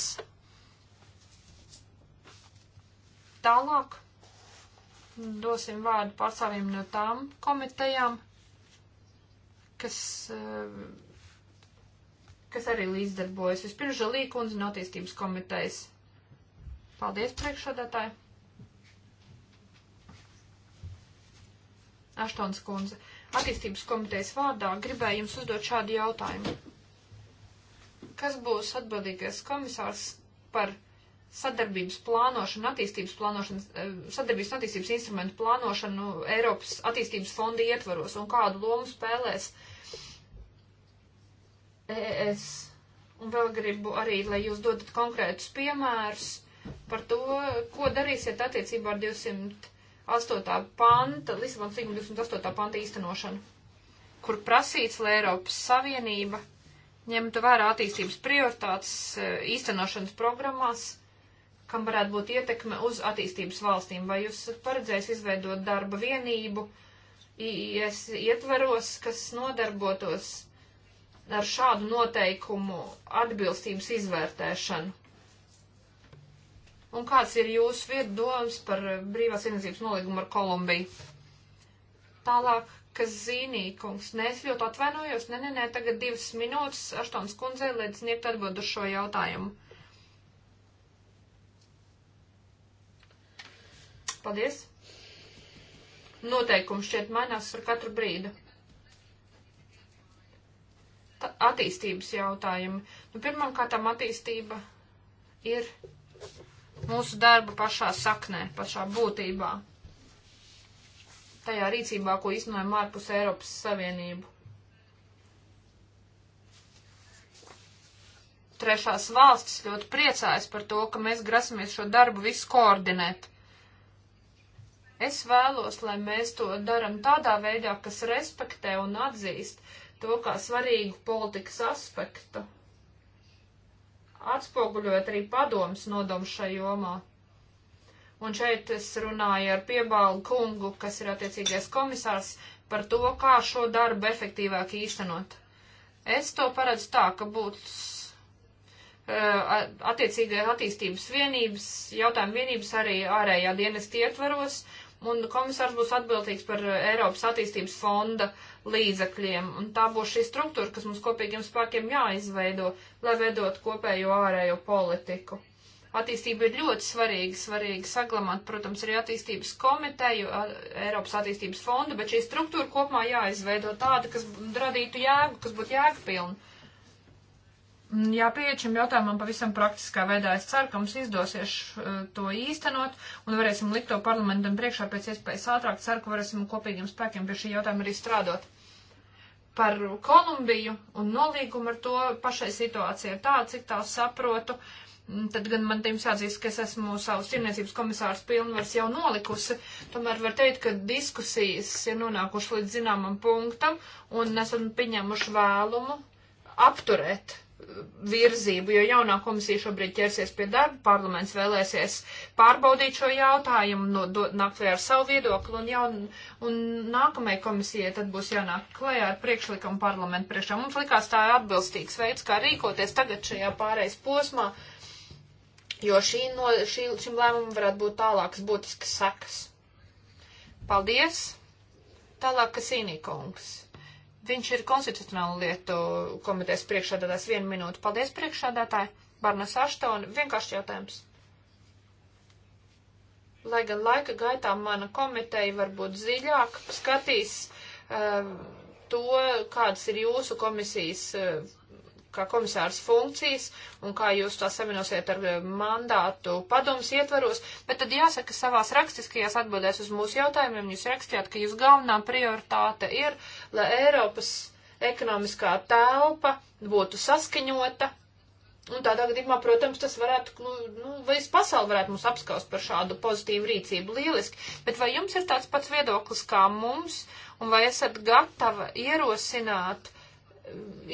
Tālāk dosim vārdu pārstāvjiem no tām komitejām, kas, eh, kas arī līdzdarbojas. Vispirms Žalī kundze no attīstības komitejas. Paldies, priekšsādātāji! Aštons kundze, attīstības komitejas vārdā gribēju jums uzdot šādu jautājumu kas būs atbildīgais komisārs par sadarbības plānošanu, attīstības plānošanu, eh, sadarbības un attīstības instrumentu plānošanu Eiropas attīstības fonda ietvaros un kādu lomu spēlēs ES. Un vēl gribu arī, lai jūs dodat konkrētus piemērus par to, ko darīsiet attiecībā ar 208. panta, Lisabons līguma 208. panta īstenošanu, kur prasīts, lai Eiropas Savienība ņemtu vērā attīstības prioritātes e, īstenošanas programmās, kam varētu būt ietekme uz attīstības valstīm? Vai jūs paredzējis izveidot darba vienību IIS ietveros, kas nodarbotos ar šādu noteikumu atbilstības izvērtēšanu? Un kāds ir jūsu viedoklis par brīvās vienotības nolīgumu ar Kolumbiju? Tālāk, kas zīnīkums. Nē, es ļoti atvainojos, nē, nē, nē, tagad divas minūtes aštuons kundzei, lai sniegt atbildu uz šo jautājumu. Paldies! Noteikums šķiet mainās ar katru brīdi. Ta attīstības jautājumi. Nu, pirmkārtām attīstība ir mūsu darba pašā saknē, pašā būtībā tajā rīcībā, ko iznojam ārpus Eiropas Savienību. Trešās valstis ļoti priecājas par to, ka mēs grasamies šo darbu visu koordinēt. Es vēlos, lai mēs to daram tādā veidā, kas respektē un atzīst to kā svarīgu politikas aspektu, atspoguļojot arī padomus nodomu šajomā. jomā Un šeit es runāju ar piebalgu kungu, kas ir attiecīgais komisārs, par to, kā šo darbu efektīvāk īstenot. Es to paredzu tā, ka būs uh, eh, attiecīgais attīstības vienības, jautājuma vienības arī ārējā dienesta ietvaros, un komisārs būs atbildīgs par Eiropas attīstības fonda līdzakļiem. Un tā būs šī struktūra, kas mums kopīgiem spēkiem jāizveido, lai veidot kopējo ārējo politiku. Attīstība ir ļoti svarīga, svarīga saglamāt, protams, arī attīstības komiteju, Eiropas attīstības fondu, bet šī struktūra kopumā jāizveido tāda, kas radītu jēgu, kas būtu jēgpilna. Jā, pieiet šim jautājumam pavisam praktiskā veidā. Es ceru, ka mums izdosies e, to īstenot un varēsim likt to parlamentam priekšā pēc iespējas ātrāk. Ceru, ka varēsim kopīgiem spēkiem pie šī jautājuma arī strādāt. Par Kolumbiju un nolīgumu ar to pašai situācija ir tāda, cik tā saprotu, Mm, tad gan man tiem sācīs, ka es esmu savus tirniecības komisārs pilnvars jau nolikusi. Tomēr var teikt, ka diskusijas ir nonākuši līdz zināmam punktam un esam pieņēmuši vēlumu apturēt uh, virzību, jo jaunā komisija šobrīd ķersies pie darba, parlaments vēlēsies pārbaudīt šo jautājumu, no, do, nākt klajā ar savu viedokli, un, jaun, un nākamajai komisijai tad būs jānāk klajā ar priekšlikumu parlamentu priekšā. Mums likās tā ir atbilstīgs veids, kā rīkoties tagad šajā pārejas posmā. Uh, jo šī no, šī, šim lēmumam varētu būt tālākas būtiskas sekas. Paldies! Tālāk Kasīnī kungs. Viņš ir konstitucionālu lietu komitejas priekšādātājs vienu minūtu. Paldies priekšādātāji! Barnas Aštona, vienkārši jautājums. Lai gan laika gaitā mana komiteja varbūt dziļāk skatīs uh, to, kādas ir jūsu komisijas uh, kā komisārs funkcijas un kā jūs to saminosiet ar eh, mandātu padomus ietvaros, bet tad jāsaka savās rakstiskajās atbildēs uz mūsu jautājumiem, jūs rakstījāt, ka jūs galvenā prioritāte ir, lai Eiropas ekonomiskā telpa būtu saskaņota. Un tādā gadījumā, protams, tas varētu, nu, nu vai es pasauli varētu mums apskaust par šādu pozitīvu rīcību, lieliski, bet vai jums ir tāds pats viedoklis kā mums, un vai esat gatava ierosināt uh,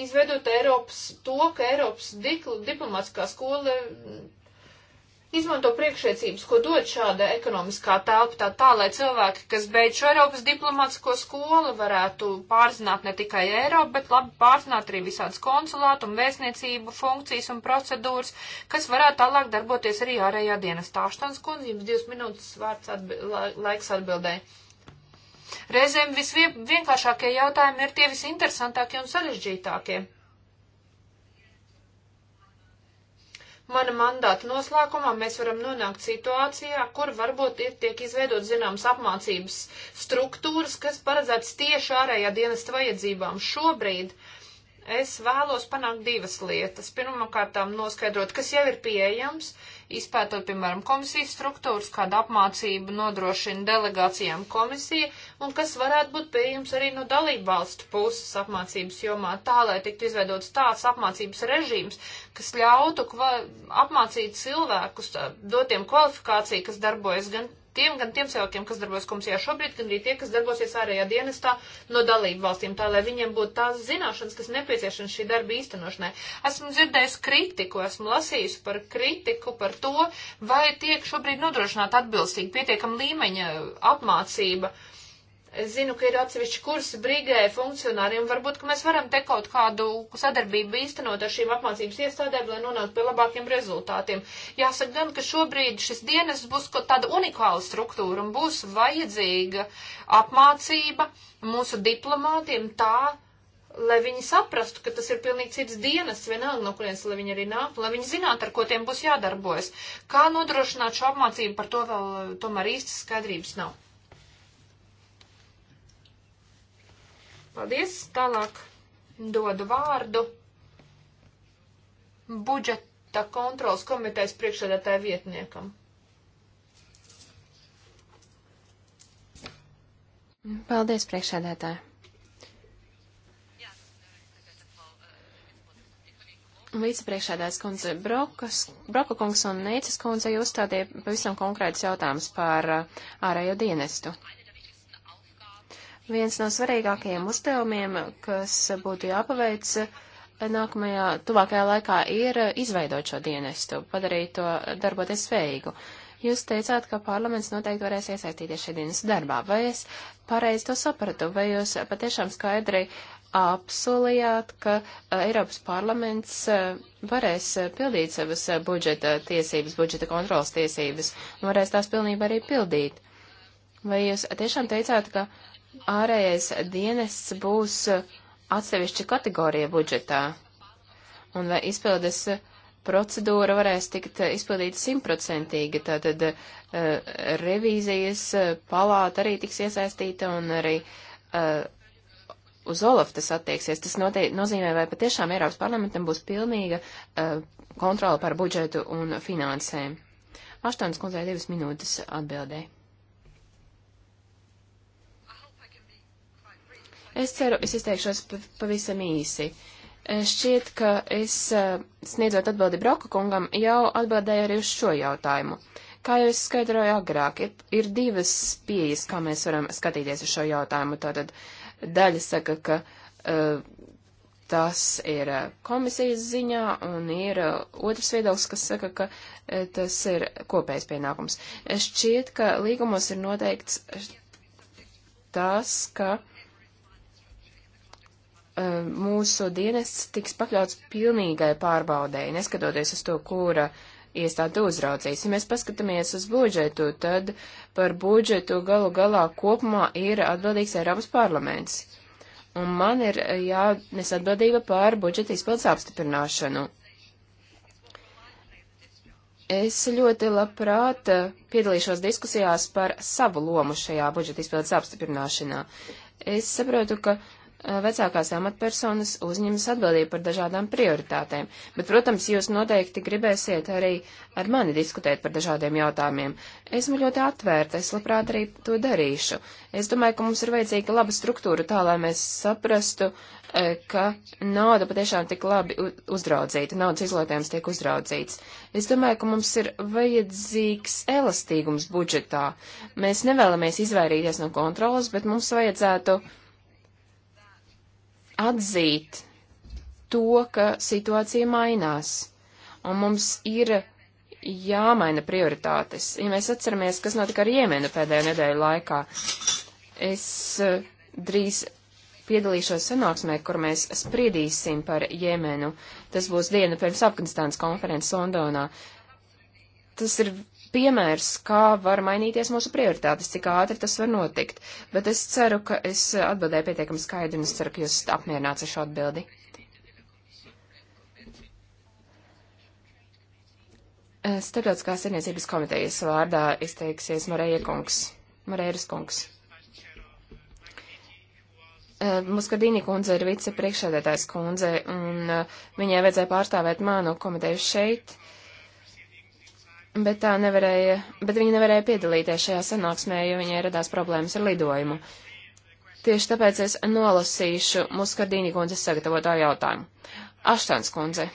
izveidot Eiropas, to, ka Eiropas diplomātiskā skola izmanto priekšrocības, ko dod šāda ekonomiskā telpa, tā, tā lai cilvēki, kas beidz šo Eiropas diplomātsko skolu, varētu pārzināt ne tikai Eiropu, bet labi pārzināt arī visādas konsulātu un vēstniecību funkcijas un procedūras, kas varētu tālāk darboties arī ārējā dienas tāšanas kundze. Jums divas minūtes vārds atbi laiks atbildēji. Reizēm visvienkāršākie jautājumi ir tie visinteresantākie un sarežģītākie. Mana mandāta noslēgumā mēs varam nonākt situācijā, kur varbūt ir tiek izveidot zināmas apmācības struktūras, kas paredzētas tieši ārējā dienesta vajadzībām. Šobrīd es vēlos panākt divas lietas. Pirmkārtām noskaidrot, kas jau ir pieejams, izpētot, piemēram, komisijas struktūras, kādu apmācību nodrošina delegācijām komisija un kas varētu būt pieejams arī no dalību valstu puses apmācības jomā, tā, lai tiktu izveidots tāds apmācības režīms, kas ļautu apmācīt cilvēkus dotiem kvalifikāciju, kas darbojas gan tiem, gan tiem cilvēkiem, kas darbos komisijā šobrīd, gan arī tie, kas darbosies ārējā dienestā no dalību valstīm, tā lai viņiem būtu tās zināšanas, kas nepieciešams šī darba īstenošanai. Esmu dzirdējis kritiku, esmu lasījis par kritiku par to, vai tiek šobrīd nodrošināta atbilstīga pietiekama līmeņa apmācība. Uh, Es zinu, ka ir atsevišķi kursi brigē funkcionāriem. Varbūt, ka mēs varam te kaut kādu sadarbību īstenot ar šīm apmācības iestādēm, lai nonāktu pie labākiem rezultātiem. Jāsaka gan, ka šobrīd šis dienas būs tāda unikāla struktūra un būs vajadzīga apmācība mūsu diplomātiem tā, lai viņi saprastu, ka tas ir pilnīgi cits dienas, vienalga no kurienes, lai viņi arī nāk, lai viņi zinātu, ar ko tiem būs jādarbojas. Kā nodrošināt šo apmācību, par to vēl tomēr īsti skaidrības nav. Paldies. Tālāk dodu vārdu budžeta kontrolas komitejas priekšsēdētāja vietniekam. Paldies, priekšsēdētāji. Vicepriekšādājs kundze Brokas, Broka kungs un Neicas kundze, jūs tādie pavisam konkrētas jautājumas par uh, ārējo dienestu. Uh, Viens no svarīgākajiem uzdevumiem, kas būtu jāpaveic eh, nākamajā, tuvākajā laikā, ir eh, izveidot šo dienestu, padarīt to darboties spējīgu. Jūs teicāt, ka parlaments noteikti varēs iesaistīties šī dienas darbā. Vai es pareizi to sapratu? Vai jūs patiešām skaidri apsolījāt, ka eh, Eiropas parlaments varēs pildīt savas budžeta tiesības, budžeta kontrolas tiesības un varēs tās pilnībā arī pildīt. Vai jūs tiešām teicāt, ka ārējais dienests būs atsevišķa kategorija budžetā? Un vai izpildes procedūra varēs tikt izpildīta simtprocentīgi, tātad uh, revīzijas palāta arī tiks iesaistīta un arī uh, uz Olafu tas attieksies. Tas noteikti, nozīmē, vai patiešām Eiropas parlamentam būs pilnīga uh, eh, kontrola par budžetu un finansēm. Aštuns kundzei divas minūtes atbildēja. Es ceru, es izteikšos pavisam īsi. E, šķiet, ka es e, sniedzot atbildi Broka kungam, jau atbildēju arī uz šo jautājumu. Kā jau es skaidroju agrāk, ir, ir divas pieejas, kā mēs varam skatīties uz šo jautājumu. Tātad daļa saka, ka uh, tas ir komisijas ziņā, un ir uh, otrs viedoklis, kas saka, ka uh, tas ir kopējs pienākums. Šķiet, ka līgumos ir noteikts tas, ka uh, E, mūsu dienests tiks pakļauts pilnīgai pārbaudēji, neskatoties uz to, kura iestāde uzraudzīs. Ja mēs paskatāmies uz budžetu, tad par budžetu galu galā kopumā ir atbildīgs Eiropas parlaments. Un man ir jānes atbildība par budžeta izpildes apstiprināšanu. Es ļoti labprāt piedalīšos diskusijās par savu lomu šajā budžeta izpildes apstiprināšanā. Es saprotu, ka Eh, vecākās amatpersonas uzņemas atbildību par dažādām prioritātēm, bet, protams, jūs noteikti gribēsiet arī ar mani diskutēt par dažādiem jautājumiem. Esmu ļoti atvērta, es labprāt arī to darīšu. Es domāju, ka mums ir vajadzīga laba struktūra tā, lai mēs saprastu, eh, ka nauda patiešām tik labi uzraudzīta, naudas izlietojums tiek uzraudzīts. Es domāju, ka mums ir vajadzīgs elastīgums budžetā. Mēs nevēlamies izvairīties no kontrolas, bet mums vajadzētu uh, atzīt to, ka situācija mainās, un mums ir jāmaina prioritātes. Ja mēs atceramies, kas notika ar Jēmenu pēdējo nedēļu laikā, es eh, drīz piedalīšos sanāksmē, kur mēs spriedīsim par Jēmenu. Tas būs diena pirms Afganistānas konferences Londonā. Tas ir piemērs, kā var mainīties mūsu prioritātes, cik ātri tas var notikt. Bet es ceru, ka es atbildēju pietiekami skaidri un es ceru, ka jūs esat apmierināts ar šo atbildi. Eh, Starptautiskās tirniecības komitejas vārdā izteiksies Moreira kungs. Moreiras kungs. Eh, Muskardīni kundze ir vicepriekšēdētājs kundze, un eh, viņai vajadzēja pārstāvēt manu komiteju šeit, bet tā nevarēja, bet viņa nevarēja piedalīties šajā sanāksmē, jo viņai radās problēmas ar lidojumu. Tieši tāpēc es nolasīšu Muskardīni kundzes sagatavotā jautājumu. Aštans kundze.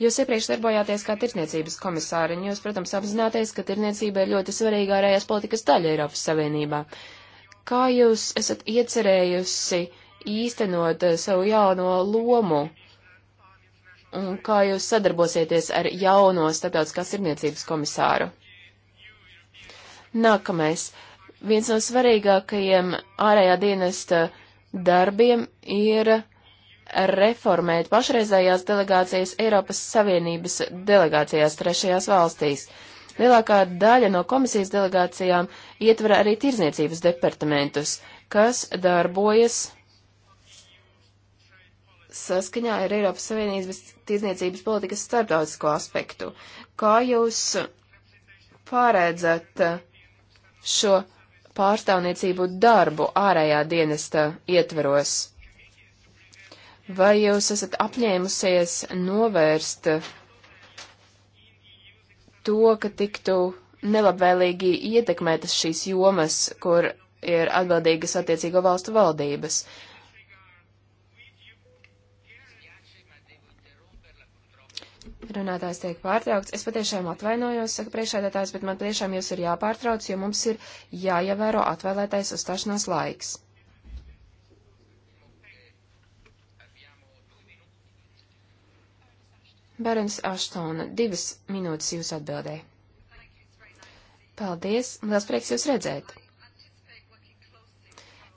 Jūs iepriekš darbojāties kā tirsniecības komisāri, un jūs, protams, apzināties, ka tirsniecība ir ļoti svarīga ārējās politikas daļa Eiropas Savienībā. Kā jūs esat iecerējusi īstenot eh, savu jauno lomu Un kā jūs sadarbosieties ar jauno starptautiskās irniecības komisāru? Nākamais. Viens no svarīgākajiem ārējā dienesta darbiem ir reformēt pašreizējās delegācijas Eiropas Savienības delegācijās trešajās valstīs. Lielākā daļa no komisijas delegācijām ietver arī tirzniecības departamentus, kas darbojas saskaņā ar Eiropas Savienības tirzniecības politikas starptautisko aspektu. Kā jūs pārēdzat šo pārstāvniecību darbu ārējā dienesta ietveros? Vai jūs esat apņēmusies novērst to, ka tiktu nelabvēlīgi ietekmētas šīs jomas, kur ir atbildīgas attiecīgo valstu valdības? Uh, Runātājs tiek pārtraukts. Es patiešām atvainojos, saka priekšādātājs, bet man patiešām jūs ir jāpārtrauc, jo mums ir jāievēro atvēlētais uzstāšanās laiks. Barons Aštona, divas minūtes jūs atbildē. Paldies, liels prieks jūs redzēt.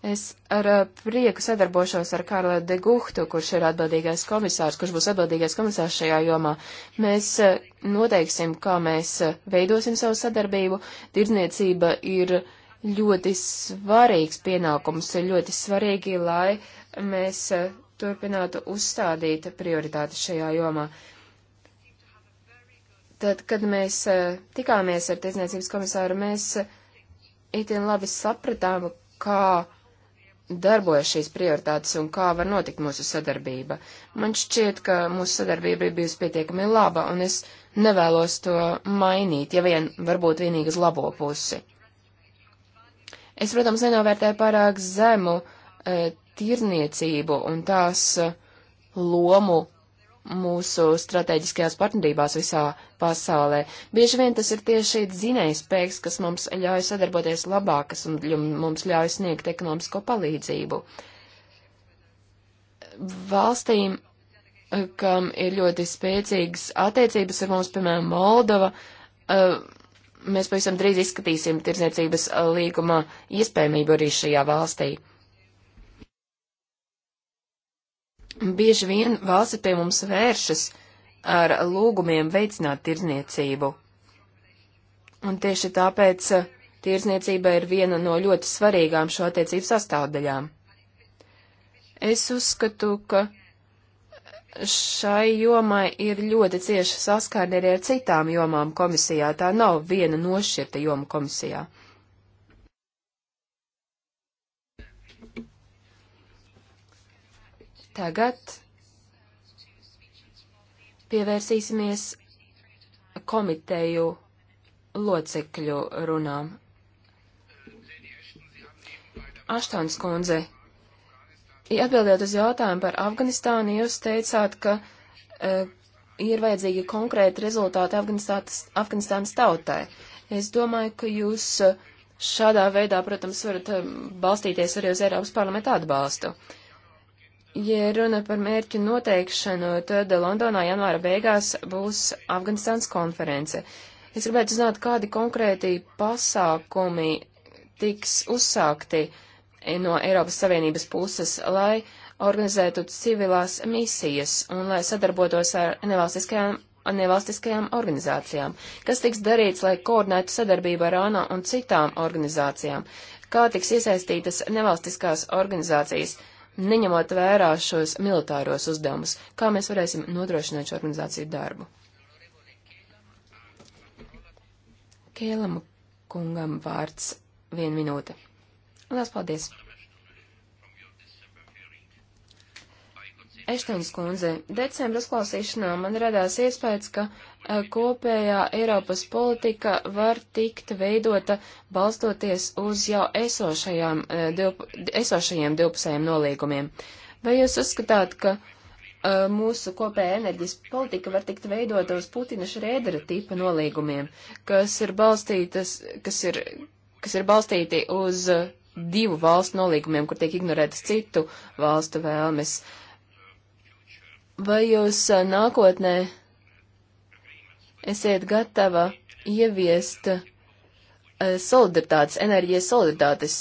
Es ar prieku sadarbošos ar Karlu de Guhtu, kurš ir atbildīgais komisārs, kurš būs atbildīgais komisārs šajā jomā. Mēs noteiksim, kā mēs veidosim savu sadarbību. Tirdzniecība ir ļoti svarīgs pienākums, ir ļoti svarīgi, lai mēs turpinātu uzstādīt prioritāti šajā jomā. Tad, kad mēs tikāmies ar tirdzniecības komisāru, mēs itin labi sapratām, kā darbojas šīs prioritātes un kā var notikt mūsu sadarbība. Man šķiet, ka mūsu sadarbība ir bijusi pietiekami laba, un es nevēlos to mainīt, ja vien varbūt vienīgi uz labo pusi. Es, protams, nenovērtēju pārāk zemu e, tirniecību un tās e, lomu mūsu strateģiskajās partnerībās visā pasaulē. Bieži vien tas ir tieši zinējspēks, kas mums ļauj sadarboties labākas un mums ļauj sniegt ekonomisko palīdzību. Valstīm, eh, kam ir ļoti spēcīgas attiecības ar mums, piemēram, Moldova, eh, mēs pavisam drīz izskatīsim tirdzniecības eh, līguma iespējamību arī šajā valstī. Bieži vien valsts pie mums vēršas ar lūgumiem veicināt tirdzniecību. Un tieši tāpēc eh, tirdzniecība ir viena no ļoti svarīgām šo attiecību sastāvdaļām. Es uzskatu, ka šai jomai ir ļoti cieša saskārne arī ar citām jomām komisijā. Tā nav viena nošķirta joma komisijā. Tagad pievērsīsimies komiteju locekļu runām. Aštons kundze, atbildot uz jautājumu par Afganistānu, jūs teicāt, ka uh, ir vajadzīgi konkrēti rezultāti Afganistānas tautai. Es domāju, ka jūs e, šādā veidā, protams, varat e, balstīties arī uz Eiropas parlamenta atbalstu. Uh, Ja runa par mērķu noteikšanu, tad Londonā janvāra beigās būs Afganistāns konference. Es gribētu zināt, kādi konkrēti pasākumi tiks uzsākti no Eiropas Savienības puses, lai organizētu civilās misijas un lai sadarbotos ar nevalstiskajām, nevalstiskajām organizācijām. Kas tiks darīts, lai koordinētu sadarbību ar ANO un citām organizācijām? Kā tiks iesaistītas nevalstiskās organizācijas? neņemot vērā šos militāros uzdevumus, kā mēs varēsim nodrošināt šo organizāciju darbu. Kēlam kungam vārds viena minūte. Lielas paldies! Eštons kundze, decembra uzklausīšanā man radās iespējas, ka a, eh, kopējā Eiropas politika var tikt veidota balstoties uz jau esošajām, a, eh, div, esošajiem divpusējiem nolīgumiem. Vai jūs uzskatāt, ka a, eh, mūsu kopējā enerģijas politika var tikt veidota uz Putina Šrēdera tipa nolīgumiem, kas ir, balstītas, kas ir, kas ir balstīti uz divu valstu nolīgumiem, kur tiek ignorētas citu valstu vēlmes? Uh, Vai jūs nākotnē esiet gatava ieviest solidaritātes, enerģijas solidaritātes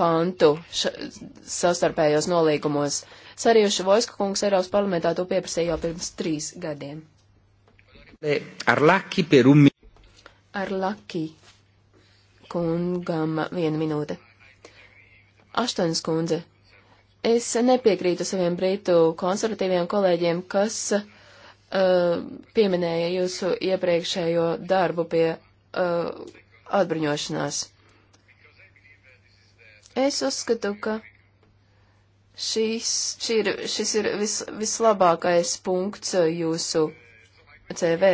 pantu savstarpējos nolīgumos? Sarieša Vojska kungs Eiropas parlamentā to pieprasīja jau pirms trīs gadiem.
Arlaki Perumi.
Arlaki kungam viena minūte. Aštuonas kundze. Es nepiekrītu saviem brītu konservatīviem kolēģiem, kas uh, pieminēja jūsu iepriekšējo darbu pie uh, atbruņošanās. Es uzskatu, ka šis, šī ir, šis ir vis, vislabākais punkts jūsu CV.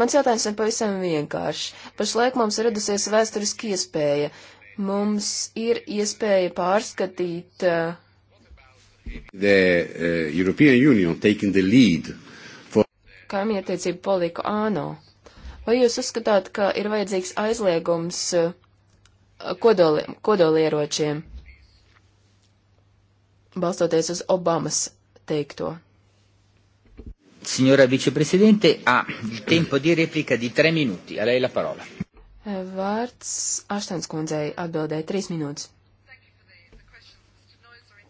Mans jautājums ir pavisam vienkāršs. Pašlaik mums ir radusies vēsturiski iespēja uh, mums ir iespēja pārskatīt. Uh,
the, uh, for...
Kaimietiecību politiku ANO. Vai jūs uzskatāt, ka ir vajadzīgs aizliegums uh, kodoli, kodolieročiem, balstoties uz Obamas teikto?
Signora viceprezidente, ha il tempo di replica di tre minuti. A lei la parola.
Vārds Aštans kundzei atbildēja trīs minūtes.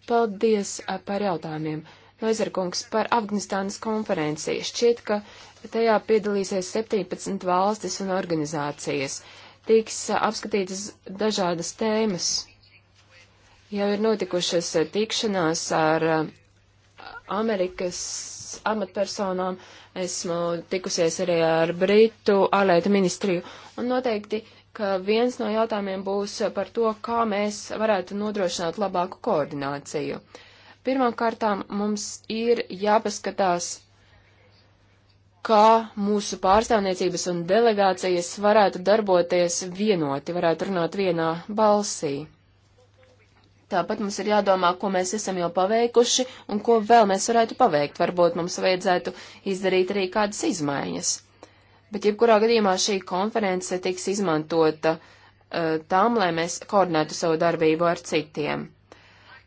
Paldies par jautājumiem. Noizarkungs par Afganistānas konferenci. Šķiet, ka tajā piedalīsies 17 valstis un organizācijas. Tiks apskatītas dažādas tēmas. Jau ir notikušas tikšanās ar Amerikas Eiropas amatpersonām, esmu tikusies arī ar Britu ārlietu ministriju. Un noteikti, ka viens no jautājumiem būs par to, kā mēs varētu nodrošināt labāku koordināciju. Pirmkārtām mums ir jāpaskatās, kā mūsu pārstāvniecības un delegācijas varētu darboties vienoti, varētu runāt vienā balsī. Tāpat mums ir jādomā, ko mēs esam jau paveikuši un ko vēl mēs varētu paveikt. Varbūt mums vajadzētu izdarīt arī kādas izmaiņas. Bet jebkurā gadījumā šī konference tiks izmantota uh, eh, tam, lai mēs koordinētu savu darbību ar citiem.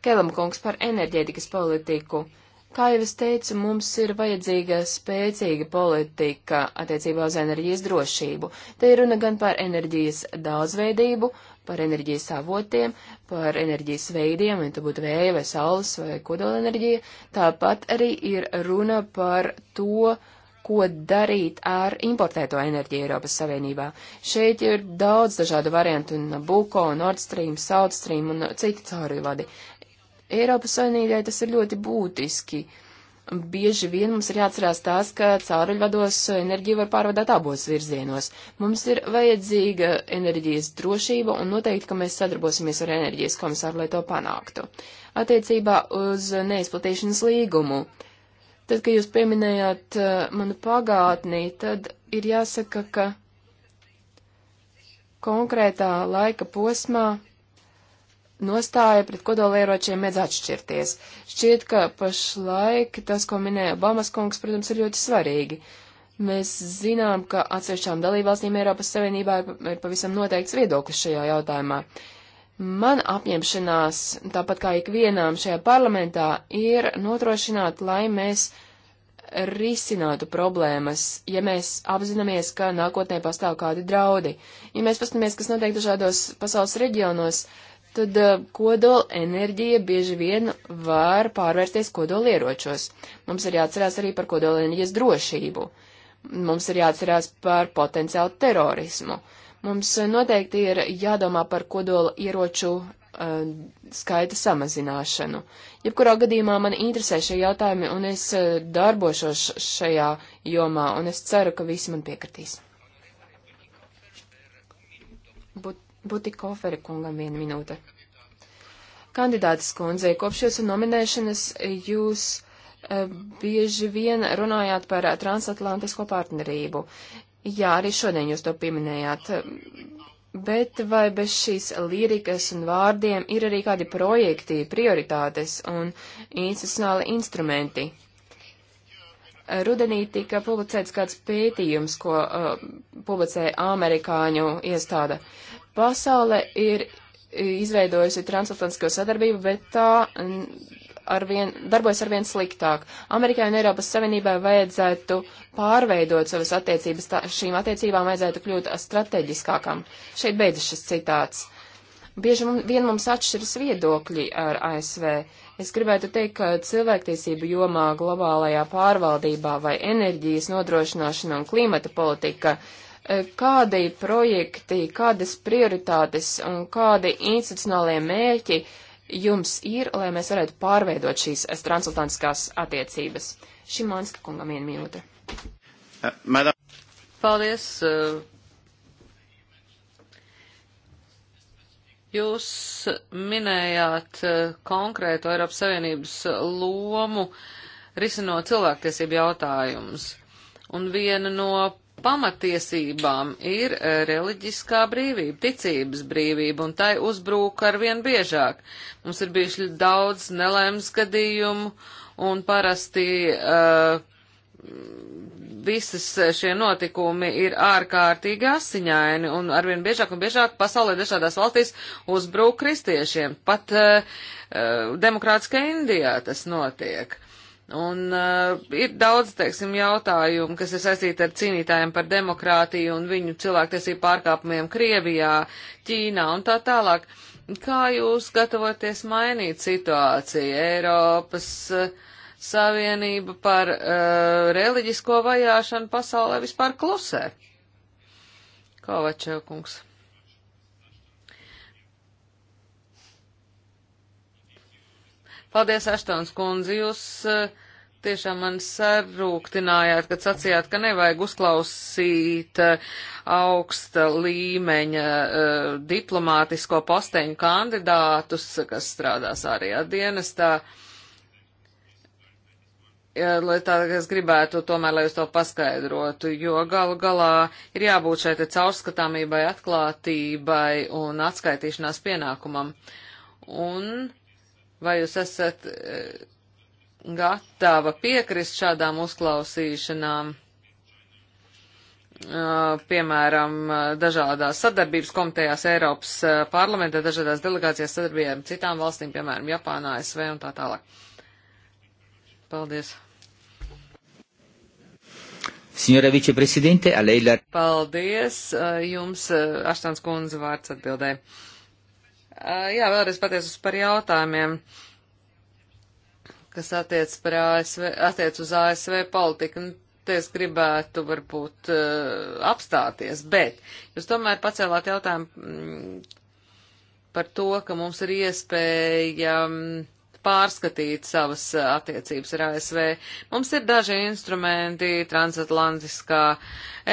Kelam kungs par enerģētikas politiku. Kā jau es teicu, mums ir vajadzīga spēcīga politika attiecībā uz enerģijas drošību. Te ir runa gan par enerģijas daudzveidību, par enerģijas avotiem, par enerģijas veidiem, vai tā būtu vēja vai saules vai kodolenerģija. Tāpat arī ir runa par to, ko darīt ar importēto enerģiju Eiropas Savienībā. Šeit ir daudz dažādu variantu, un Buko, Nord Stream, South Stream un citi caurvadi. Eiropas Savienībai tas ir ļoti būtiski. Uh, bieži vien mums ir jāatcerās tās, ka cauruļvados enerģiju var pārvadāt abos virzienos. Mums ir vajadzīga enerģijas drošība un noteikti, ka mēs sadarbosimies ar enerģijas komisāru, lai to panāktu. Attiecībā uz neizplatīšanas līgumu. Tad, kad jūs pieminējāt uh, manu pagātnī, tad ir jāsaka, ka konkrētā laika posmā nostāja pret kodolieročiem mēdz atšķirties. Šķiet, ka pašlaik tas, ko minēja Obamas kungs, protams, ir ļoti svarīgi. Mēs zinām, ka atsevišķām dalībvalstīm Eiropas Savienībā ir pavisam noteikts viedoklis šajā jautājumā. Man apņemšanās, tāpat kā ikvienām šajā parlamentā, ir notrošināt, lai mēs risinātu problēmas, ja mēs apzināmies, ka nākotnē pastāv kādi draudi. Ja mēs paskatāmies, kas notiek dažādos pasaules reģionos, tad eh, kodola enerģija bieži vien var pārvērsties kodola ieročos. Mums ir jāatcerās arī par kodola enerģijas drošību. Mums ir jāatcerās par potenciālu terorismu. Mums eh, noteikti ir jādomā par kodola ieroču uh, skaita samazināšanu. Jebkurā gadījumā man interesē šie jautājumi, un es darbošos šajā jomā, un es ceru, ka visi man piekritīs. Būt Butikoferi kungam viena minūte. Kandidātas kundzei, kopš jūsu nominēšanas jūs uh, bieži vien runājāt par eh, transatlantisko partnerību. Jā, arī šodien jūs to pieminējāt. Bet vai bez šīs lirikas un vārdiem ir arī kādi projekti, prioritātes un institucionāli instrumenti? Rudenī tika publicēts kāds pētījums, ko uh, publicēja amerikāņu iestāde. Uh, Pasaule ir izveidojusi transatlantisko sadarbību, bet tā arvien, darbojas arvien sliktāk. Amerikai un Eiropas Savienībai vajadzētu pārveidot savas attiecības, tā, šīm attiecībām vajadzētu kļūt strateģiskākam. Šeit beidzas šis citāts. Bieži mums, vien mums atšķiras viedokļi ar ASV. Es gribētu teikt, ka cilvēktiesību jomā, globālajā pārvaldībā vai enerģijas nodrošināšana un klimata politika uh, kādi projekti, kādas prioritātes un kādi institucionālie mērķi jums ir, lai mēs varētu pārveidot šīs transatlantiskās attiecības. Šimanska kungam viena minūte.
Eh, Paldies. Eh, jūs minējāt eh, konkrēto Eiropas Savienības lomu risinot cilvēktiesību jautājumus. Un viena no pamatiesībām ir e, reliģiskā brīvība, ticības brīvība, un tai uzbrūk arvien biežāk. Mums ir bijuši daudz nelēmas gadījumu, un parasti uh, visas šie notikumi ir ārkārtīgi asiņaini, un arvien biežāk un biežāk pasaulē dažādās valstīs uzbrūk kristiešiem. Pat uh, e, demokrātiskā Indijā tas notiek. Un uh, ir daudz, teiksim, jautājumu, kas ir saistīti ar cīnītājiem par demokrātiju un viņu cilvēktiesību pārkāpumiem Krievijā, Ķīnā un tā tālāk. Kā jūs gatavoties mainīt situāciju? Eiropas uh, Savienība par uh, reliģisko vajāšanu pasaulē vispār klusē. Kovačev kungs. Paldies, Aštons kundze, jūs eh, tiešām man sarūktinājāt, kad sacījāt, ka nevajag uzklausīt eh, augsta līmeņa eh, diplomātisko posteņu kandidātus, kas strādās ārējā dienestā. Ja, lai tā, es gribētu tomēr, lai jūs to paskaidrotu, jo galu galā ir jābūt šai te caurskatāmībai, atklātībai un atskaitīšanās pienākumam. Un Vai jūs esat eh, gatava piekrist šādām uzklausīšanām? Eh, piemēram, eh, dažādās sadarbības komitejās Eiropas parlamentā, dažādās delegācijās sadarbībām citām valstīm, piemēram, Japānā, ASV un tā tālāk. Paldies.
Signora viceprezidente, a lei la...
Paldies, jums Aštans kundze vārds atbildēja. Jā, vēlreiz pateicos par jautājumiem, kas attiec, par ASV, attiec uz ASV politiku. Nu, te es gribētu varbūt apstāties, bet jūs tomēr pacēlāt jautājumu mm, par to, ka mums ir iespēja mm, pārskatīt savas attiecības ar ASV. Mums ir daži instrumenti, transatlantiskā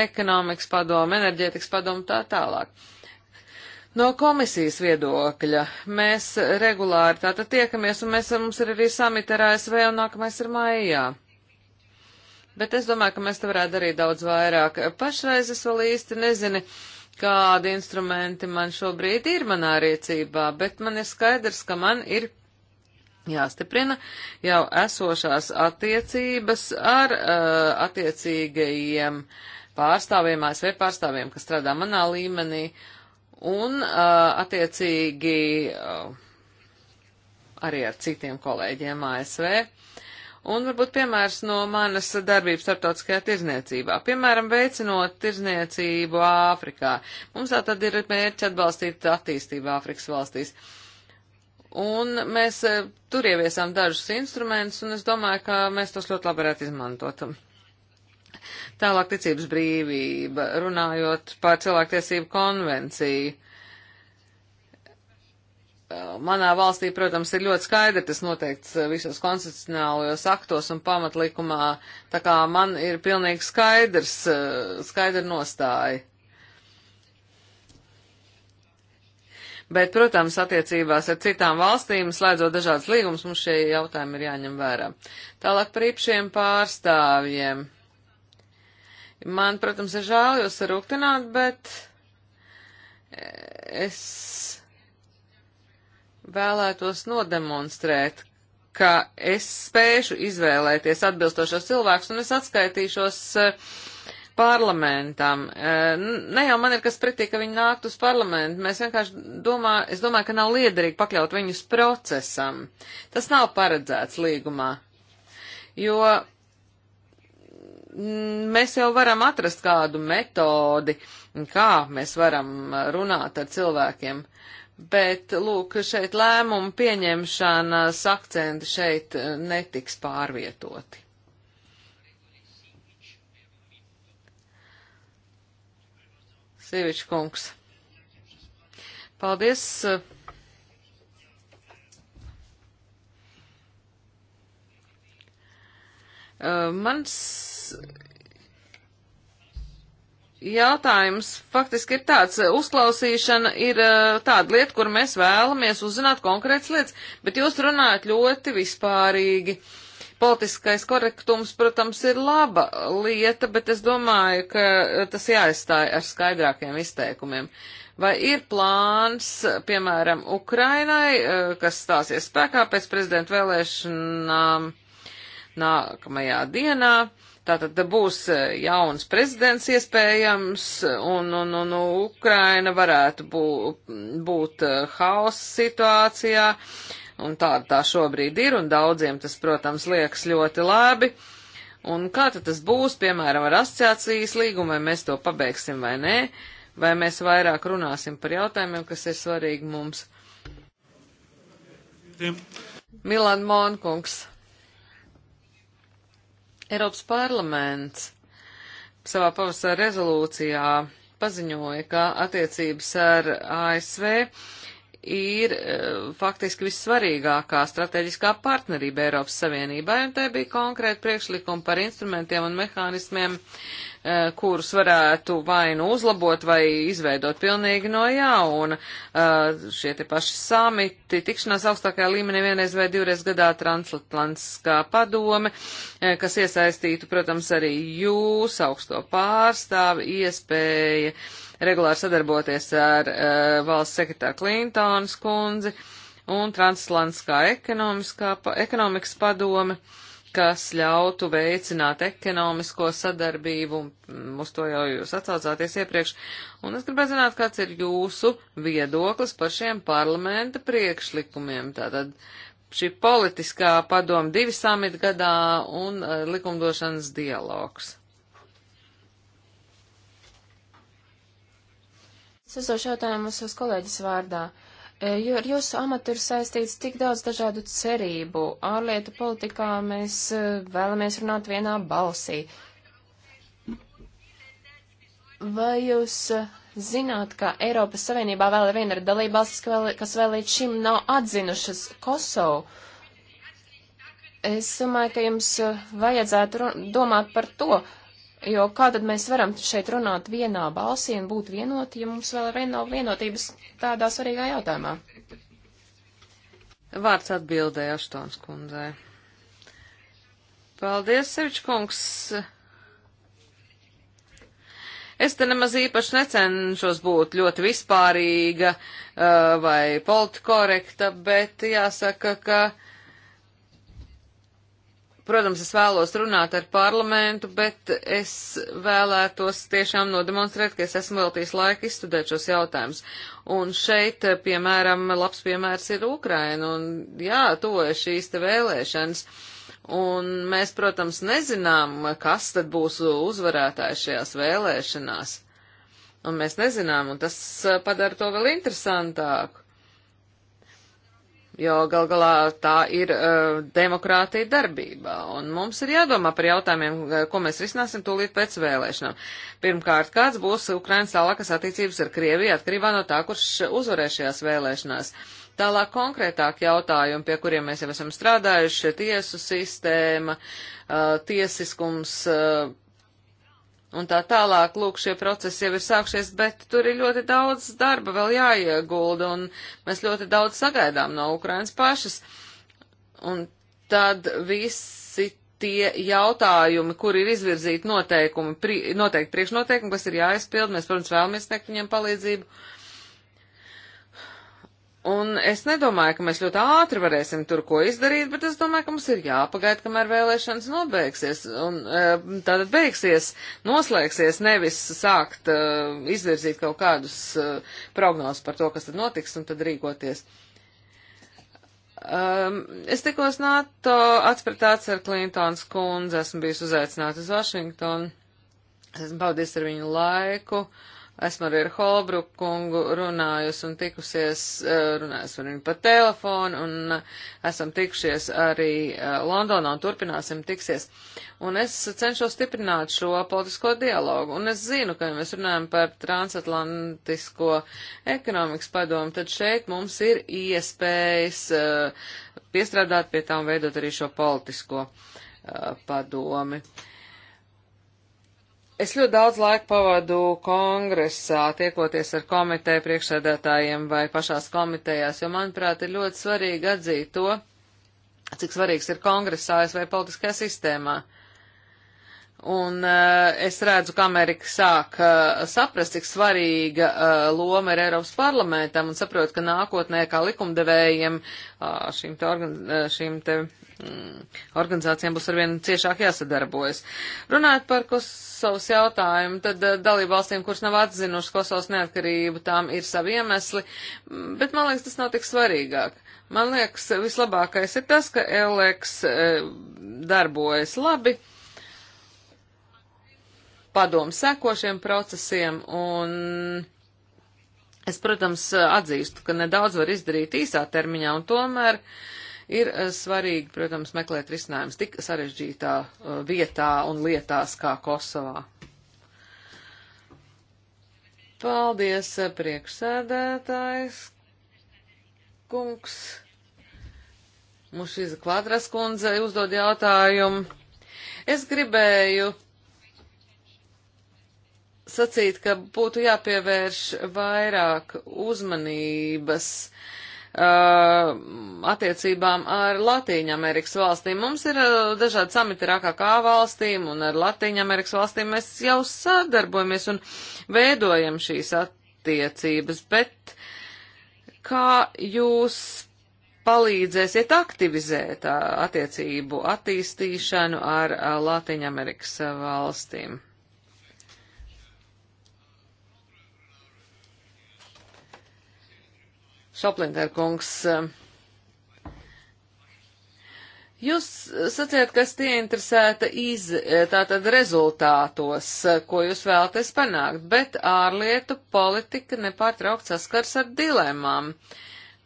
ekonomikas padoma, enerģētikas padoma tā tālāk. No komisijas viedokļa mēs regulāri tātad tiekamies, un mēs, mums ir arī samita ar ASV, un nākamais ir maijā. Bet es domāju, ka mēs te varētu darīt daudz vairāk. Pašreiz es vēl īsti nezinu, kādi instrumenti man šobrīd ir manā rīcībā, bet man ir skaidrs, ka man ir jāstiprina jau esošās attiecības ar uh, attiecīgajiem pārstāvjiem, ASV pārstāvjiem, kas strādā manā līmenī. Uh, un attiecīgi arī ar citiem kolēģiem ASV. Un varbūt piemērs no manas darbības starptautiskajā tirzniecībā. Piemēram, veicinot tirzniecību Āfrikā. Mums tā tad ir mērķi atbalstīt attīstību Āfrikas valstīs. Un mēs tur ieviesām dažus instrumentus, un es domāju, ka mēs tos ļoti labi varētu izmantot. Tālāk ticības brīvība, runājot par cilvēktiesību konvenciju. Manā valstī, protams, ir ļoti skaidri tas noteikts visos konstitucionālajos aktos un pamatlikumā, tā kā man ir pilnīgi skaidrs, skaidra nostāja. Bet, protams, attiecībās ar citām valstīm, slēdzot dažādas līgumas, mums šie jautājumi ir jāņem vērā. Tālāk par īpašiem pārstāvjiem. Uh, Man, protams, ir žēl jūs sarūktināt, bet eh, es vēlētos nodemonstrēt, ka es spēšu izvēlēties atbilstošos cilvēkus un es atskaitīšos eh, parlamentam. Eh, ne jau man ir kas pretī, ka viņi nākt uz parlamentu, mēs vienkārši domā, es domāju, ka nav liederīgi pakļaut viņus procesam. Tas nav paredzēts līgumā, jo mēs jau varam atrast kādu metodi, kā mēs varam runāt ar cilvēkiem. Bet, lūk, šeit lēmumu pieņemšanas akcenti šeit e, netiks pārvietoti. Sīvičkungs. Paldies. E, mans jautājums faktiski ir tāds. Uzklausīšana ir eh, tāda lieta, kur mēs vēlamies uzzināt konkrētas lietas, bet jūs runājat ļoti vispārīgi. Politiskais korektums, protams, ir laba lieta, bet es domāju, ka tas jāizstāja ar skaidrākiem izteikumiem. Vai ir plāns, piemēram, Ukrainai, eh, kas stāsies spēkā pēc prezidenta vēlēšanām nākamajā dienā? Tātad būs e, jauns prezidents iespējams, un, un, un Ukraina varētu bū, būt e, haosa situācijā, un tāda tā šobrīd ir, un daudziem tas, protams, liekas ļoti labi. Un kā tad tas būs, piemēram, ar asociācijas līgumu, vai mēs to pabeigsim vai nē, vai mēs vairāk runāsim par jautājumiem, kas ir svarīgi mums? Milan Monkungs. Eiropas parlaments savā pavasara rezolūcijā paziņoja, ka attiecības ar ASV ir e, faktiski vissvarīgākā strateģiskā partnerība Eiropas Savienībai, un te bija konkrēti priekšlikumi par instrumentiem un mehānismiem, uh, Eh, kurus varētu vai nu uzlabot, vai izveidot pilnīgi no jauna. Eh, šie te paši samiti, tikšanās augstākajā līmenī vienreiz vai divreiz gadā transatlantiskā padome, eh, kas iesaistītu, protams, arī jūs, augsto pārstāvi, iespēja regulāri sadarboties ar valsts sekretāru Klintons kundzi un transatlantiskā ekonomikas padome kas ļautu veicināt ekonomisko sadarbību, un mm, uz to jau jūs atsaucāties iepriekš. Un es gribētu zināt, kāds ir jūsu viedoklis par šiem parlamenta priekšlikumiem. Tātad šī politiskā padoma divi samit gadā un uh, likumdošanas dialogs. Es uzdošu jautājumus
uz kolēģis vārdā. E, jo ar jūsu amatu ir saistīts tik daudz dažādu cerību. Ārlietu politikā mēs e, vēlamies runāt vienā balsī. Vai jūs e, zināt, ka Eiropas Savienībā vēl ir viena dalībvalstis, kas vēl līdz šim nav atzinušas Kosovu? Es domāju, ka jums vajadzētu domāt par to, uh, Jo kā tad mēs varam šeit runāt vienā balsī un būt vienoti, ja mums vēl vien nav vienotības tādā svarīgā jautājumā?
Vārds atbildēja Aštons kundzei. Paldies, Sevičkungs! Es te nemaz īpaši necenšos būt ļoti vispārīga uh, vai politkorekta, bet jāsaka, ka uh, Protams, es vēlos runāt ar parlamentu, bet es vēlētos tiešām nodemonstrēt, ka es esmu veltījis laiku izstudēt šos jautājumus. Un šeit, piemēram, labs piemērs ir Ukraina, un jā, to ir šīs te vēlēšanas. Un mēs, protams, nezinām, kas tad būs uzvarētājs šajās vēlēšanās. Un mēs nezinām, un tas padara to vēl interesantāku jo gal galā tā ir uh, demokrātija darbībā, un mums ir jādomā par jautājumiem, e, ko mēs risināsim tūlīt pēc vēlēšanām. Pirmkārt, kāds būs Ukrainas tālākas attiecības ar Krieviju atkarībā no tā, kurš uzvarēs šajās vēlēšanās. Tālāk konkrētāk jautājumi, pie kuriem mēs jau esam strādājuši, tiesu sistēma, uh, tiesiskums, uh, un tā tālāk, lūk, šie procesi jau ir sākšies, bet tur ir ļoti daudz darba vēl jāiegulda, un mēs ļoti daudz sagaidām no Ukrainas pašas. Un tad visi tie jautājumi, kur ir izvirzīti noteikumi, pri, noteikti priekšnoteikumi, kas ir jāizpild, mēs, protams, vēlamies sniegt viņiem palīdzību. Uh, Un es nedomāju, ka mēs ļoti ātri varēsim tur ko izdarīt, bet es domāju, ka mums ir jāpagaida, kamēr vēlēšanas nobeigsies. Un e, tātad beigsies, noslēgsies, nevis sākt uh, izvirzīt kaut kādus uh, prognozes par to, kas tad notiks, un tad rīkoties. Um, es tikos NATO atspratāts ar Klintons kundzi, esmu bijusi uzaicināta uz Vašingtonu, esmu baudījis ar viņu laiku. Uh, Esmu ar Holbru kungu runājusi un tikusies, eh, runājusi ar viņu pa telefonu un eh, esam tikušies arī eh, Londonā un turpināsim tiksies. Un es cenšos stiprināt šo politisko dialogu. Un es zinu, ka ja mēs runājam par transatlantisko ekonomikas padomu, tad šeit mums ir iespējas piestrādāt pie tām, veidot arī šo politisko padomi. Uh, Es ļoti daudz laika pavadu kongresā, tiekoties ar komiteju priekšsēdētājiem vai pašās komitejās, jo, manuprāt, ir ļoti svarīgi atzīt to, cik svarīgs ir kongress ASV politiskajā sistēmā. Uh, Un uh, es redzu, ka Amerika sāk uh, saprast, cik svarīga uh, loma ir Eiropas parlamentam un saprot, ka nākotnē kā likumdevējiem uh, šīm te, organ uh, šīm te mm, organizācijām būs arvien ciešāk jāsadarbojas. Runājot par Kosovas jautājumu, tad uh, dalību valstīm, kuras nav atzinušas Kosovas neatkarību, tām ir savi iemesli, mm, bet man liekas, tas nav tik svarīgāk. Man liekas, vislabākais ir tas, ka Eleks uh, darbojas labi. Uh, padomu sekošiem procesiem, un es, protams, atzīstu, ka nedaudz var izdarīt īsā termiņā, un tomēr ir eh, svarīgi, protams, meklēt risinājumus tik sarežģītā eh, vietā un lietās kā Kosovā. Paldies, eh, priekšsēdētājs kungs. Mušiza Kvadras kundze uzdod jautājumu. Es gribēju sacīt, ka būtu jāpievērš vairāk uzmanības uh, attiecībām ar Latīņu Amerikas valstīm. Mums ir uh, dažādi samiti ar AKK valstīm un ar Latīņu Amerikas valstīm mēs jau sadarbojamies un veidojam šīs attiecības, bet kā jūs palīdzēsiet aktivizēt uh, attiecību attīstīšanu ar uh, Latīņu Amerikas uh, valstīm? Šoplinter kungs, eh, jūs sacījāt, ka esat ieinteresēta iz, eh, tātad rezultātos, eh, ko jūs vēlaties panākt, bet ārlietu politika nepārtraukt saskars ar dilemām.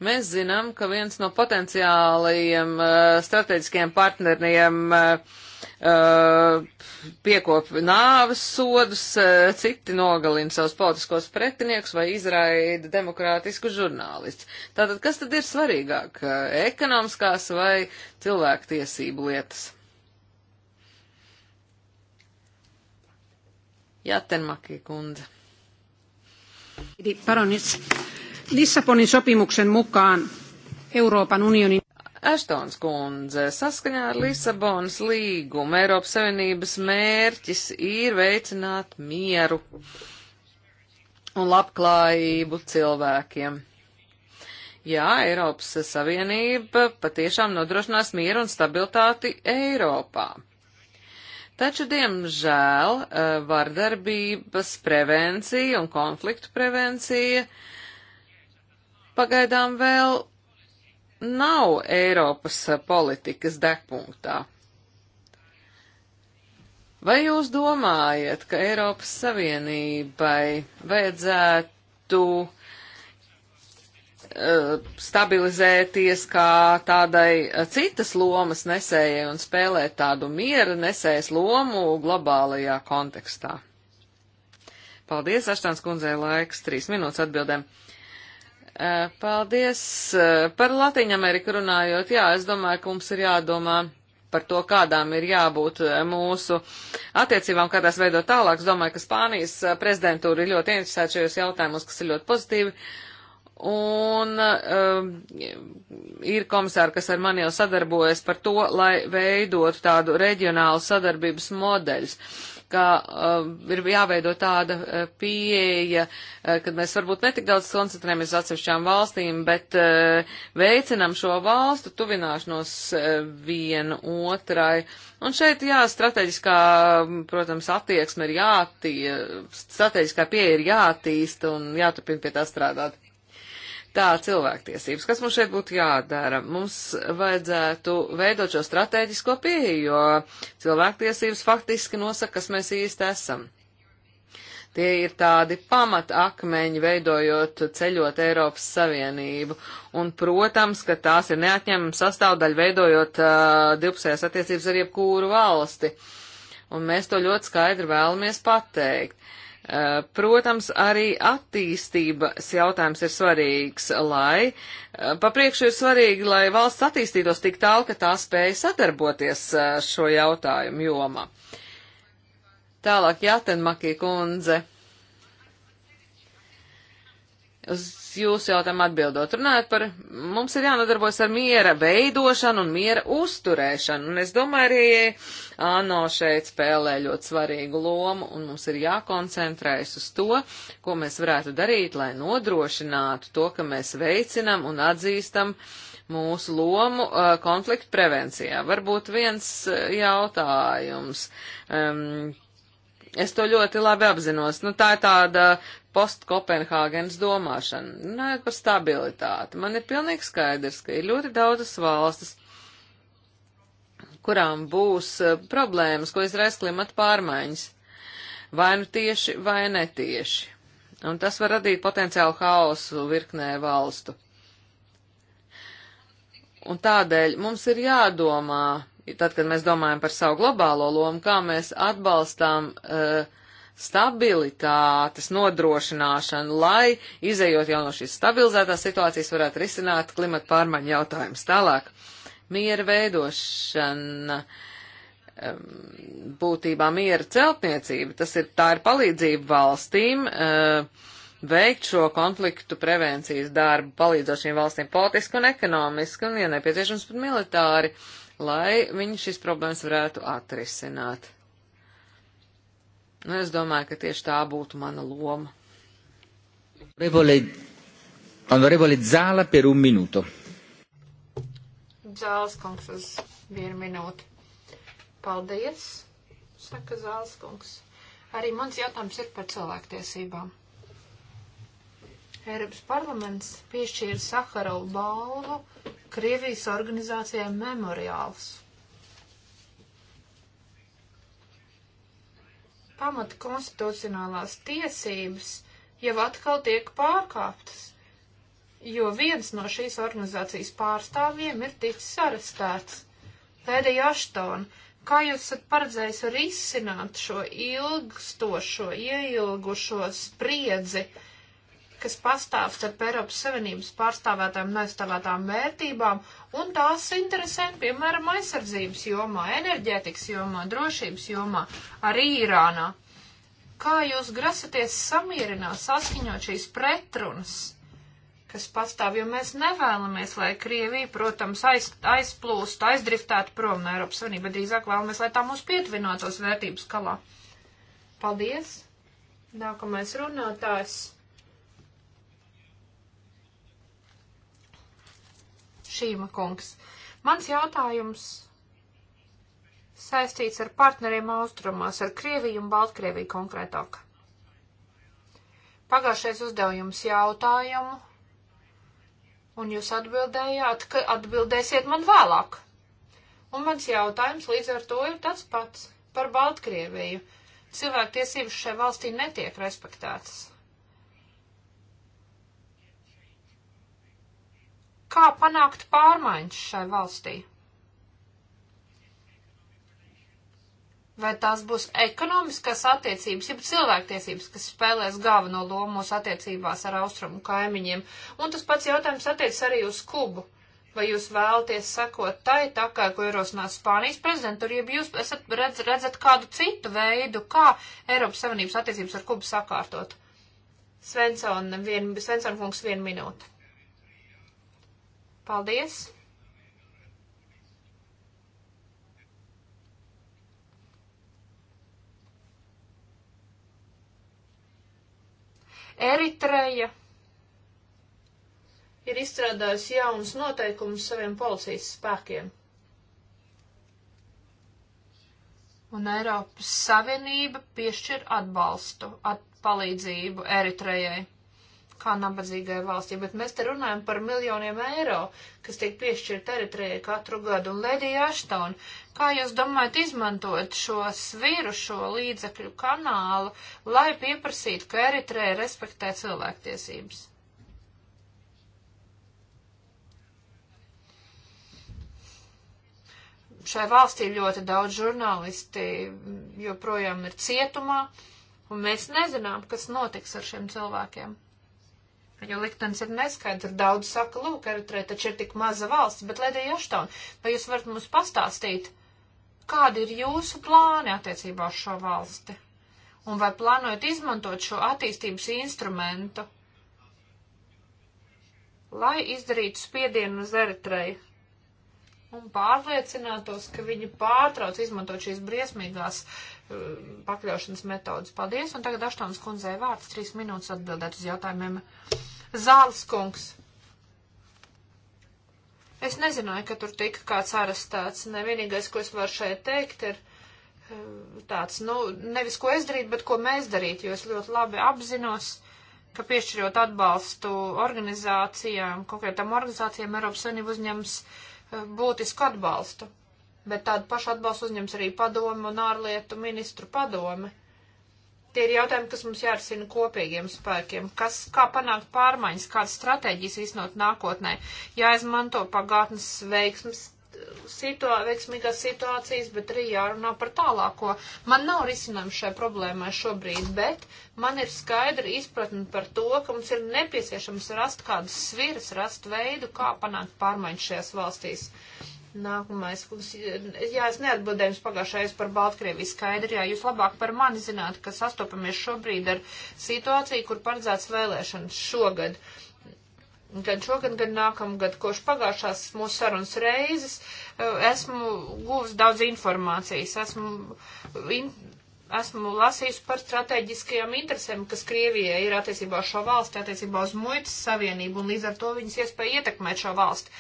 Mēs zinām, ka viens no potenciālajiem strateģiskajiem partneriem uh, Uh, piekop nāves sodus, uh, citi nogalina savus politiskos pretiniekus vai izraida demokrātisku žurnālistus. Tātad, kas tad ir svarīgāk uh, - ekonomiskās vai cilvēktiesību lietas? Jättenmaki kundze. Paronis, Lissabonin sopimuksen mukaan Euroopan unionin Eštons kundze, saskaņā ar Lisabonas līgumu Eiropas Savienības mērķis ir veicināt mieru un labklājību cilvēkiem. Jā, Eiropas Savienība patiešām nodrošinās mieru un stabilitāti Eiropā. Taču, diemžēl, eh, vardarbības prevencija un konfliktu prevencija pagaidām vēl nav Eiropas eh, politikas degpunktā. Vai jūs domājat, ka Eiropas Savienībai vajadzētu uh, stabilizēties kā tādai eh, citas lomas nesējai un spēlēt tādu miera nesējas lomu globālajā kontekstā? Paldies, Aštāns kundzei, laiks trīs minūtes atbildēm. Uh, Eh, paldies. Eh, par Latīņu Ameriku runājot, jā, es domāju, ka mums ir jādomā par to, kādām ir jābūt eh, mūsu attiecībām, kādās veidot tālāk. Es domāju, ka Spānijas prezidentūra ir ļoti interesēta šajos jautājumos, kas ir ļoti pozitīvi. Un um, ir komisāri, kas ar mani jau sadarbojas par to, lai veidotu tādu reģionālu sadarbības modeļus. Uh, ka uh, ir jāveido tāda uh, pieeja, uh, kad mēs varbūt netik daudz koncentrējamies uz atsevišķām valstīm, bet uh, veicinam šo valstu tuvināšanos uh, vienu otrai. Un šeit, jā, strateģiskā, um, protams, attieksme ir jāattīsta, strateģiskā pieeja ir jāattīsta un jāturpina pie tā strādāt. Tā cilvēktiesības. Kas mums šeit būtu jādara? Mums vajadzētu veidot šo strateģisko pieeju, jo cilvēktiesības faktiski nosaka, kas mēs īsti esam. Tie ir tādi pamatakmeņi, veidojot, ceļot Eiropas Savienību. Un, protams, ka tās ir neatņemama sastāvdaļa, veidojot uh, divpusējās attiecības ar jebkuru valsti. Un mēs to ļoti skaidri vēlamies pateikt. Uh, Eh, protams, arī attīstības jautājums ir svarīgs, lai eh, papriekšu ir svarīgi, lai valsts attīstītos tik tālu, ka tā spēja sadarboties eh, šo jautājumu jomā. Tālāk Jātenmakī kundze. Uz jūsu jautājumu atbildot. Runājot par, mums ir jānodarbojas ar miera veidošanu un miera uzturēšanu, un es domāju, arī ANO šeit spēlē ļoti svarīgu lomu, un mums ir jākoncentrējas uz to, ko mēs varētu darīt, lai nodrošinātu to, ka mēs veicinam un atzīstam mūsu lomu uh, konfliktu prevencijā. Varbūt viens uh, jautājums. Um, Es to ļoti labi apzinos. Nu, tā ir tāda post-Kopenhāgenes domāšana. Runājot par stabilitāti, man ir pilnīgi skaidrs, ka ir ļoti daudzas valstis, kurām būs eh, problēmas, ko izraisa klimata pārmaiņas. Vai nu tieši, vai netieši. Un tas var radīt potenciālu haosu virknē valstu. Un tādēļ mums ir jādomā tad, kad mēs domājam par savu globālo lomu, kā mēs atbalstām uh, stabilitātes nodrošināšanu, lai, izējot jau no šīs stabilizētās situācijas, varētu risināt klimata pārmaiņu jautājumus tālāk. Miera veidošana, um, būtībā miera celtniecība, tas ir, tā ir palīdzība valstīm. Uh, veikt šo konfliktu prevencijas darbu, palīdzot šīm valstīm politiski un ekonomiski, un, ja nepieciešams, pat militāri. Uh, lai viņi šīs problēmas varētu atrisināt. Nu, es domāju, ka tieši tā būtu mana loma.
Honorevole Zāla per un minūto.
Zāles kungs uz
vienu minūti. Paldies, saka Zāles kungs. Arī mans jautājums ir par cilvēktiesībām. Eiropas parlaments piešķīra Saharovu balvu Krievijas organizācijai memoriāls. Pamata konstitucionālās tiesības jau atkal tiek pārkāptas, jo viens no šīs organizācijas pārstāvjiem ir ticis arestēts. Pēdējā aštona, kā jūs esat paredzējis risināt šo ilgstošo, ieilgušo spriedzi? Uh, kas pastāv starp Eiropas Savienības pārstāvētām un aizstāvētām vērtībām un tās interesēm, piemēram, aizsardzības jomā, enerģētikas jomā, drošības jomā, arī Irānā. Kā jūs grasaties samierināt, saskaņot šīs pretrunas, kas pastāv, jo mēs nevēlamies, lai Krievija, protams, aiz, aizplūst, aizdriftētu prom no Eiropas Savienības, drīzāk vēlamies, lai tā mūs pietuvinātos vērtības kalā. Paldies! Nākamais runātājs. Šīma kungs. Mans jautājums saistīts ar partneriem austrumos, ar Krieviju un Baltkrieviju konkrētāk. Pagājušais uzdevums jautājumu, un jūs atbildējāt, ka atbildēsiet man vēlāk. Un mans jautājums līdz ar to ir tas pats par Baltkrieviju. Cilvēktiesības šai valstī netiek respektētas. kā panākt pārmaiņas šai valstī. Vai tās būs ekonomiskas attiecības, jeb cilvēktiesības, kas spēlēs galveno lomu mūsu attiecībās ar austrumu kaimiņiem? Un tas pats jautājums attiecas arī uz Kubu. Vai jūs vēlaties sekot tai takai, ko ierosinās Spānijas prezidentūra, ja jūs esat, redz, redzat kādu citu veidu, kā Eiropas Savienības attiecības ar Kubu sakārtot? Svensson, vien, Svensson kungs, vienu minūti. Paldies! Eritreja ir izstrādājusi jaunas noteikumus saviem policijas spēkiem. Un Eiropas Savienība piešķir atbalstu, at palīdzību Eritrejai kā nabadzīgai valstī, bet mēs te runājam par miljoniem eiro, kas tiek piešķirt Eritrejai katru gadu. Un, Ledija Aštona, kā jūs domājat izmantot šo sviru, šo līdzekļu kanālu, lai pieprasītu, ka Eritreja respektē cilvēktiesības? Šai valstī ļoti daudz žurnālisti joprojām ir cietumā, un mēs nezinām, kas notiks ar šiem cilvēkiem. Jo liktenis ir neskaidrs. Daudz saka, lūk, Eritrē taču ir tik maza valsts, bet Ledija Aštona, vai jūs varat mums pastāstīt, kādi ir jūsu plāni attiecībā uz šo valsti? Un vai plānojat izmantot šo attīstības instrumentu, lai izdarītu spiedienu uz Eritreju? Un pārliecinātos, ka viņi pārtrauc izmantot šīs briesmīgās uh, pakļaušanas metodas. Paldies, un tagad Aštāns kundzei vārds trīs minūtes atbildēt uz jautājumiem. Zāles kungs. Es nezināju, ka tur tika kāds arestēts. Nevienīgais, ko es varu šeit teikt, ir eh, tāds, nu, nevis ko es darītu, bet ko mēs darītu, jo es ļoti labi apzinos, ka piešķirot atbalstu organizācijām, konkrētām organizācijām, Eiropas Savienība uzņems eh, būtisku atbalstu bet tādu pašu atbalstu uzņems arī padomu un ārlietu ministru padome. Tie ir jautājumi, kas mums jārisina kopīgiem spēkiem. Kas, kā panākt pārmaiņas, kādas stratēģijas iznot nākotnē, jāizmanto pagātnes veiksmes, situā, veiksmīgās situācijas, bet arī jārunā par tālāko. Man nav risinājumu šai problēmai šobrīd, bet man ir skaidra izpratne par to, ka mums ir nepieciešams rast kādas sviras, rast veidu, kā panākt pārmaiņas šajās valstīs. Nākamais, jā, es neatbildēju jums pagājušajais par Baltkrieviju skaidri, jā, jūs labāk par mani zināt, ka sastopamies šobrīd ar situāciju, kur paredzēts vēlēšanas šogad. Gan šogad, gan nākamgad, koš pagājušās mūsu sarunas reizes, eh, esmu guvis daudz informācijas, esmu in esmu lasījusi par strateģiskajām interesēm, kas Krievijai ir attiecībā uz šo valsti, attiecībā uz muitas savienību, un līdz ar to viņas iespēja ietekmēt šo valsti.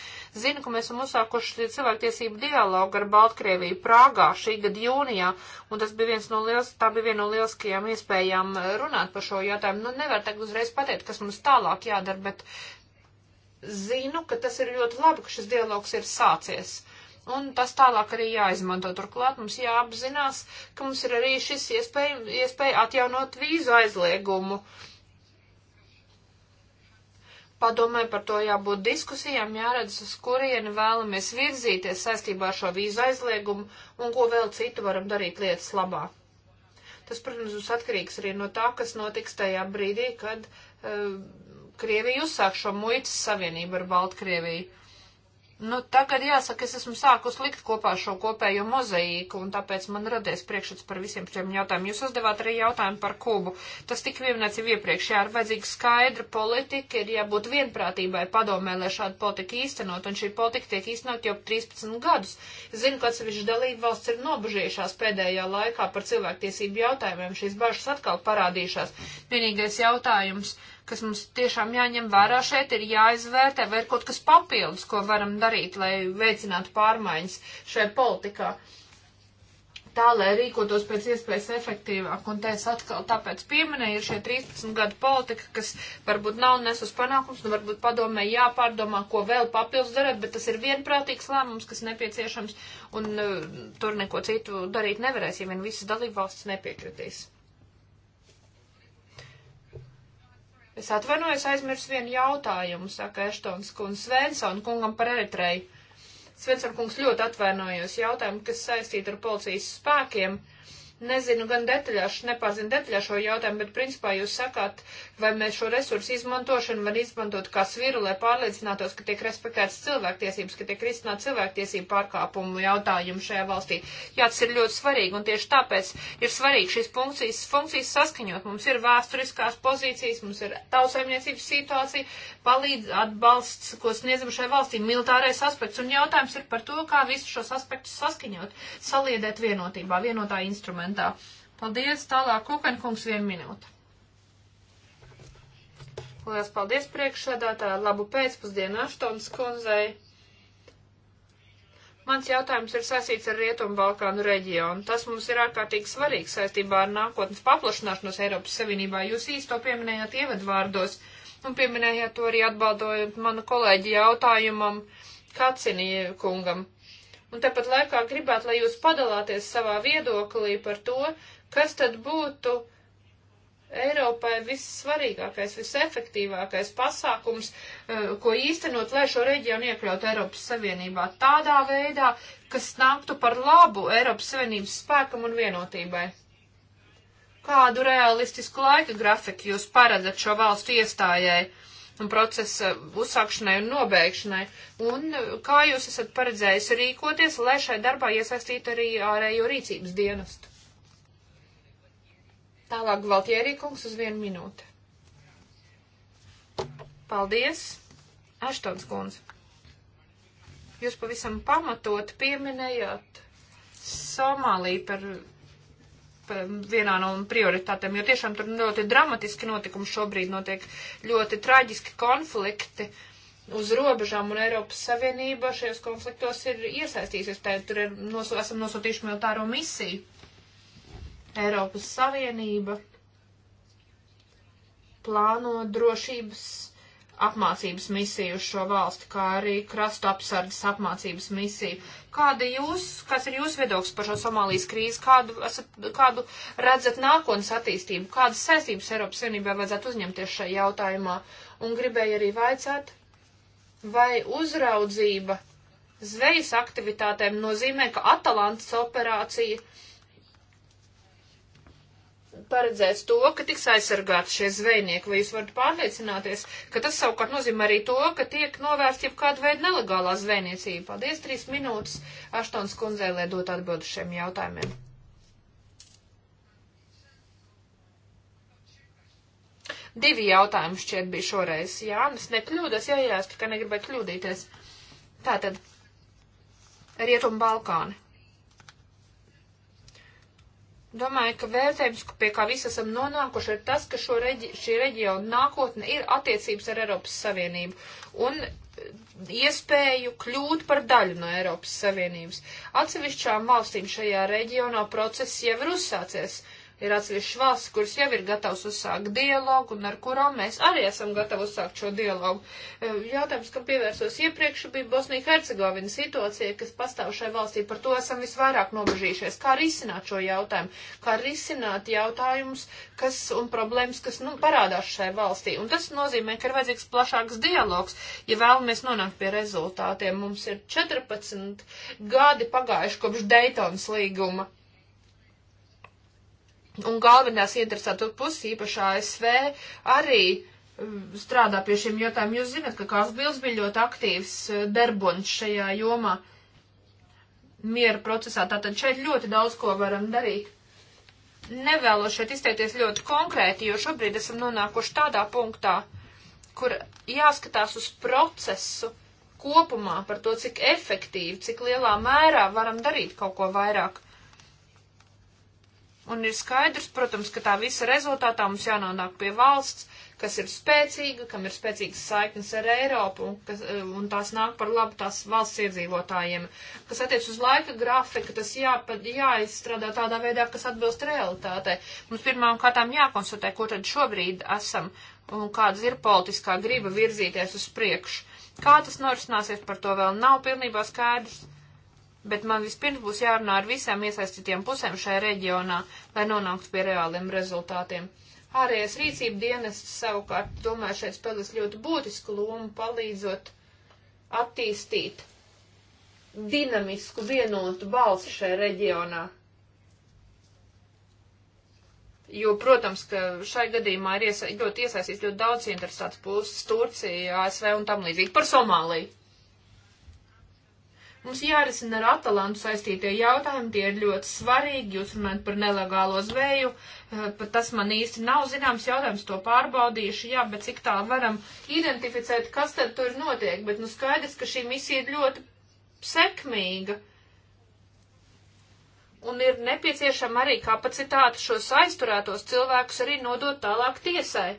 Zinu, ka mēs esam uzsākuši cilvēktiesību dialogu ar Baltkrieviju Prāgā šī gada jūnijā, un tas bija viens no liels, tā bija viena no lieliskajām iespējām runāt par šo jautājumu. Nu, nevar tagad uzreiz pateikt, kas mums tālāk jādara, bet zinu, ka tas ir ļoti labi, ka šis dialogs ir sācies un tas tālāk arī jāizmanto. Turklāt mums jāapzinās, ka mums ir arī šis iespēja, iespēja atjaunot vīzu aizliegumu. Padomē par to jābūt diskusijām, jāredz, uz kurieni vēlamies virzīties saistībā ar šo vīzu aizliegumu un ko vēl citu varam darīt lietas labā. Tas, protams, būs atkarīgs arī no tā, kas notiks tajā brīdī, kad uh, Krievija uzsāk šo muitas savienību ar Baltkrieviju. Nu, tagad jāsaka, es esmu sākus likt kopā šo kopējo mozaīku, un tāpēc man radies priekšstats par visiem šiem jautājumiem. Jūs uzdevāt arī jautājumu par Kubu. Tas tika pieminēts jau iepriekš. Jā, ir vajadzīga skaidra politika, ir jābūt vienprātībai padomē, lai šādu politiku īstenot, un šī politika tiek īstenot jau 13 gadus. Es zinu, ka atsevišķi dalība valsts ir nobežījušās pēdējā laikā par cilvēktiesību jautājumiem. Šīs bažas atkal parādījušās. Vienīgais jautājums. Uh, kas mums tiešām jāņem vērā šeit, ir jāizvērtē, vai ir kaut kas papildus, ko varam darīt, lai veicinātu pārmaiņas šajā politikā tā, lai rīkotos pēc iespējas efektīvāk. Un te es atkal tāpēc pieminēju, ir šie 13 gadu politika, kas varbūt nav nesus panākums, nu varbūt padomē jāpārdomā, ko vēl papildus darīt, bet tas ir vienprātīgs lēmums, kas nepieciešams, un uh, tur neko citu darīt nevarēs, ja vien visas dalībvalstis nepiekritīs. Es atvainojos, aizmirsu vienu jautājumu, saka Eštons kundze Svensson kungam par Eritreju. Svensson kungs ļoti atvainojos jautājumu, kas saistīta ar policijas spēkiem. Nezinu gan detaļās, nepārzinu detaļā šo jautājumu, bet principā jūs sakāt, vai mēs šo resursu izmantošanu var izmantot kā sviru, lai pārliecinātos, ka tiek respektēts cilvēktiesības, ka tiek risināt cilvēktiesību pārkāpumu jautājumu šajā valstī. Jā, tas ir ļoti svarīgi, un tieši tāpēc ir svarīgi šīs funkcijas, funkcijas saskaņot. Mums ir vēsturiskās pozīcijas, mums ir tausaimniecības situācija, palīdz atbalsts, ko sniedzam šai valstī, militārais aspekts, un jautājums ir par to, kā visus šos aspektus saskaņot, saliedēt vienotībā, vienotā instrumentā. Paldies, tālāk Kukankungs, vienu minūtu. Lielas paldies priekšsēdētāji, labu pēcpusdienu Aštons kundzei. Mans jautājums ir saistīts ar Rietumu Balkānu reģionu. Tas mums ir ārkārtīgi svarīgs saistībā ar nākotnes paplašināšanos Eiropas Savienībā. Jūs īsto pieminējāt ievadvārdos un pieminējāt to arī atbaldojot manu kolēģi jautājumam Kacinī kungam. Un tāpat laikā gribētu, lai jūs padalāties savā viedoklī par to, kas tad būtu Eiropai vissvarīgākais, visefektīvākais pasākums, eh, ko īstenot, lai šo reģionu iekļaut Eiropas Savienībā tādā veidā, kas nāktu par labu Eiropas Savienības spēkam un vienotībai. Kādu realistisku laika grafiku jūs paredzat šo valstu iestājai un procesa uzsākšanai un nobeigšanai? Un eh, kā jūs esat paredzējis rīkoties, lai šai darbā iesaistītu arī ārējo rīcības dienestu? Tālāk Gvaltierī kungs uz vienu minūti. Paldies, Aštons kundze. Jūs pavisam pamatot pieminējāt Somāliju par, par vienā no prioritātēm, jo tiešām tur ļoti dramatiski notikumi šobrīd notiek, ļoti traģiski konflikti uz robežām, un Eiropas Savienība šajos konfliktos ir iesaistījusies, tā tur ir, nosu, esam nosūtījuši militāro misiju Eiropas Savienība plāno drošības apmācības misiju uz šo valsti, kā arī krastu apsardzes apmācības misiju. Kāda jūs, kas ir jūsu viedoklis par šo Somālijas krīzi, kādu, esat, kādu redzat nākotnes attīstību, kādas saistības Eiropas Savienībai vajadzētu uzņemties šajā jautājumā? Un gribēju arī vaicāt, vai uzraudzība zvejas aktivitātēm nozīmē, ka Atalantas operācija paredzēs to, ka tiks aizsargāti šie zvejnieki, vai jūs varat pārliecināties, ka tas savukārt nozīmē arī to, ka tiek novērst jau kāda veida nelegālā zvejniecība? Paldies, trīs minūtes Aštons kundzei, lai dot atbildu šiem jautājumiem. Divi jautājumi šķiet bija šoreiz. Jā, es nekļūdos, jā, jā, es tikai negribēju kļūdīties. Tātad, Rietumu Balkāni. Domāju, ka vērtējums, pie kā visi esam nonākuši, ir tas, ka reģi, šī reģiona nākotne ir attiecības ar Eiropas Savienību un iespēju kļūt par daļu no Eiropas Savienības. Atsevišķām valstīm šajā reģionā process jau ir uzsācies. Uh, ir atsevišķas valsts, kuras jau ir gatavas uzsākt dialogu un ar kurām mēs arī esam gatavi uzsākt šo dialogu. E, jautājums, kam pievērsos iepriekš, bija Bosnija-Hercegovina situācija, kas pastāv šai valstī. Par to esam visvairāk nobežījušies. Kā risināt šo jautājumu? Kā risināt jautājumus kas, un problēmas, kas nu, parādās šai valstī? Un tas nozīmē, ka ir vajadzīgs plašāks dialogs. Ja vēlamies nonākt pie rezultātiem, mums ir 14 gadi pagājuši kopš Daytonas līguma Un galvenās interesēto puses, īpaši ASV, arī mm, strādā pie šiem jautājumiem. Jūs zinat, ka Kāls Bils bija ļoti aktīvs eh, derbonis šajā jomā miera procesā. Tātad šeit ļoti daudz ko varam darīt. Nevēlos šeit izteikties ļoti konkrēti, jo šobrīd esam nonākuši tādā punktā, kur jāskatās uz procesu kopumā par to, cik efektīvi, cik lielā mērā varam darīt kaut ko vairāk. Un ir skaidrs, protams, ka tā visa rezultātā mums jānonāk pie valsts, kas ir spēcīga, kam ir spēcīgas saiknes ar Eiropu un, kas, eh, un tās nāk par labu tās valsts iedzīvotājiem. Kas attiec uz laika grafiku, tas jāpad, jāizstrādā tādā veidā, kas atbilst realitātei. Mums pirmām kārtām jākonstatē, ko tad šobrīd esam un kādas ir politiskā griba virzīties uz priekšu. Kā tas norisināsies, par to vēl nav pilnībā skaidrs bet man vispirms būs jārunā ar visām iesaistītiem pusēm šajā reģionā, lai nonāktu pie reāliem rezultātiem. Ārējais rīcība dienas savukārt, domāju, šeit spēlēs ļoti būtisku lomu, palīdzot attīstīt dinamisku vienotu balsi šajā reģionā. Jo, protams, ka šai gadījumā ir iesa ļoti iesaistīts ļoti daudz interesētas puses - Turcija, ASV un tam līdzīgi par Somāliju. Mums jārisina ar Atalantu saistītie jautājumi, tie ir ļoti svarīgi. Jūs runājat par nelegālo zveju, eh, pat tas man īsti nav zināms jautājums, to pārbaudīšu, jā, bet cik tā varam identificēt, kas tad tur notiek. Bet nu skaidrs, ka šī misija ir ļoti sekmīga. Un ir nepieciešama arī kapacitāte šos aizturētos cilvēkus arī nodot tālāk tiesai.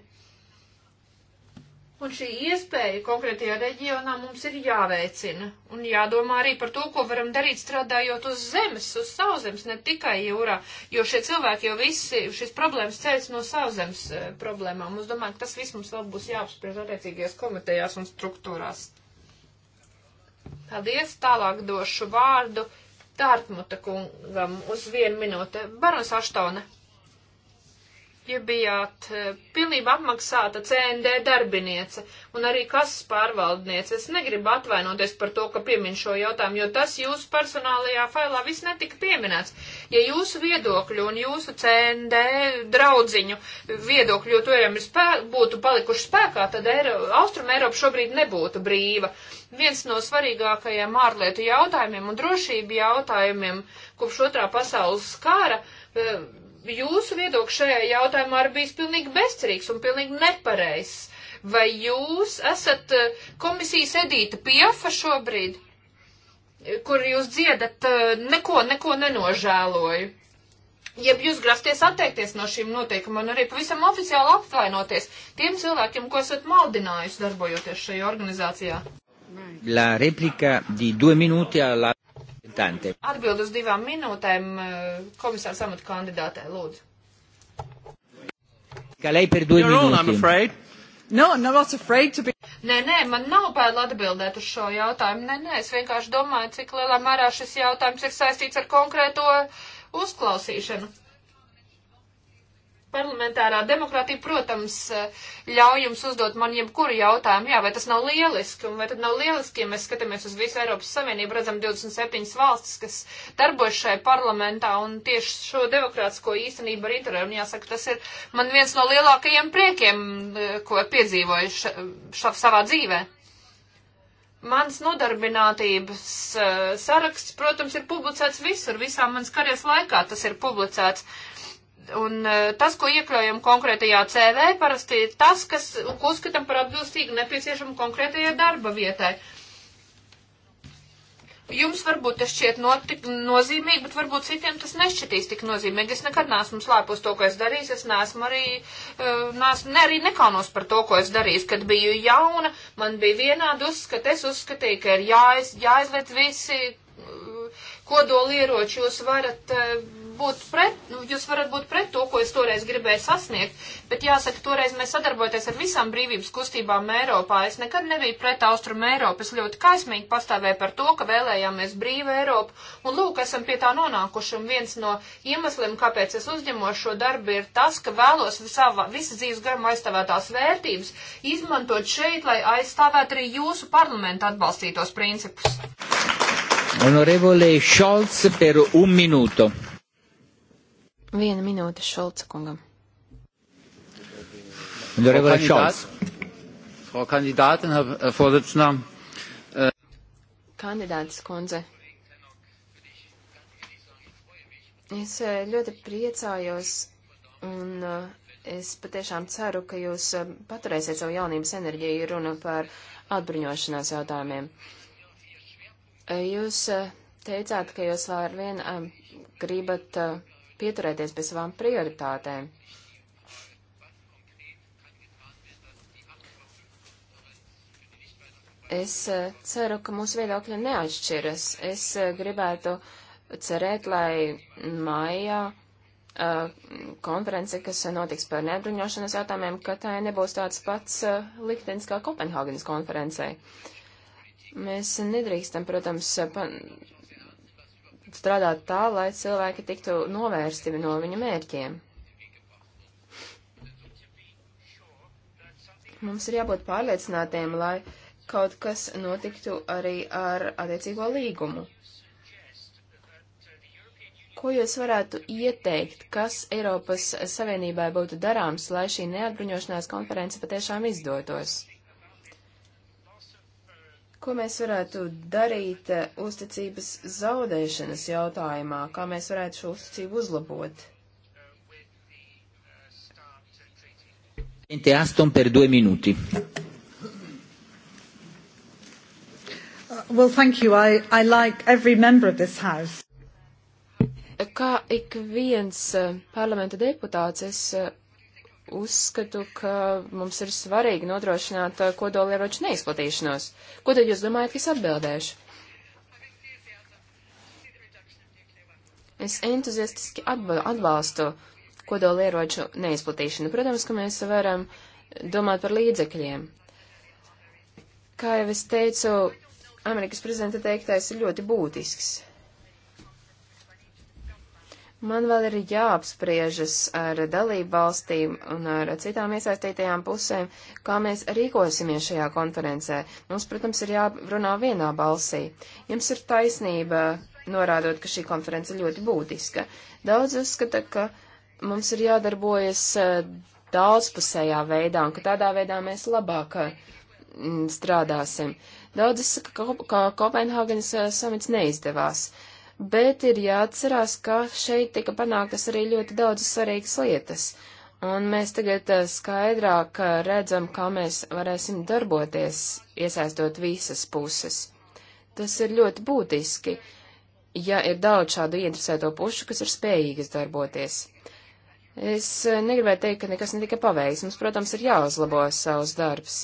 Un šī iespēja konkrētajā reģionā mums ir jāveicina un jādomā arī par to, ko varam darīt strādājot uz zemes, uz sauszemes, ne tikai jūrā, jo šie cilvēki jau visi šīs problēmas ceļas no sauszemes e, problēmām. Es domāju, ka tas viss mums vēl būs jāapspriež attiecīgajās komitejās un struktūrās. Paldies, tālāk došu vārdu Tārtmuta kungam uz vienu minūte. Barons Aštone ja bijāt e, pilnībā apmaksāta CND darbiniece un arī kases pārvaldniece. Es negribu atvainoties par to, ka piemin šo jautājumu, jo tas jūsu personālajā failā viss netika pieminēts. Ja jūsu viedokļu un jūsu CND draudziņu viedokļu jotojām būtu palikuši spēkā, tad Eiro, Austrum Eiropa šobrīd nebūtu brīva. Viens no svarīgākajiem ārlietu jautājumiem un drošību jautājumiem kopš otrā pasaules kara e, jūsu viedoklis šajā jautājumā ir bijis pilnīgi bezcerīgs un pilnīgi nepareizs. Vai jūs esat eh, komisijas edīta piefa šobrīd, kur jūs dziedat eh, neko, neko nenožēloju? Ja jūs grasties atteikties no šīm noteikumiem un arī pavisam oficiāli apvainoties tiem cilvēkiem, ko esat maldinājusi darbojoties šajā organizācijā.
La replika di due minūti alla importante.
Atbild uz divām minūtēm eh, komisārs amatu kandidātē, lūdzu.
Ka lei per due minuti. I'm afraid.
No, I'm not afraid to be. Nē, nē, man nav bail atbildēt uz šo jautājumu. Nē, nē, es vienkārši domāju, cik lielā mērā šis jautājums ir saistīts ar konkrēto uzklausīšanu parlamentārā demokrātija, protams, eh, ļauj jums uzdot man jebkuru jautājumu. Jā, vai tas nav lieliski? Un vai tad nav lieliski, ja mēs skatāmies uz visu Eiropas Savienību, redzam 27 valstis, kas darbojas šai parlamentā un tieši šo demokrātisko īstenību arī turē. Un jāsaka, tas ir man viens no lielākajiem priekiem, eh, ko piedzīvoju ša, ša, savā dzīvē. Mans nodarbinātības uh, saraksts, protams, ir publicēts visur, visā manas karjeras laikā tas ir publicēts. Uh, Un e, tas, ko iekļaujam konkrētajā CV, parasti ir tas, kas uzskatām par atbilstīgu nepieciešamu konkrētajai darba vietai. Jums varbūt tas šķiet notik, nozīmīgi, bet varbūt citiem tas nešķitīs tik nozīmīgi. Es nekad neesmu slēpus to, ko es darīju. Es neesmu arī, e, neesmu, ne arī nekaunos par to, ko es darīju. Kad biju jauna, man bija vienādi uzskati. Es uzskatīju, ka ir jāiz, jāizliet visi e, kodolieroči. Jūs varat būt pret, nu, jūs varat būt pret to, ko es toreiz gribēju sasniegt, bet jāsaka, toreiz mēs sadarbojoties ar visām brīvības kustībām Eiropā. Es nekad nebiju pret Austrum Eiropu. Es ļoti kaismīgi pastāvēju par to, ka vēlējāmies brīvu Eiropu. Un lūk, esam pie tā nonākuši. Un viens no iemesliem, kāpēc es uzņemos šo darbu, ir tas, ka vēlos visava, visas dzīves garam aizstāvētās vērtības izmantot šeit, lai aizstāvētu arī jūsu parlamentu atbalstītos principus.
Onorevole Scholz per un minuto.
Viena minūte Šolca kungam.
Frau Kandidatin, Herr Vorsitzender. Äh,
Kandidātes kundze. Es äh, ļoti priecājos un äh, es patiešām ceru, ka jūs paturēsiet savu jaunības enerģiju, ja runa par atbruņošanās jautājumiem. Jūs teicāt, ka jūs vēl ar vien gribat uh, pieturēties pie savām prioritātēm. Es eh, ceru, ka mūsu viedokļi neatšķiras. Es eh, gribētu cerēt, lai maijā eh, konference, kas notiks par neapbruņošanas jautājumiem, ka tā nebūs tāds pats liktenis kā Kopenhāgenes konferencē. Mēs nedrīkstam, protams, pan strādāt tā, lai cilvēki tiktu novērsti no viņu mērķiem. Mums ir jābūt pārliecinātiem, lai kaut kas notiktu arī ar attiecīgo līgumu. Ko jūs varētu ieteikt, kas Eiropas Savienībai būtu darāms, lai šī neatbruņošanās konference patiešām izdotos? Ko mēs varētu darīt eh, uzticības zaudēšanas jautājumā? Kā mēs varētu šo uzticību uzlabot?
Presidente Aston per due minuti.
Well, thank you. I, I like every member of this house.
Kā ik viens eh, parlamenta deputāts, es eh, uzskatu, ka mums ir svarīgi nodrošināt uh, kodolieroču neizplatīšanos. Ko tad jūs domājat, kas atbildēšu? Es entuziastiski atbalstu kodolieroču neizplatīšanu. Protams, ka mēs varam domāt par līdzekļiem. Kā jau es teicu, Amerikas prezidenta teiktais ir ļoti būtisks. Man vēl ir jāapspriežas ar dalību valstīm un ar citām iesaistītajām pusēm, kā mēs rīkosimies šajā konferencē. Mums, protams, ir jārunā vienā balsī. Jums ir taisnība, norādot, ka šī konference ļoti būtiska. Daudz uzskata, ka mums ir jādarbojas eh, daudzpusējā veidā un ka tādā veidā mēs labāk eh, strādāsim. Daudz saka, ka Kopenhāgenes eh, samits neizdevās bet ir jāatcerās, ka šeit tika panāktas arī ļoti daudz svarīgas lietas. Un mēs tagad eh, skaidrāk eh, redzam, kā mēs varēsim darboties, iesaistot visas puses. Tas ir ļoti būtiski, ja ir daudz šādu ieinteresēto pušu, kas ir spējīgas darboties. Es eh, negribēju teikt, ka nekas netika paveikts. Mums, protams, ir jāuzlabo savs darbs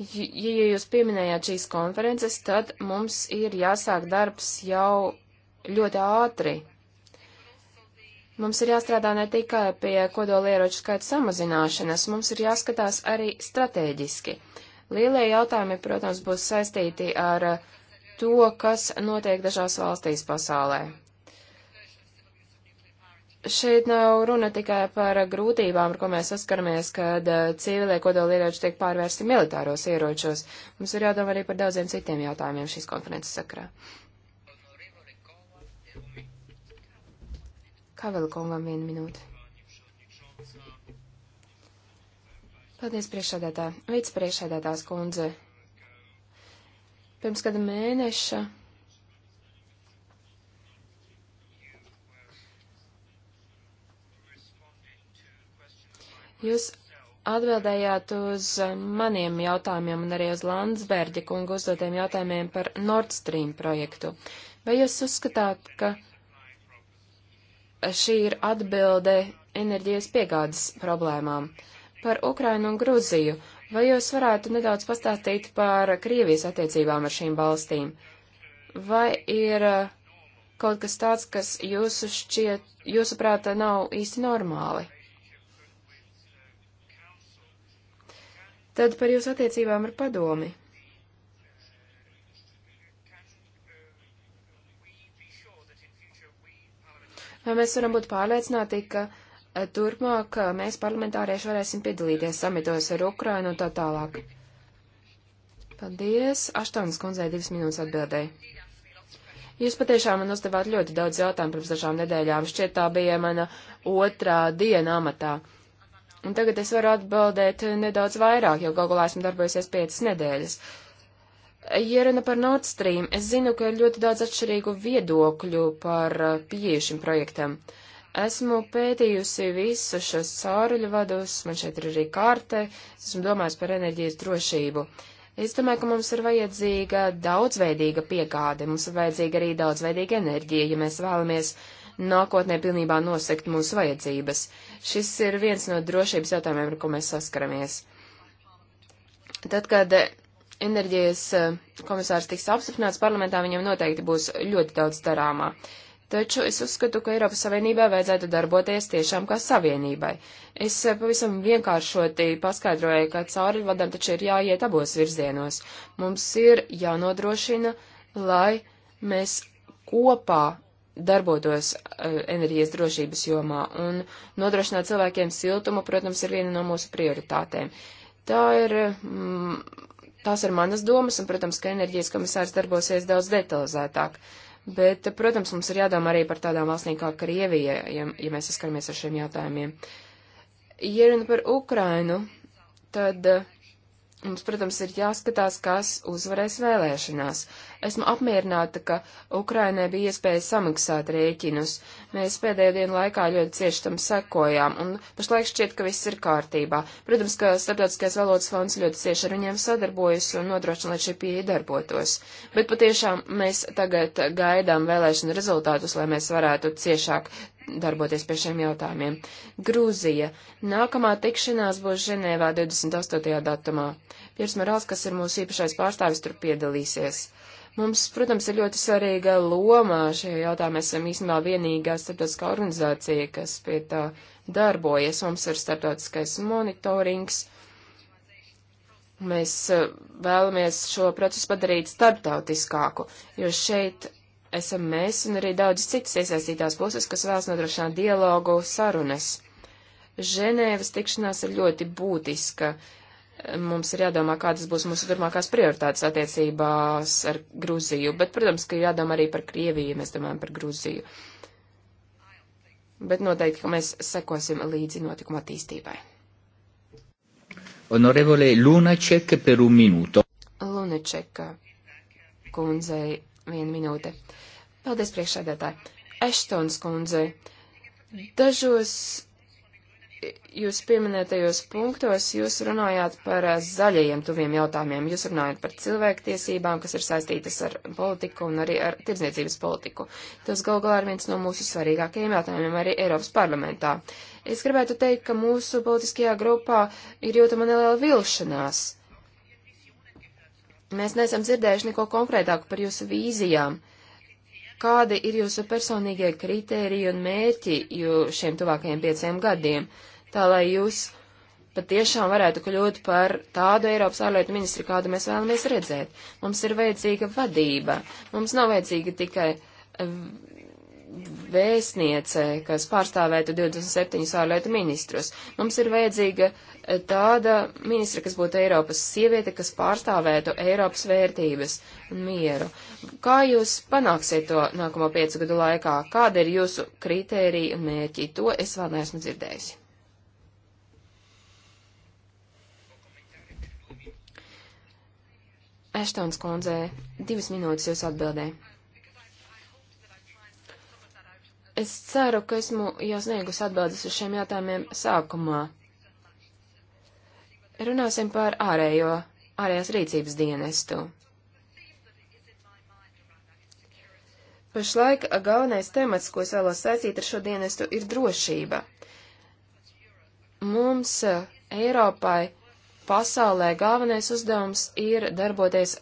ja jūs pieminējāt šīs konferences, tad mums ir jāsāk darbs jau ļoti ātri. Mums ir jāstrādā ne tikai pie kodolieroču skaita samazināšanas, mums ir jāskatās arī strateģiski. Lielie jautājumi, protams, būs saistīti ar to, kas notiek dažās valstīs pasaulē. Šeit nav runa tikai par grūtībām, ar ko mēs saskaramies, kad eh, civilie kodolieroči tiek pārvērsti militāros ieročos. Mums ir jādomā arī par daudziem citiem jautājumiem šīs konferences sakrā. Kavel kungam vienu minūti. Paldies, priekšādētā. Vicepriekšādētās kundze. Pirms kāda mēneša Jūs atbildējāt uz maniem jautājumiem un arī uz Landsberģa kungu uzdotiem jautājumiem par Nord Stream projektu. Vai jūs uzskatāt, ka šī ir atbilde enerģijas piegādes problēmām? Par Ukrainu un Gruziju. Vai jūs varētu nedaudz pastāstīt par Krievijas attiecībām ar šīm valstīm? Vai ir uh, kaut kas tāds, kas jūsu šķiet, jūsuprāt, uh, nav īsti normāli? Tad par jūsu attiecībām ar padomi. Vai mēs varam būt pārliecināti, ka eh, turpmāk eh, mēs parlamentārieši varēsim piedalīties samitos ar Ukrainu un tā tālāk? Paldies. Aštonas kundzei divas minūtes atbildēja. Jūs patiešām man uzdevāt ļoti daudz jautājumu pirms dažām nedēļām. Šķiet, tā bija mana otrā diena amatā. Uh, Un tagad es varu atbildēt nedaudz vairāk, jo galgulā esmu darbojusies piecas nedēļas. Ja runa par Nord Stream, es zinu, ka ir ļoti daudz atšķirīgu viedokļu par uh, pieeju šim projektam. Esmu pētījusi visu šos cauruļu vadus, man šeit ir arī kārte, esmu domājis par enerģijas drošību. Es domāju, ka mums ir vajadzīga daudzveidīga piegāde, mums ir vajadzīga arī daudzveidīga enerģija, ja mēs vēlamies uh, nākotnē pilnībā nosekt mūsu vajadzības. Šis ir viens no drošības jautājumiem, ar ko mēs saskaramies. Tad, kad enerģijas eh, komisārs tiks apstiprināts parlamentā, viņam noteikti būs ļoti daudz darāmā. Taču es uzskatu, ka Eiropas Savienībai vajadzētu darboties tiešām kā savienībai. Es eh, pavisam vienkāršoti paskaidroju, ka cauri vadam taču ir jāiet abos virzienos. Mums ir jānodrošina, lai mēs kopā darbotos eh, enerģijas drošības jomā, un nodrošināt cilvēkiem siltumu, protams, ir viena no mūsu prioritātēm. Tā ir, mm, tās ir manas domas, un, protams, ka enerģijas komisārs darbosies daudz detalizētāk. Bet, protams, mums ir jādomā arī par tādām valstīm kā Krievija, ja, ja mēs saskaramies ar šiem jautājumiem. Ja runa par Ukrainu, tad uh, Mums, protams, ir jāskatās, kas uzvarēs vēlēšanās. Esmu apmierināta, ka Ukrainai bija iespēja samaksāt rēķinus. Mēs pēdējo dienu laikā ļoti cieši tam sekojām, un pašlaik šķiet, ka viss ir kārtībā. Protams, ka Starptautiskais valodas fonds ļoti cieši ar viņiem sadarbojas un nodrošina, lai šī pieeja darbotos. Bet patiešām mēs tagad gaidām vēlēšanu rezultātus, lai mēs varētu ciešāk darboties pie šiem jautājumiem. Grūzija. Nākamā tikšanās būs Ženēvā 28. datumā. Piers Morāls, kas ir mūsu īpašais pārstāvis, tur piedalīsies. Mums, protams, ir ļoti svarīga loma šajā jautājumā. Mēs esam īstenībā vienīgā starptautiskā organizācija, kas pie tā darbojas. Mums ir starptautiskais monitorings. Mēs eh, vēlamies šo procesu padarīt starptautiskāku, jo šeit esam mēs un arī daudz citas iesaistītās puses, kas vēlas nodrošināt dialogu sarunas. Ženēvas tikšanās ir ļoti būtiska. Mums ir jādomā, kādas būs mūsu turpmākās prioritātes attiecībās ar Gruziju, bet, protams, ka jādomā arī par Krieviju, ja mēs domājam par Gruziju. Bet noteikti, ka mēs sekosim līdzi notikuma attīstībai.
Onorevole Lunačeka per un minuto.
Lunačeka kundzei Viena minūte. Paldies, priekšsēdētāji. Eštons kundze, dažos jūs pieminētajos punktos jūs runājāt par eh, zaļajiem tuviem jautājumiem. Jūs runājat par cilvēktiesībām, kas ir saistītas ar politiku un arī ar tirdzniecības politiku. Tas gal galā ir viens no mūsu svarīgākajiem jautājumiem arī Eiropas parlamentā. Es gribētu teikt, ka mūsu politiskajā grupā ir jūtama neliela vilšanās. Mēs neesam dzirdējuši neko konkrētāku par jūsu vīzijām. Kādi ir jūsu personīgie kritēriji un mērķi šiem tuvākajiem pieciem gadiem, tā lai jūs patiešām varētu kļūt par tādu Eiropas ārlietu ministru, kādu mēs vēlamies redzēt? Mums ir vajadzīga vadība. Mums nav vajadzīga tikai vēstniece, kas pārstāvētu 27 ārlietu ministrus. Mums ir vajadzīga eh, tāda ministra, kas būtu Eiropas sieviete, kas pārstāvētu Eiropas vērtības un mieru. Kā jūs panāksiet to nākamo piecu gadu laikā? Kāda ir jūsu kritērija un mērķi? To es vēl neesmu dzirdējusi. Eštons kundzē, divas minūtes jūs atbildēja. Es ceru, ka esmu jau sniegus atbildes uz šiem jautājumiem sākumā. Runāsim par ārējo, ārējās rīcības dienestu. Pašlaik galvenais temats, ko es vēlos saistīt ar šo dienestu, ir drošība. Mums, eh, Eiropai, pasaulē galvenais uzdevums ir darboties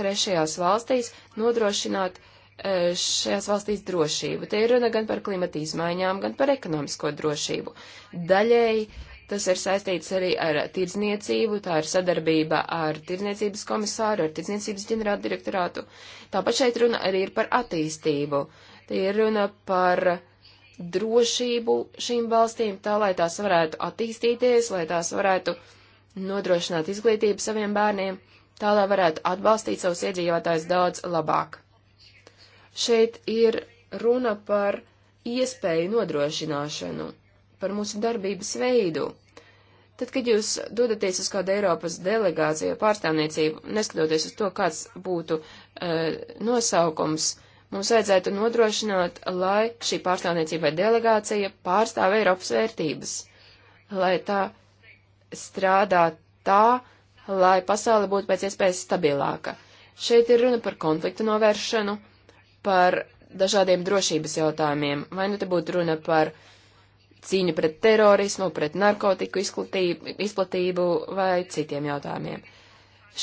trešajās valstīs, nodrošināt uh, E, šajās valstīs drošību. Te ir runa gan par klimata izmaiņām, gan par ekonomisko drošību. Daļēji tas ir saistīts arī ar tirdzniecību, tā ir sadarbība ar tirdzniecības komisāru, ar tirdzniecības ģenerālu direktorātu. Tāpat šeit runa arī ir par attīstību. Te ir runa par drošību šīm valstīm, tā lai tās varētu attīstīties, lai tās varētu nodrošināt izglītību saviem bērniem, tā lai varētu atbalstīt savus iedzīvotājus daudz labāk. Šeit ir runa par iespēju nodrošināšanu, par mūsu darbības veidu. Tad, kad jūs dodaties uz kādu Eiropas delegāciju pārstāvniecību, neskatoties uz to, kāds būtu e, nosaukums, mums vajadzētu nodrošināt, lai šī pārstāvniecība vai delegācija pārstāv Eiropas vērtības, lai tā strādā tā, lai pasaule būtu pēc iespējas stabilāka. Šeit ir runa par konfliktu novēršanu, par dažādiem drošības jautājumiem. Vai nu te būtu runa par cīņu pret terorismu, pret narkotiku izplatību vai citiem jautājumiem.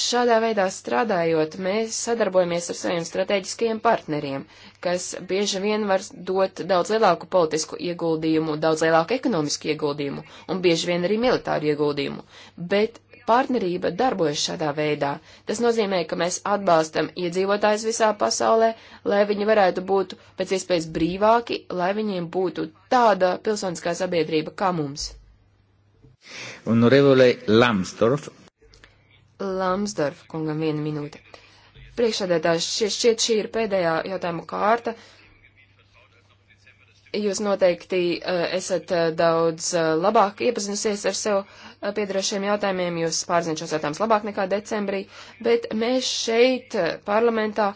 Šādā veidā strādājot, mēs sadarbojamies ar saviem strateģiskajiem partneriem, kas bieži vien var dot daudz lielāku politisku ieguldījumu, daudz lielāku ekonomisku ieguldījumu un bieži vien arī militāru ieguldījumu. Bet partnerība darbojas šādā veidā. Tas nozīmē, ka mēs atbalstam iedzīvotājus visā pasaulē, lai viņi varētu būt pēc iespējas brīvāki, lai viņiem būtu tāda pilsoniskā sabiedrība kā mums.
Honorevole Lamsdorf.
Lamsdorf, kungam viena minūte. Priekšādētājs šķiet šī ir pēdējā jautājuma kārta. Uh, Jūs noteikti eh, esat eh, daudz eh, labāk iepazinusies ar sev piedarošiem jautājumiem, jūs pārzināt šos jautājumus labāk nekā decembrī, bet mēs šeit parlamentā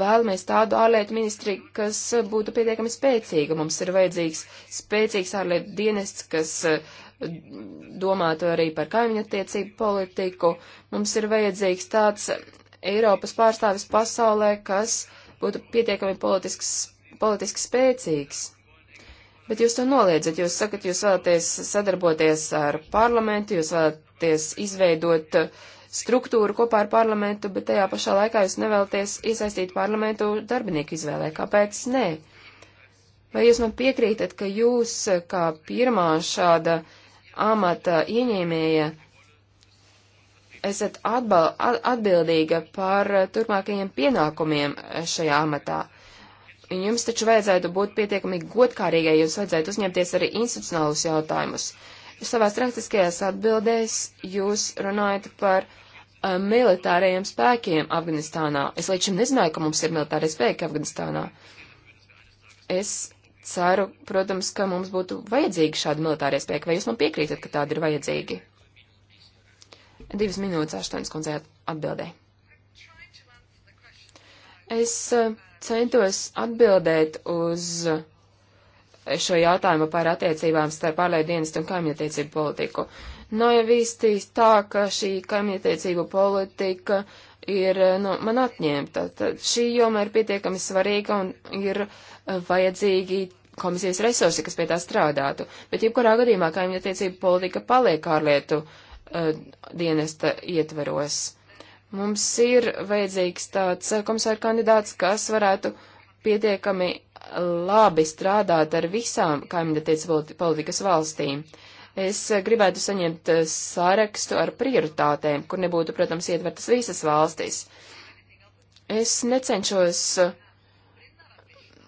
vēlamies tādu ārlietu ministri, kas būtu pietiekami spēcīga. Mums ir vajadzīgs spēcīgs ārlietu dienests, kas domātu arī par kaimiņu attiecību politiku. Mums ir vajadzīgs tāds Eiropas pārstāvis pasaulē, kas būtu pietiekami politisks spēcīgs politiski spēcīgs. Bet jūs to noliedzat, jūs sakat, jūs vēlaties sadarboties ar parlamentu, jūs vēlaties izveidot uh, struktūru kopā ar parlamentu, bet tajā pašā laikā jūs nevēlaties iesaistīt parlamentu darbinieku izvēlē. Kāpēc nē? Vai jūs man piekrītat, ka jūs uh, kā pirmā šāda amata ieņēmēja esat atbal, atbildīga par uh, turpmākajiem pienākumiem šajā amatā? jums taču vajadzētu būt pietiekami godkārīgai, jums vajadzētu uzņemties arī institucionālus jautājumus. Savās rakstiskajās atbildēs jūs runājat par uh, militārajiem spēkiem Afganistānā. Es līdz šim nezināju, ka mums ir militārie spēki Afganistānā. Es ceru, protams, ka mums būtu vajadzīgi šādi militārie spēki. Vai jūs man piekrītat, ka tādi ir vajadzīgi? Divas minūtes aštuonas kundzei atbildēja. Es uh, centos atbildēt uz šo jautājumu par attiecībām starp ārlietu dienestu un kaimiņattiecību politiku. Nav nu, jau īsti tā, ka šī kaimiņattiecību politika ir nu, man atņemta. Tad šī joma ir pietiekami svarīga un ir vajadzīgi komisijas resursi, kas pie tā strādātu. Bet jebkurā gadījumā kaimiņattiecību politika paliek ārlietu uh, dienesta ietveros. Mums ir vajadzīgs tāds eh, komisāra kandidāts, kas varētu pietiekami labi strādāt ar visām kaimiņatiecību politikas valstīm. Es eh, gribētu saņemt eh, sārakstu ar prioritātēm, kur nebūtu, protams, ietvertas visas valstis. Es necenšos uh,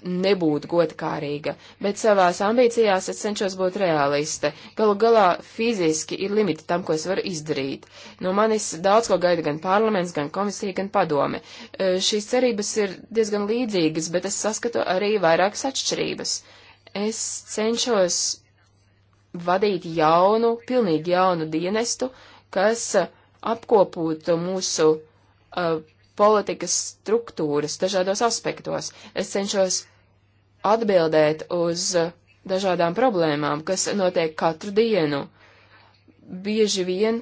nebūt godkārīga, bet savās ambīcijās es cenšos būt realiste. Galu galā fiziski ir limiti tam, ko es varu izdarīt. No manis daudz ko gaida gan parlaments, gan komisija, gan padome. E, šīs cerības ir diezgan līdzīgas, bet es saskatu arī vairākas atšķirības. Es cenšos vadīt jaunu, pilnīgi jaunu dienestu, kas apkopotu mūsu uh, politikas struktūras dažādos aspektos. Es cenšos atbildēt uz dažādām problēmām, kas notiek katru dienu. Bieži vien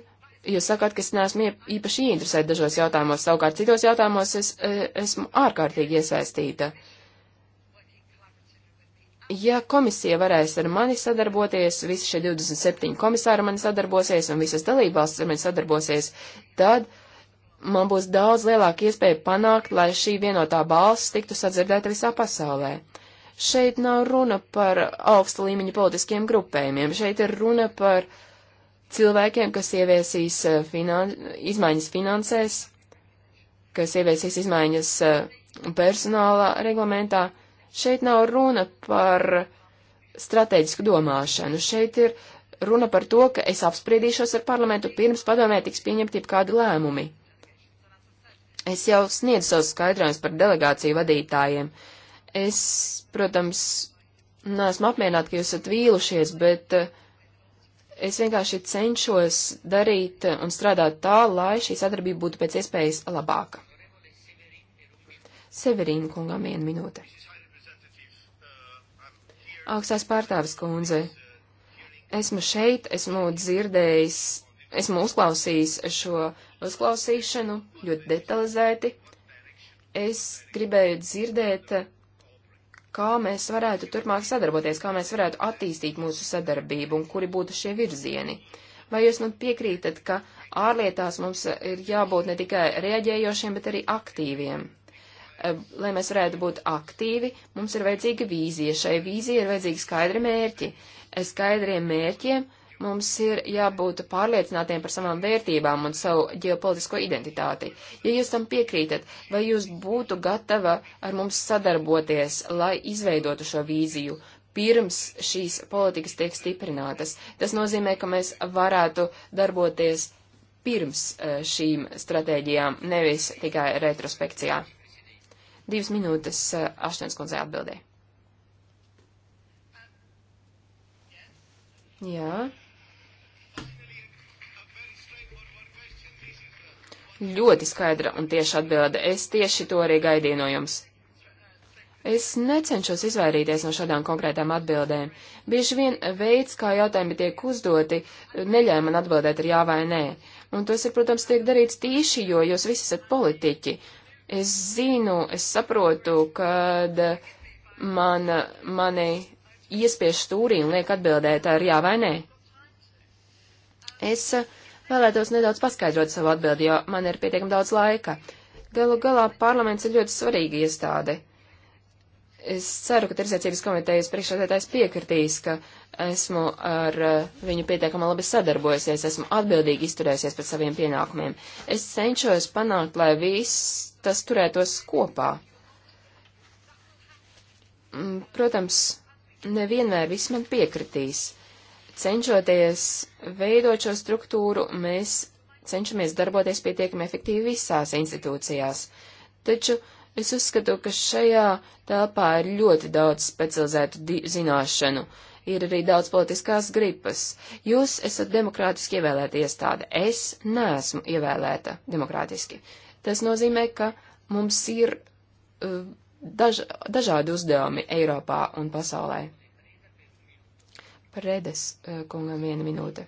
jūs sakāt, ka es neesmu īpaši ieinteresēta dažos jautājumos, savukārt citos jautājumos es e, esmu ārkārtīgi iesaistīta. Ja komisija varēs ar mani sadarboties, visi šie 27 komisāri mani sadarbosies un visas dalībvalstis ar mani sadarbosies, tad man būs daudz lielāka iespēja panākt, lai šī vienotā balss tiktu sadzirdēta visā pasaulē. Uh, Šeit nav runa par augsta līmeņa politiskiem grupējumiem, šeit ir runa par cilvēkiem, kas ieviesīs eh, finan izmaiņas finansēs, kas ieviesīs izmaiņas eh, personāla reglamentā. Šeit nav runa par strateģisku domāšanu, šeit ir runa par to, ka es apspriedīšos ar parlamentu pirms padomē tiks pieņemti kādi lēmumi. Es jau sniedzu savus skaidrojumus par delegāciju vadītājiem. Uh, Es, protams, neesmu apmierināta, ka jūs esat vīlušies, bet eh, es vienkārši cenšos darīt un strādāt tā, lai šī sadarbība būtu pēc iespējas labāka. Severīna kungam viena minūte. Augstās pārtāvis kundze, esmu šeit, esmu dzirdējis, esmu uzklausījis šo uzklausīšanu ļoti detalizēti. Es gribēju dzirdēt kā mēs varētu turpmāk sadarboties, kā mēs varētu attīstīt mūsu sadarbību un kuri būtu šie virzieni. Vai jūs man piekrītat, ka ārlietās mums ir jābūt ne tikai reaģējošiem, bet arī aktīviem? Eh, lai mēs varētu būt aktīvi, mums ir vajadzīga vīzija. Šai vīzija ir vajadzīgi skaidri mērķi. Eh, skaidriem mērķiem Mums ir jābūt pārliecinātiem par savām vērtībām un savu ģeopolitisko identitāti. Ja jūs tam piekrītat, vai jūs būtu gatava ar mums sadarboties, lai izveidotu šo vīziju, pirms šīs politikas tiek stiprinātas. Tas nozīmē, ka mēs varētu darboties pirms eh, šīm stratēģijām, nevis tikai retrospekcijā. Divas minūtes eh, Aštens kundze atbildē. Jā. Ļoti skaidra un tieši atbilde. Es tieši to arī gaidīju no jums. Es necenšos izvairīties no šādām konkrētām atbildēm. Bieži vien veids, kā jautājumi tiek uzdoti, neļauj man atbildēt ar jā vai nē. Un tas, ir, protams, tiek darīts tīši, jo jūs visi esat politiķi. Es zinu, es saprotu, kad man, mani iespiež stūrī un liek atbildēt ar jā vai nē. Es uh, Vēlētos nedaudz paskaidrot savu atbildi, jo man ir pietiekami daudz laika. Galu galā parlaments ir ļoti svarīga iestāde. Es ceru, ka Tirzniecības komitejas priekšsēdētājs piekritīs, ka esmu ar uh, viņu pietiekami labi sadarbojusies, esmu atbildīgi izturējusies pret saviem pienākumiem. Es cenšos panākt, lai viss tas turētos kopā. Mm, protams, nevienmēr viss man piekritīs. Cenšoties veidot šo struktūru, mēs cenšamies darboties pietiekami efektīvi visās institūcijās. Taču es uzskatu, ka šajā telpā ir ļoti daudz specializētu zināšanu, ir arī daudz politiskās gripas. Jūs esat demokrātiski ievēlēta iestāde, es neesmu ievēlēta demokrātiski. Tas nozīmē, ka mums ir uh, daž, dažādi uzdevumi Eiropā un pasaulē. Redes eh, kungam viena minūte.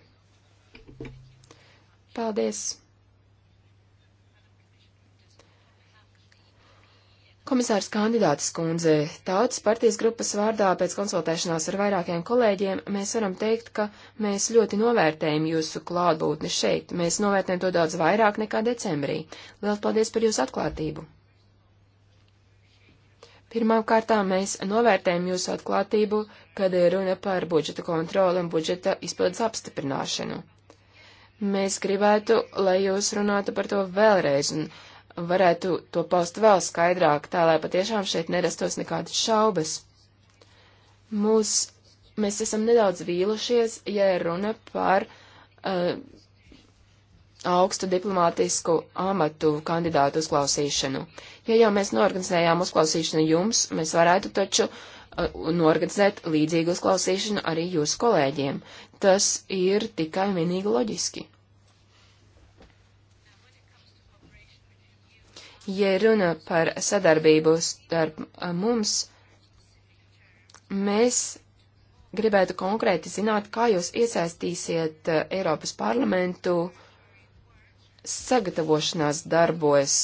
Paldies! Komisārs kandidātas kundze, tautas partijas grupas vārdā pēc konsultēšanās ar vairākiem kolēģiem mēs varam teikt, ka mēs ļoti novērtējam jūsu klātbūtni šeit. Mēs novērtējam to daudz vairāk nekā decembrī. Lielas paldies par jūsu atklātību! Pirmkārtām mēs novērtējam jūsu atklātību, kad ir runa par budžeta kontroli un budžeta izpildes apstiprināšanu. Mēs gribētu, lai jūs runātu par to vēlreiz un varētu to paust vēl skaidrāk, tā lai patiešām šeit nerastos nekādas šaubas. Mūs, mēs esam nedaudz vīlušies, ja ir runa par uh, augstu diplomātisku amatu kandidātu uzklausīšanu. Ja jau mēs norganizējām uzklausīšanu jums, mēs varētu taču uh, norganizēt līdzīgu uzklausīšanu arī jūsu kolēģiem. Tas ir tikai vienīgi loģiski. Ja runa par sadarbību starp uh, mums, mēs gribētu konkrēti zināt, kā jūs iesaistīsiet uh, Eiropas parlamentu uh, sagatavošanās darbojas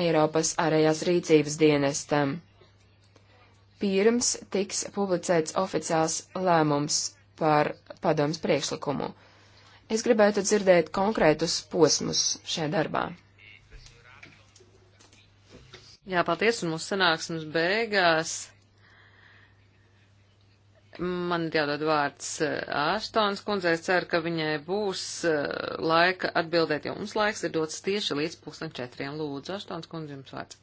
Eiropas ārējās rīcības dienestam. Pirms tiks publicēts oficiāls lēmums par padomas priekšlikumu. Es gribētu dzirdēt konkrētus posmus šajā darbā.
Jā, paldies, un mūsu sanāksmes beigās Man jādod vārds eh, Ārstons kundzei, ceru, ka viņai būs eh, laika atbildēt, jo mums laiks ir dots tieši līdz pusdien četriem. Lūdzu, Ārstons kundze, jums vārds.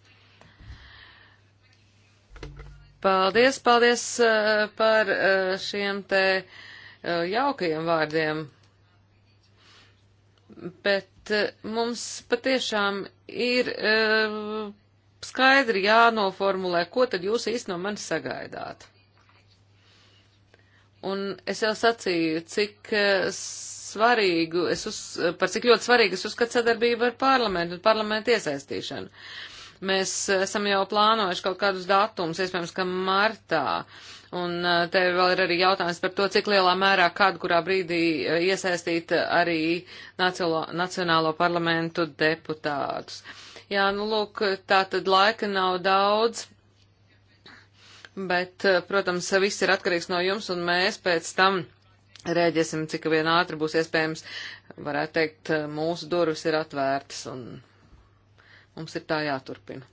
Paldies, paldies eh, par šiem te jaukajiem vārdiem. Bet mums patiešām ir skaidri jānoformulē, ko tad jūs īsti no manis sagaidāt. Un es jau sacīju, cik eh, svarīgu, es uz, par cik ļoti svarīgu es uzskatu sadarbību ar parlamentu un parlamentu iesaistīšanu. Mēs eh, esam jau plānojuši kaut kādus datumus, iespējams, ka martā. Un eh, te vēl ir arī jautājums par to, cik lielā mērā kādu kurā brīdī iesaistīt arī nacionālo, nacionālo parlamentu deputātus. Jā, nu lūk, tā tad laika nav daudz. Bet, eh, protams, viss ir atkarīgs no jums, un mēs pēc tam rēģēsim, cik vien ātri būs iespējams. Varētu teikt, eh, mūsu durvis ir atvērtas, un mums ir tā jāturpina.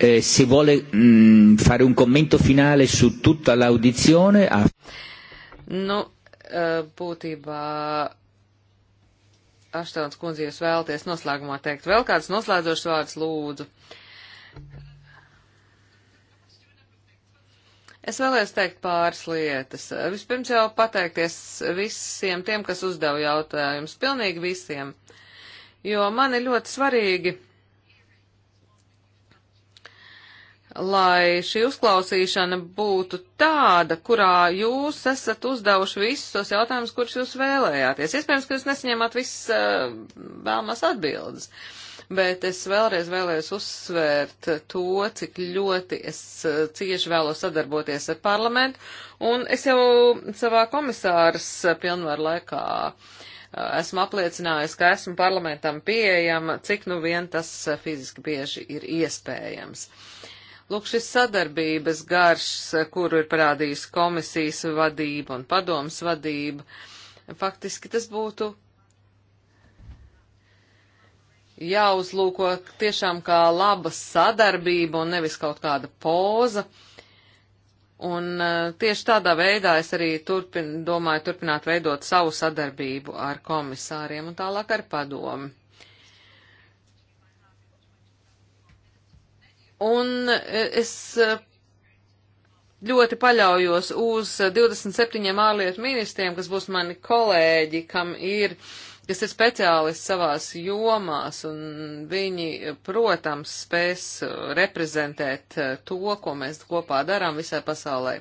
Eh, si vuole mh, mm, fare un commento finale su tutta l'audizione? Ah.
Nu, eh, būtībā Aštons kundze, jūs vēlaties noslēgumā teikt vēl kāds noslēdzošs vārds, lūdzu. Es vēlēs teikt pāris lietas. Vispirms jau pateikties visiem tiem, kas uzdeva jautājumus, pilnīgi visiem, jo man ir ļoti svarīgi, lai šī uzklausīšana būtu tāda, kurā jūs esat uzdevuši visus tos jautājumus, kurus jūs vēlējāties. Iespējams, ka jūs nesaņēmāt visas eh, vēlmās atbildes. Uh, bet es vēlreiz vēlējos uzsvērt to, cik ļoti es eh, cieši vēlos sadarboties ar parlamentu, un es jau savā komisāras pilnvaru laikā eh, esmu apliecinājis, ka esmu parlamentam pieejama, cik nu vien tas eh, fiziski bieži ir iespējams. Lūk, šis sadarbības garš, kuru ir parādījis komisijas vadība un padomas vadība, faktiski tas būtu jāuzlūko tiešām kā laba sadarbība un nevis kaut kāda poza. Un eh, tieši tādā veidā es arī turpin, domāju turpināt veidot savu sadarbību ar komisāriem un tālāk ar padomu. Un eh, es eh, ļoti paļaujos uz 27 ārlietu ministriem, kas būs mani kolēģi, kam ir uh, kas ir speciālisti savās jomās, un viņi, protams, spēs uh, reprezentēt uh, to, ko mēs kopā darām visai pasaulē.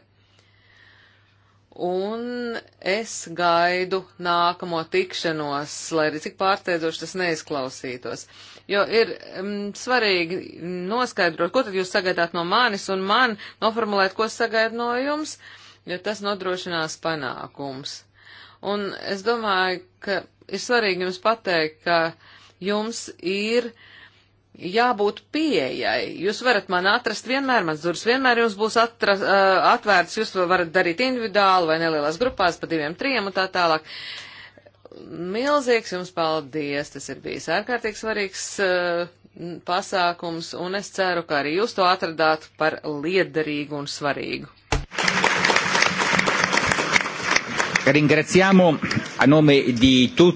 Un es gaidu nākamo tikšanos, lai arī cik pārsteidzoši tas neizklausītos. Jo ir mm, svarīgi noskaidrot, ko tad jūs sagaidāt no manis un man noformulēt, ko sagaidu no jums, jo tas nodrošinās panākums. Un es domāju, ka ir svarīgi jums pateikt, ka jums ir jābūt pieejai. Jūs varat mani atrast vienmēr, mans durvis vienmēr jums būs atras, uh, atvērts, jūs varat darīt individuāli vai nelielās grupās pa diviem, trim un tā tālāk. Milzīgs jums paldies, tas ir bijis ārkārtīgi svarīgs uh, pasākums, un es ceru, ka arī jūs to atradāt par liederīgu un svarīgu.
Ringraziamo a nome di tutti.